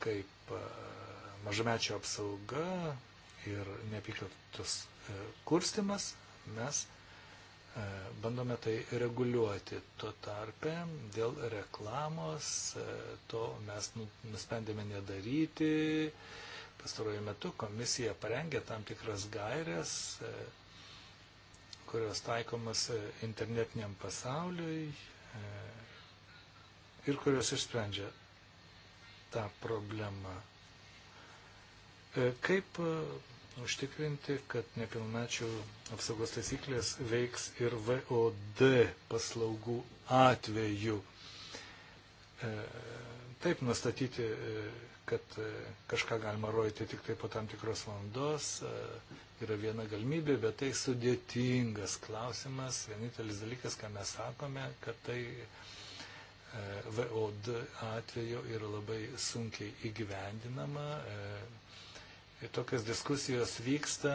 kaip e, mažamečio apsauga ir nepyklotus kurstimas, mes E, bandome tai reguliuoti. Tuo tarpe dėl reklamos e, to mes nu, nusprendėme nedaryti. Pastaruoju metu komisija parengė tam tikras gairias, e, kurios taikomas internetiniam pasauliui ir kurios išsprendžia tą problemą. Kaip užtikrinti, kad nepilnamečių apsaugos taisyklės veiks ir VOD paslaugų atveju. E, taip nustatyti, e, kad e, kažką galima rodyti tik tai po tam tikros valandos yra viena galimybė, bet tai sudėtingas klausimas. Vienintelis dalykas, ką mes sakome, kad tai VOD atveju yra labai sunkiai įgyvendinama tokios diskusijos vyksta.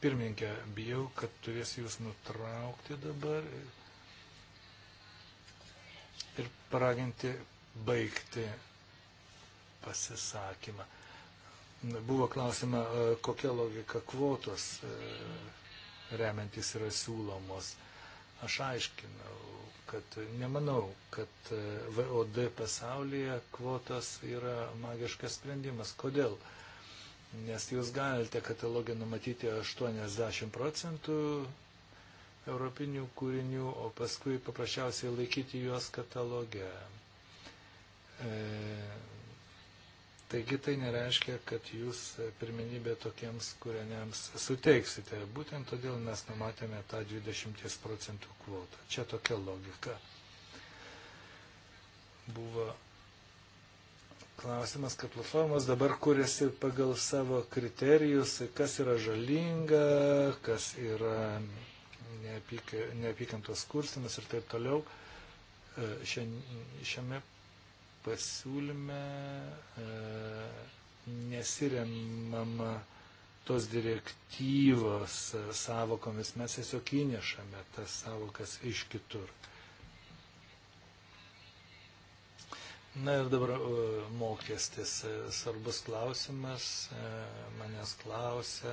Pirmininkė, bijau, kad turės jūs nutraukti dabar ir paraginti baigti pasisakymą. Buvo klausima, e, kokia logika kvotos e, remiantis yra siūlomos. Aš aiškinau, kad nemanau, kad e, VOD pasaulyje kvotas yra magiškas sprendimas. Kodėl? nes jūs galite katalogę numatyti 80 procentų europinių kūrinių, o paskui paprasčiausiai laikyti juos katalogę. E, taigi tai nereiškia, kad jūs pirmenybę tokiems kūriniams suteiksite. Būtent todėl mes numatėme tą 20 procentų kvotą. Čia tokia logika buvo klausimas, kad platformos dabar kuriasi pagal savo kriterijus, kas yra žalinga, kas yra neapyk, neapykantos kurstimas ir taip toliau. E, šiame pasiūlyme e, nesiremama tos direktyvos e, savokomis, mes tiesiog įnešame tas savokas iš kitur. Na ir dabar e, mokestis e, svarbus klausimas, e, manęs klausia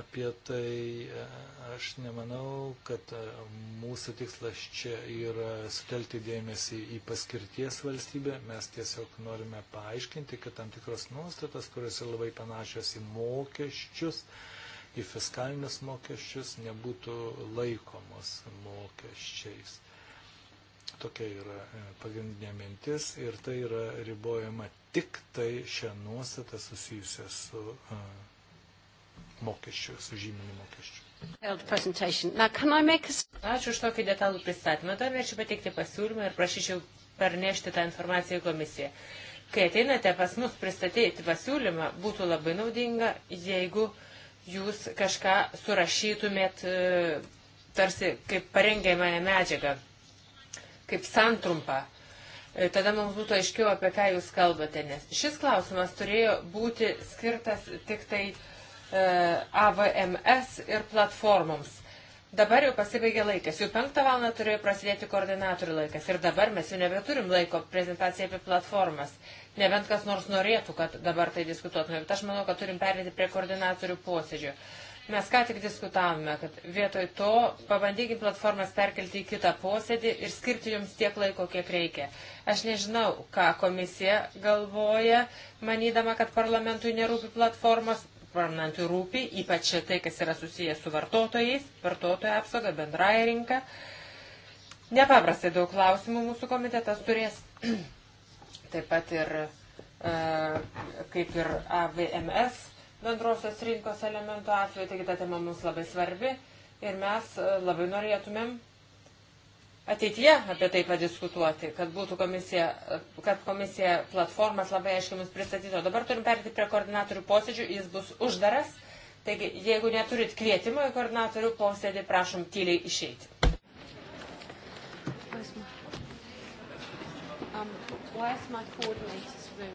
apie tai, aš nemanau, kad mūsų tikslas čia yra sutelkti dėmesį į paskirties valstybę, mes tiesiog norime paaiškinti, kad tam tikros nuostatas, kurios yra labai panašios į mokesčius, į fiskalinius mokesčius, nebūtų laikomos mokesčiais. Tokia yra e, pagrindinė mintis ir tai yra ribojama tik tai šią nuostatą susijusią su e, mokesčiu, su žyminiu mokesčiu. Ačiū už tokį detalų pristatymą. Dar norėčiau pateikti pasiūlymą ir prašyčiau parnešti tą informaciją į komisiją. Kai ateinate pas mus pristatyti pasiūlymą, būtų labai naudinga, jeigu jūs kažką surašytumėt e, tarsi kaip parengiamąją medžiagą kaip santrumpa. E, tada mums būtų aiškiau, apie ką jūs kalbate, nes šis klausimas turėjo būti skirtas tik tai e, AVMS ir platformoms. Dabar jau pasibaigė laikas, jau penktą valandą turėjo prasidėti koordinatorių laikas ir dabar mes jau nebeturim laiko prezentacijai apie platformas. Nebent kas nors norėtų, kad dabar tai diskutuotume, bet aš manau, kad turim perėti prie koordinatorių posėdžio. Mes ką tik diskutavome, kad vietoj to pabandykime platformas perkelti į kitą posėdį ir skirti jums tiek laiko, kiek reikia. Aš nežinau, ką komisija galvoja, manydama, kad parlamentui nerūpi platformos. Parlamentui rūpi ypač tai, kas yra susijęs su vartotojais, vartotojų apsauga, bendraja rinka. Nepaprastai daug klausimų mūsų komitetas turės. Taip pat ir, e, kaip ir AVMS bendrosios rinkos elementų atveju, taigi ta tema mums labai svarbi ir mes e, labai norėtumėm ateityje apie tai padiskutuoti, kad būtų komisija, e, kad komisija platformas labai aiškiai mums pristatytų. Dabar turim perėti prie koordinatorių posėdžių, jis bus uždaras, taigi jeigu neturit kvietimo į koordinatorių posėdį, prašom tyliai išeiti. Um, why is my coordinator?